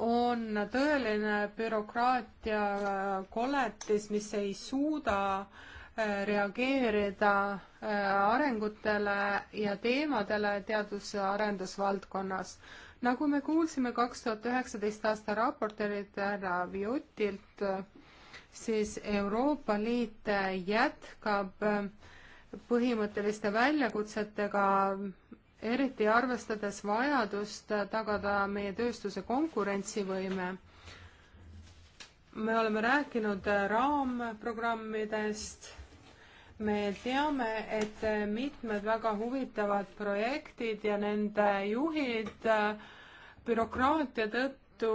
on tõeline bürokraatia äh, koletis, mis ei suuda äh, reageerida arengutele ja teemadele teadus- ja arendusvaldkonnas. nagu me kuulsime kaks tuhat üheksateist aasta raportöörilt härra Viotilt, siis Euroopa Liit jätkab äh, põhimõtteliste väljakutsetega, eriti arvestades vajadust tagada meie tööstuse konkurentsivõime. me oleme rääkinud raamprogrammidest, me teame, et mitmed väga huvitavad projektid ja nende juhid bürokraatia tõttu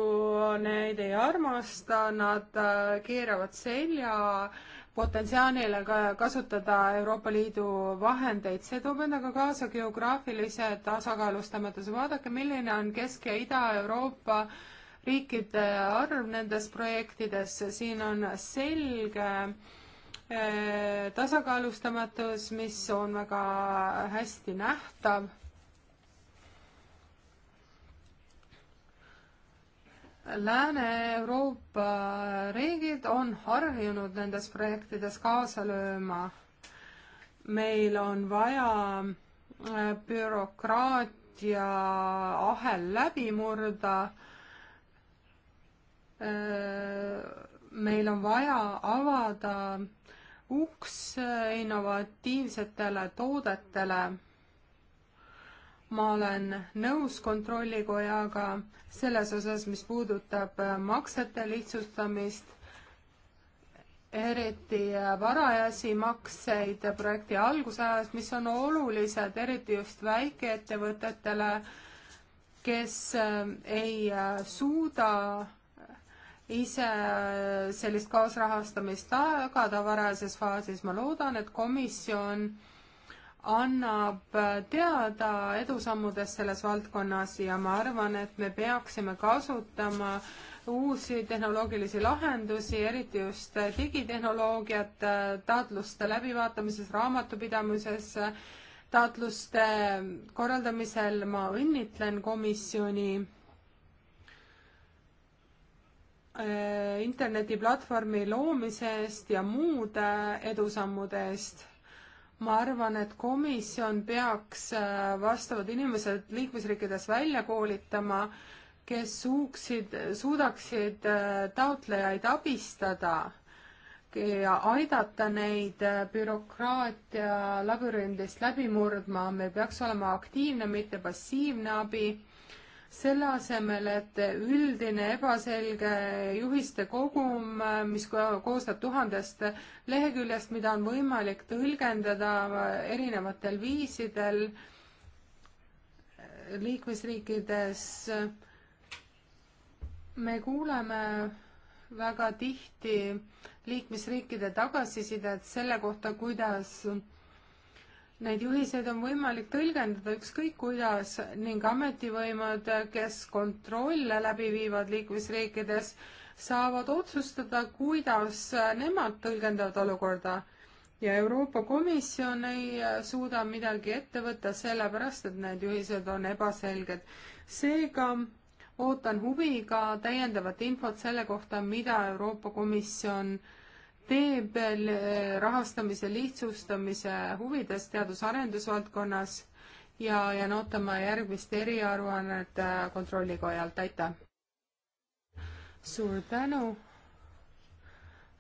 neid ei armasta, nad keeravad selja äh, potentsiaalile ka kasutada Euroopa Liidu vahendeid, see toob endaga kaasa geograafilise tasakaalustamatuse, vaadake, milline on Kesk- ja Ida-Euroopa riikide arv nendes projektides, siin on selge eh, tasakaalustamatus, mis on väga hästi nähtav Lääne-Euroopa riigid on harjunud nendes projektides kaasa lööma. meil on vaja äh, bürokraatia ahel läbi murda äh, meil on vaja avada uks innovatiivsetele toodetele ma olen nõus Kontrollikojaga selles osas, mis puudutab äh, maksete lihtsustamist, eriti äh, varajasi makseid projekti alguse ajast, mis on olulised eriti just väikeettevõtetele, kes äh, ei suuda ise sellist kaasrahastamist tagada varajases faasis. ma loodan, et komisjon äh, annab teada edusammudest selles valdkonnas ja ma arvan, et me peaksime kasutama uusi tehnoloogilisi lahendusi, eriti just digitehnoloogiat äh, taotluste läbivaatamises, raamatupidamises, taotluste korraldamisel ma õnnitlen komisjoni äh, internetiplatvormi loomise eest ja muude edusammude eest ma arvan, et komisjon peaks äh, vastavad inimesed liikmesriikides välja koolitama, kes suuksid, suudaksid äh, taotlejaid abistada ja aidata neid äh, bürokraatia labürindist läbi murdma. meil peaks olema aktiivne, mitte passiivne abi selle asemel, et üldine ebaselge juhiste kogum, mis koosneb tuhandest leheküljest, mida on võimalik tõlgendada erinevatel viisidel liikmesriikides, me kuuleme väga tihti liikmesriikide tagasisidet selle kohta, kuidas Neid juhiseid on võimalik tõlgendada ükskõik kuidas ning ametivõimud, kes kontrolle läbi viivad liikmesriikides, saavad otsustada, kuidas nemad tõlgendavad olukorda. ja Euroopa Komisjon ei suuda midagi ette võtta, sellepärast et need juhised on ebaselged. seega ootan huviga täiendavat infot selle kohta, mida Euroopa Komisjon äh, teeb rahastamise lihtsustamise huvides teadus-arendusvaldkonnas ja jään ootama järgmist eriaruannet äh, Kontrollikojalt, aitäh! suur tänu!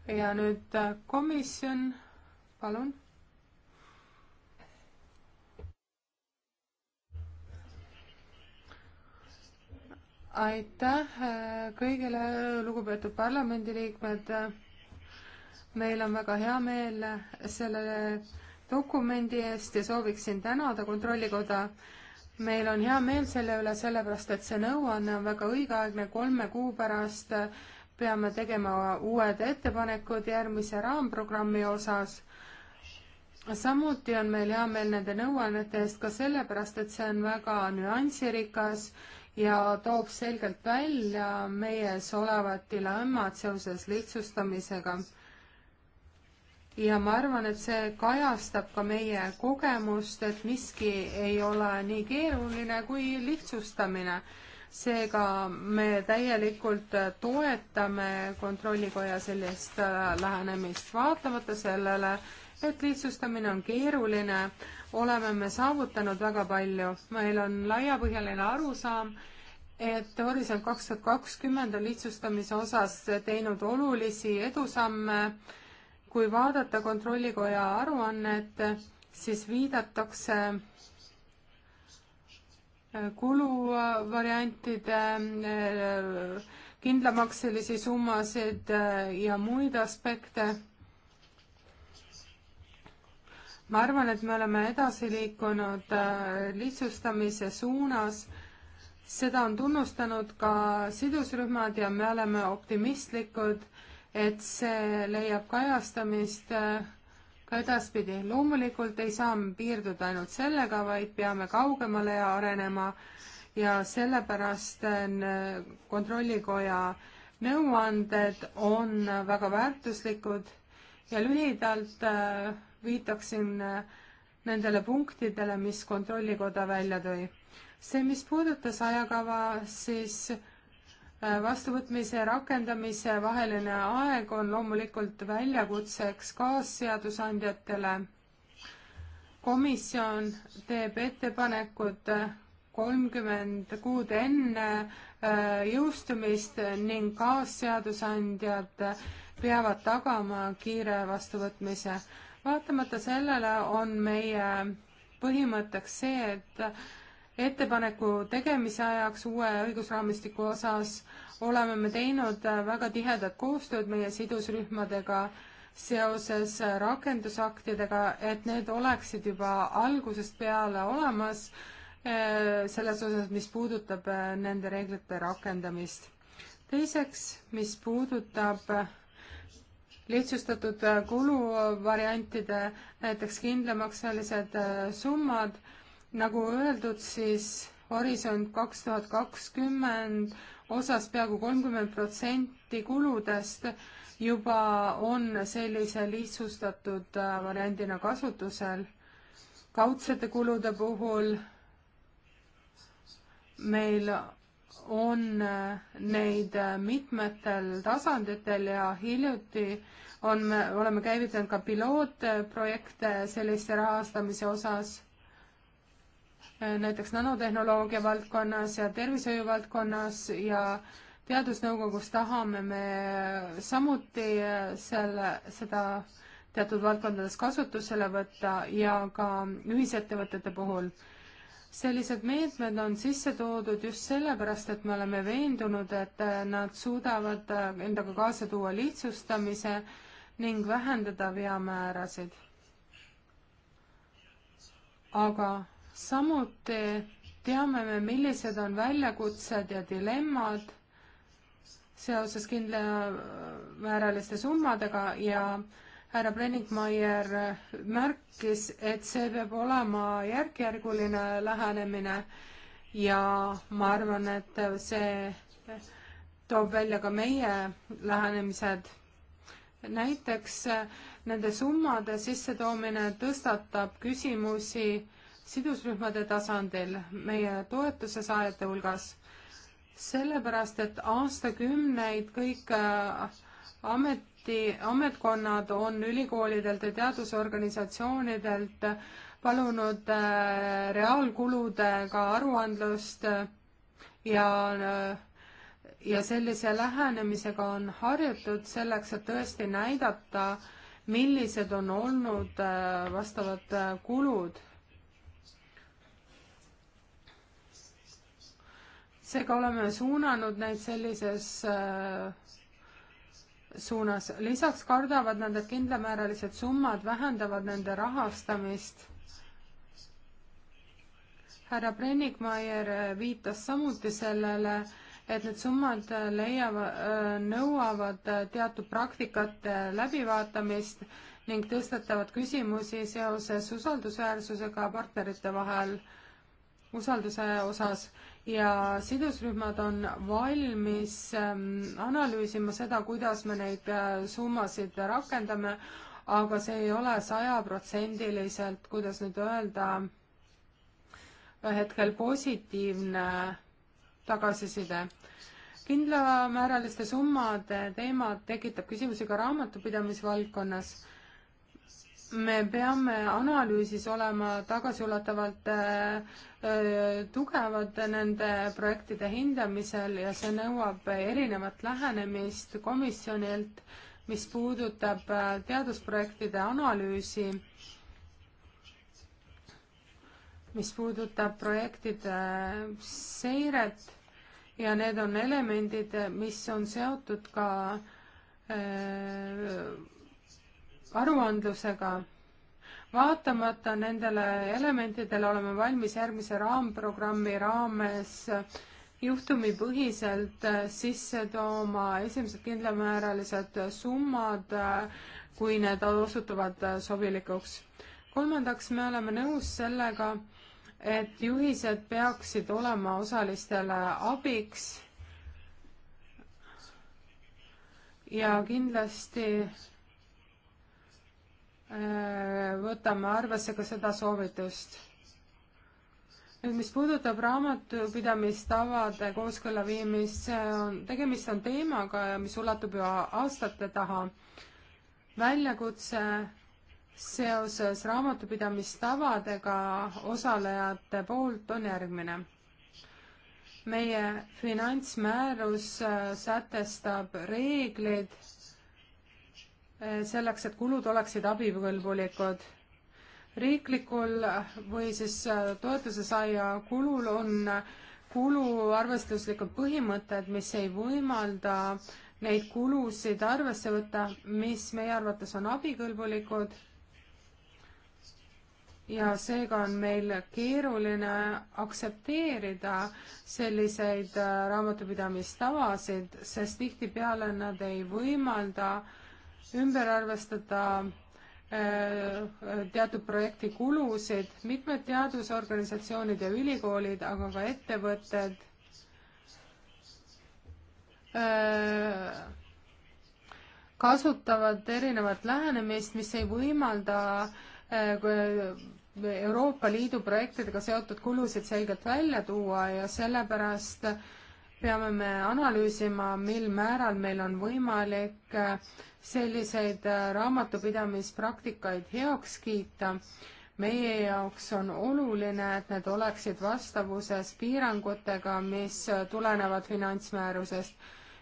ja nüüd äh, komisjon, palun! aitäh äh, kõigile, lugupeetud parlamendiliikmed! meil on väga hea meel selle dokumendi eest ja sooviksin tänada Kontrollikoda. meil on hea meel selle üle, sellepärast et see nõuanne on väga õigeaegne, kolme kuu pärast peame tegema uued ettepanekud järgmise raamprogrammi osas. samuti on meil hea meel nende nõuannete eest ka sellepärast, et see on väga nüansirikas ja toob selgelt välja meie ees olevad dilemmad seoses lihtsustamisega ja ma arvan, et see kajastab ka meie kogemust, et miski ei ole nii keeruline kui lihtsustamine. seega me täielikult toetame Kontrollikoja sellist äh, lähenemist, vaatamata sellele, et lihtsustamine on keeruline, oleme me saavutanud väga palju, meil on laiapõhjaline arusaam, et Horisont kaks tuhat kakskümmend on lihtsustamise osas teinud olulisi edusamme kui vaadata Kontrollikoja aruannet, siis viidatakse äh, kuluvariantide äh, kindlamakselisi summasid äh, ja muid aspekte. ma arvan, et me oleme edasi liikunud lihtsustamise suunas. seda on tunnustanud ka sidusrühmad ja me oleme optimistlikud et see leiab kajastamist äh, ka edaspidi. loomulikult ei saa piirduda ainult sellega, vaid peame kaugemale arenema ja sellepärast äh, Kontrollikoja nõuanded on väga väärtuslikud ja lühidalt äh, viitaksin nendele punktidele, mis Kontrollikoda välja tõi. see, mis puudutas ajakava, siis Äh, vastuvõtmise ja rakendamise vaheline aeg on loomulikult väljakutseks kaasseadusandjatele. komisjon teeb ettepanekud kolmkümmend kuud enne äh, jõustumist ning kaasseadusandjad peavad tagama kiire vastuvõtmise. vaatamata sellele on meie põhimõtteks see, et ettepaneku tegemise ajaks uue õigusraamistiku osas oleme me teinud äh, väga tihedat koostööd meie sidusrühmadega seoses äh, rakendusaktidega, et need oleksid juba algusest peale olemas äh, selles osas, mis puudutab nende reeglite rakendamist. teiseks, mis puudutab lihtsustatud kuluvariantide, näiteks kindlamaksalised summad, nagu öeldud, siis Horisont kaks tuhat kakskümmend osas peaaegu kolmkümmend protsenti kuludest juba on sellise lihtsustatud äh, variandina kasutusel. kaudsete kulude puhul meil on äh, neid äh, mitmetel tasanditel ja hiljuti on, oleme käivitanud ka pilootprojekte selliste rahastamise osas näiteks nanotehnoloogia valdkonnas ja tervishoiu valdkonnas ja teadusnõukogus tahame me samuti äh, selle, seda teatud valdkondades kasutusele võtta ja ka ühisettevõtete puhul. sellised meetmed on sisse toodud just sellepärast, et me oleme veendunud, et äh, nad suudavad äh, endaga kaasa tuua lihtsustamise ning vähendada veamäärasid. aga samuti teame me, millised on väljakutsed ja dilemmad seoses kindlamääraliste summadega ja härra Brenningmeier märkis, et see peab olema järkjärguline lähenemine ja ma arvan, et see toob välja ka meie lähenemised. näiteks nende summade sissetoomine tõstatab küsimusi sidusrühmade tasandil, meie toetuse saajate hulgas, sellepärast et aastakümneid kõik äh, ameti, ametkonnad on ülikoolidelt ja teadusorganisatsioonidelt palunud äh, reaalkuludega aruandlust äh, ja ja sellise lähenemisega on harjutud selleks, et tõesti näidata, millised on olnud vastavad kulud seega oleme suunanud neid sellises äh, suunas. lisaks kardavad nad, et kindlamääralised summad vähendavad nende rahastamist. härra Brennikmaier äh, viitas samuti sellele, et need summad äh, leiavad, nõuavad teatud praktikate läbivaatamist ning tõstatavad küsimusi seoses usaldusväärsusega partnerite vahel, usalduse osas ja sidusrühmad on valmis ähm, analüüsima seda, kuidas me neid äh, summasid rakendame, aga see ei ole sajaprotsendiliselt, kuidas nüüd öelda, äh, hetkel positiivne tagasiside. kindlamääraliste summade teema tekitab küsimusi ka raamatupidamisvaldkonnas me peame analüüsis olema tagasiulatavalt äh, äh, tugevad nende projektide hindamisel ja see nõuab erinevat lähenemist komisjonilt, mis puudutab äh, teadusprojektide analüüsi, mis puudutab projektide seiret ja need on elemendid, mis on seotud ka öö, aruandlusega. vaatamata nendele elementidele oleme valmis järgmise raamprogrammi raames juhtumipõhiselt sisse tooma esimesed kindlamääralised summad, kui need osutuvad sobilikuks. kolmandaks, me oleme nõus sellega, et juhised peaksid olema osalistele abiks ja kindlasti võtame arvesse ka seda soovitust. nüüd, mis puudutab raamatupidamistavade kooskõlla viimist, see on, tegemist on teemaga, mis ulatub ju aastate taha. väljakutse seoses raamatupidamistavadega osalejate poolt on järgmine. meie finantsmäärus sätestab reeglid Äh, selleks, et kulud oleksid abikõlbulikud. riiklikul või siis äh, toetuse saaja kulul on äh, kuluarvestuslikud põhimõtted, mis ei võimalda neid kulusid arvesse võtta, mis meie arvates on abikõlbulikud. ja seega on meil keeruline aktsepteerida selliseid raamatupidamistavasid, sest tihtipeale nad ei võimalda äh, ümber arvestada äh, teatud projekti kulusid, mitmed teadusorganisatsioonid ja ülikoolid, aga ka ettevõtted äh, kasutavad erinevat lähenemist, mis ei võimalda äh, Euroopa Liidu projektidega seotud kulusid selgelt välja tuua ja sellepärast peame me analüüsima, mil määral meil on võimalik selliseid äh, raamatupidamispraktikaid heaks kiita. meie jaoks on oluline, et need oleksid vastavuses piirangutega, mis äh, tulenevad finantsmäärusest.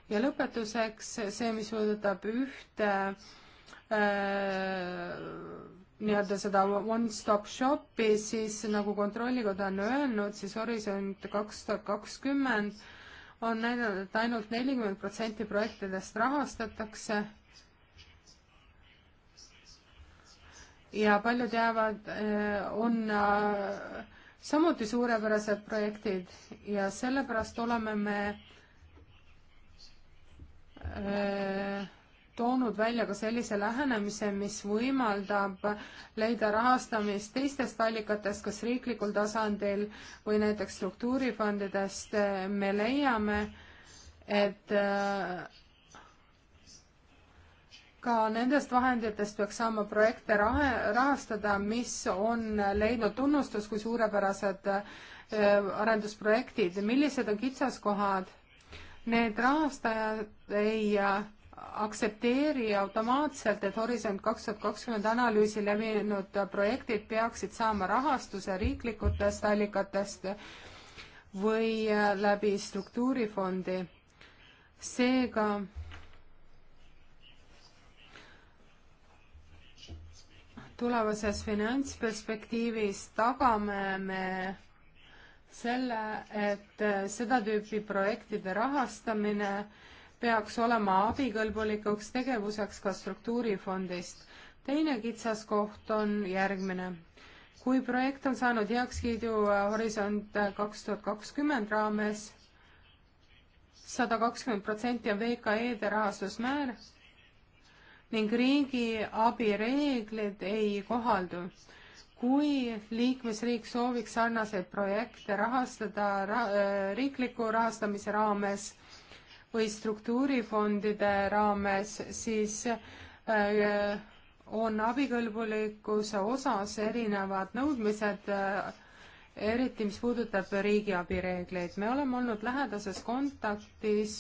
ja lõpetuseks see, mis puudutab ühte äh, nii-öelda seda one-stop shopi, siis nagu Kontrollikoda on öelnud, siis Horisont kaks tuhat kakskümmend on näidanud, et ainult nelikümmend protsenti projektidest rahastatakse ja paljud jäävad, äh, on äh, samuti suurepärased projektid ja sellepärast oleme me äh, toonud välja ka sellise lähenemise, mis võimaldab leida rahastamist teistest allikatest, kas riiklikul tasandil või näiteks struktuurifondidest. me leiame, et äh, ka nendest vahenditest peaks saama projekte rahe, rahastada, mis on leidnud tunnustust kui suurepärased äh, arendusprojektid. millised on kitsaskohad? Need rahastajad ei äh, aktsepteeri automaatselt, et Horisont kaks tuhat kakskümmend analüüsi levinud projektid peaksid saama rahastuse riiklikutest allikatest või äh, läbi struktuurifondi. seega tulevases finantsperspektiivis tagame me selle, et äh, seda tüüpi projektide rahastamine peaks olema abikõlbulikuks tegevuseks ka struktuurifondist. teine kitsaskoht on järgmine. kui projekt on saanud heakskiidu äh, Horisont äh, kaks tuhat kakskümmend raames, sada kakskümmend protsenti on VKE-de rahastusmäär ning riigiabi reeglid ei kohaldu. kui liikmesriik sooviks sarnaseid projekte rahastada ra äh, riikliku rahastamise raames või struktuurifondide raames, siis äh, on abikõlbulikkuse osas erinevad nõudmised äh, eriti mis puudutab riigiabi reegleid. me oleme olnud lähedases kontaktis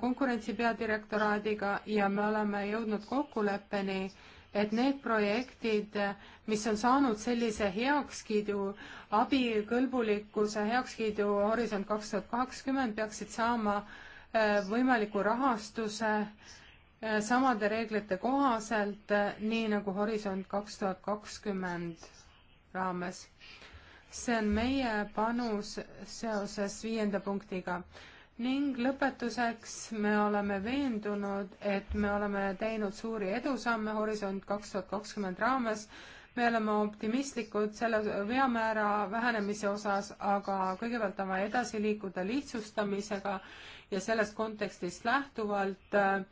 konkurentsi peadirektoraadiga ja me oleme jõudnud kokkuleppeni, et need projektid, mis on saanud sellise heakskiidu, abikõlbulikkuse heakskiidu Horisont kaks tuhat kakskümmend, peaksid saama äh, võimaliku rahastuse äh, samade reeglite kohaselt, äh, nii nagu Horisont kaks tuhat kakskümmend raames. see on meie panus seoses viienda punktiga ning lõpetuseks me oleme veendunud, et me oleme teinud suuri edusamme Horisont kaks tuhat kakskümmend raames. me oleme optimistlikud selle veamäära vähenemise osas, aga kõigepealt on vaja edasi liikuda lihtsustamisega ja sellest kontekstist lähtuvalt äh,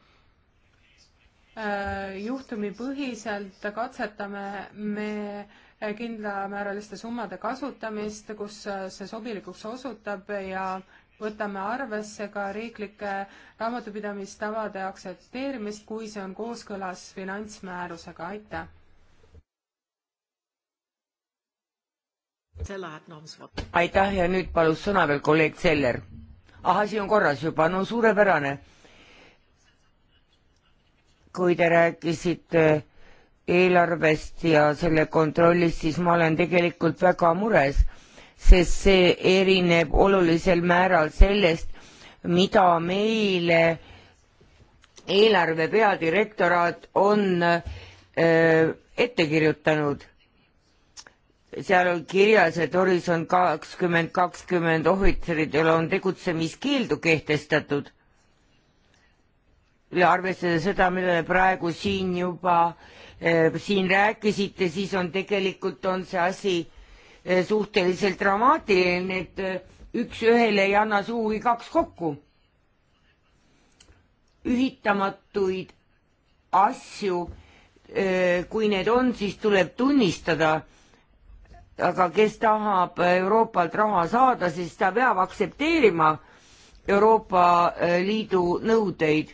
juhtumipõhiselt katsetame me kindlamääraliste summade kasutamist, kus äh, see sobilikuks osutab ja äh, võtame arvesse ka riiklike raamatupidamistavade aktsepteerimist, kui see on kooskõlas finantsmäärusega, aitäh. aitäh ja nüüd palus sõna veel kolleeg Seller. ah, asi on korras juba, no suurepärane. kui te rääkisite eelarvest ja selle kontrollist, siis ma olen tegelikult väga mures sest see erineb olulisel määral sellest, mida meile eelarve peadirektoraat on öö, ette kirjutanud. seal on kirjas, et Horisont kakskümmend kakskümmend ohvitseridele on tegutsemiskeeldu kehtestatud. ja arvestades seda, millele praegu siin juba, siin rääkisite, siis on tegelikult on see asi Eh, suhteliselt dramaatiline, et eh, üks-ühele ei anna sugugi kaks kokku. ühitamatuid asju, eh, kui need on, siis tuleb tunnistada. aga kes tahab Euroopalt raha saada, siis ta peab aktsepteerima Euroopa Liidu nõudeid.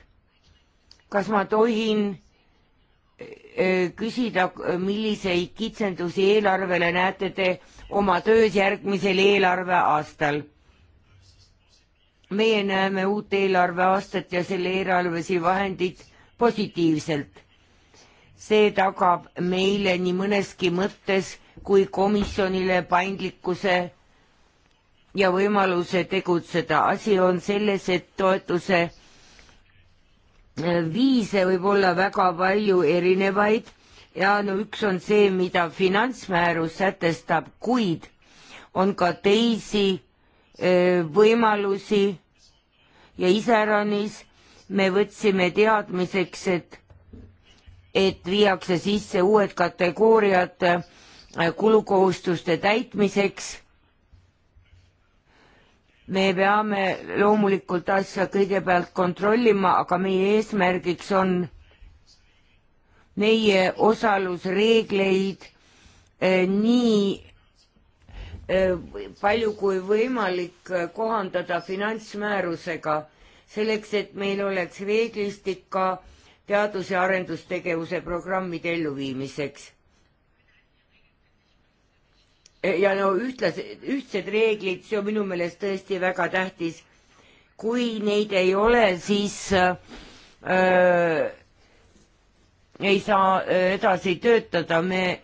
kas ma tohin küsida, milliseid kitsendusi eelarvele näete te oma töös järgmisel eelarveaastal. meie näeme uut eelarveaastat ja selle eelarvelisi vahendid positiivselt. see tagab meile nii mõneski mõttes kui komisjonile paindlikkuse ja võimaluse tegutseda. asi on selles, et toetuse viise võib olla väga palju erinevaid ja no üks on see, mida finantsmäärus sätestab, kuid on ka teisi öö, võimalusi ja iseäranis me võtsime teadmiseks, et, et viiakse sisse uued kategooriad kulukohustuste täitmiseks. me peame loomulikult asja kõigepealt kontrollima, aga meie eesmärgiks on meie osalusreegleid eh, nii eh, palju kui võimalik eh, kohandada finantsmäärusega, selleks et meil oleks reeglistik ka teadus- ja arendustegevuse programmide elluviimiseks. ja no ühtlased, ühtsed reeglid, see on minu meelest tõesti väga tähtis. kui neid ei ole, siis öö, ei saa äh, edasi töötada, me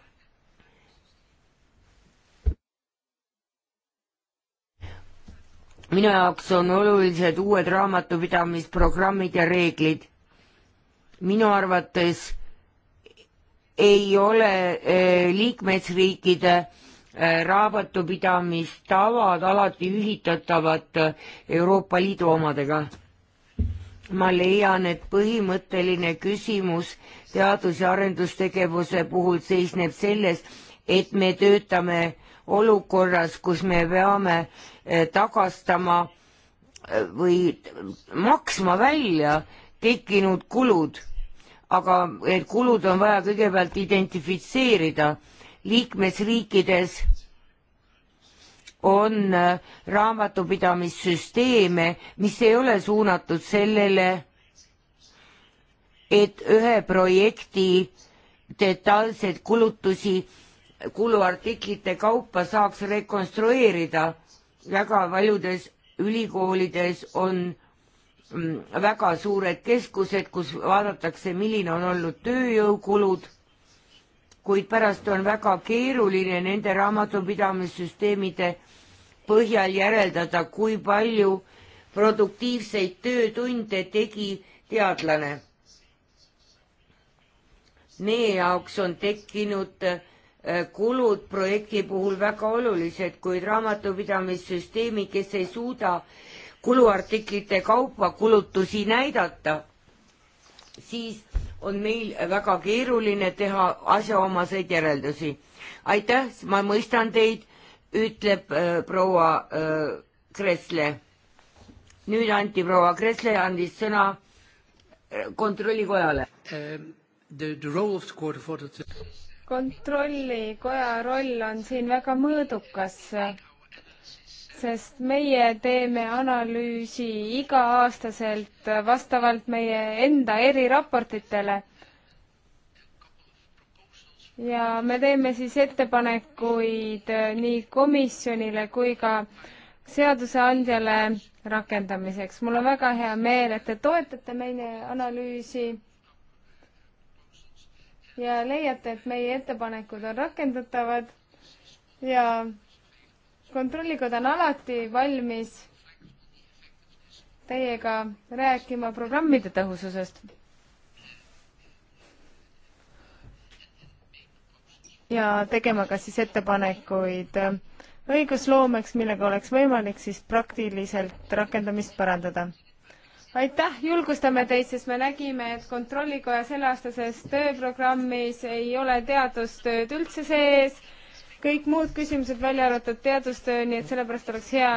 minu jaoks on olulised uued raamatupidamisprogrammid ja reeglid. minu arvates ei ole äh, liikmesriikide äh, raamatupidamistavad alati ühitatavad Euroopa Liidu omadega ma leian, et põhimõtteline küsimus teadus- ja arendustegevuse puhul seisneb selles, et me töötame olukorras, kus me peame eh, tagastama eh, või maksma välja tekkinud kulud, aga need eh, kulud on vaja kõigepealt identifitseerida liikmesriikides on äh, raamatupidamissüsteeme, mis ei ole suunatud sellele, et ühe projekti detailseid kulutusi kuluartiklite kaupa saaks rekonstrueerida. väga paljudes ülikoolides on mm, väga suured keskused, kus vaadatakse, milline on olnud tööjõukulud, kuid pärast on väga keeruline nende raamatupidamissüsteemide põhjal järeldada, kui palju produktiivseid töötunde tegi teadlane. meie jaoks on tekkinud äh, kulud projekti puhul väga olulised, kuid raamatupidamissüsteemi, kes ei suuda kuluartiklite kaupa kulutusi näidata, siis on meil väga keeruline teha asjaomaseid järeldusi. aitäh, ma mõistan teid ütleb äh, proua äh, Kressle. nüüd anti proua Kressle, andis sõna äh, kontrollikojale uh,. kontrollikoja roll on siin väga mõõdukas, sest meie teeme analüüsi iga-aastaselt vastavalt meie enda eriraportitele ja me teeme siis ettepanekuid nii komisjonile kui ka seadusandjale rakendamiseks. mul on väga hea meel, et te toetate meie analüüsi ja leiate, et meie ettepanekud on rakendatavad ja kontrollikod on alati valmis teiega rääkima programmide tõhususest ja tegema ka siis ettepanekuid õigusloomeks, millega oleks võimalik siis praktiliselt rakendamist parandada. aitäh, julgustame teid, sest me nägime, et Kontrollikoja selleaastases tööprogrammis ei ole teadustööd üldse sees, kõik muud küsimused välja arvatud teadustöö, nii et sellepärast oleks hea,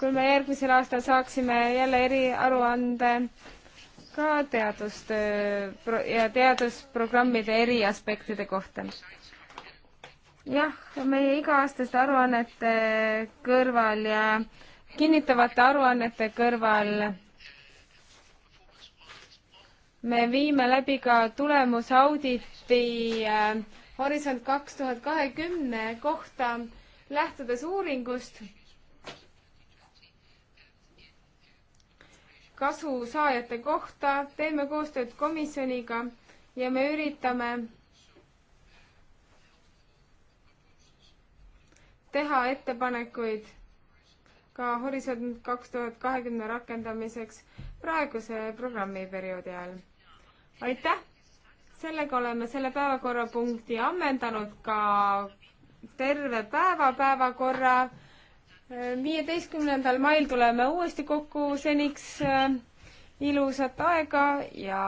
kui me järgmisel aastal saaksime jälle eriaruande ka teadustöö ja teadusprogrammide eri aspektide kohta jah, meie iga-aastaste aruannete kõrval ja kinnitavate aruannete kõrval me viime läbi ka tulemusauditi äh, Horisont kaks tuhat kahekümne kohta, lähtudes uuringust kasusaajate kohta, teeme koostööd komisjoniga ja me üritame teha ettepanekuid ka Horisont kaks tuhat kahekümne rakendamiseks praeguse programmiperioodi ajal. aitäh! sellega oleme selle päevakorrapunkti ammendanud ka terve päeva päevakorra. viieteistkümnendal mail tuleme uuesti kokku, seniks äh, ilusat aega ja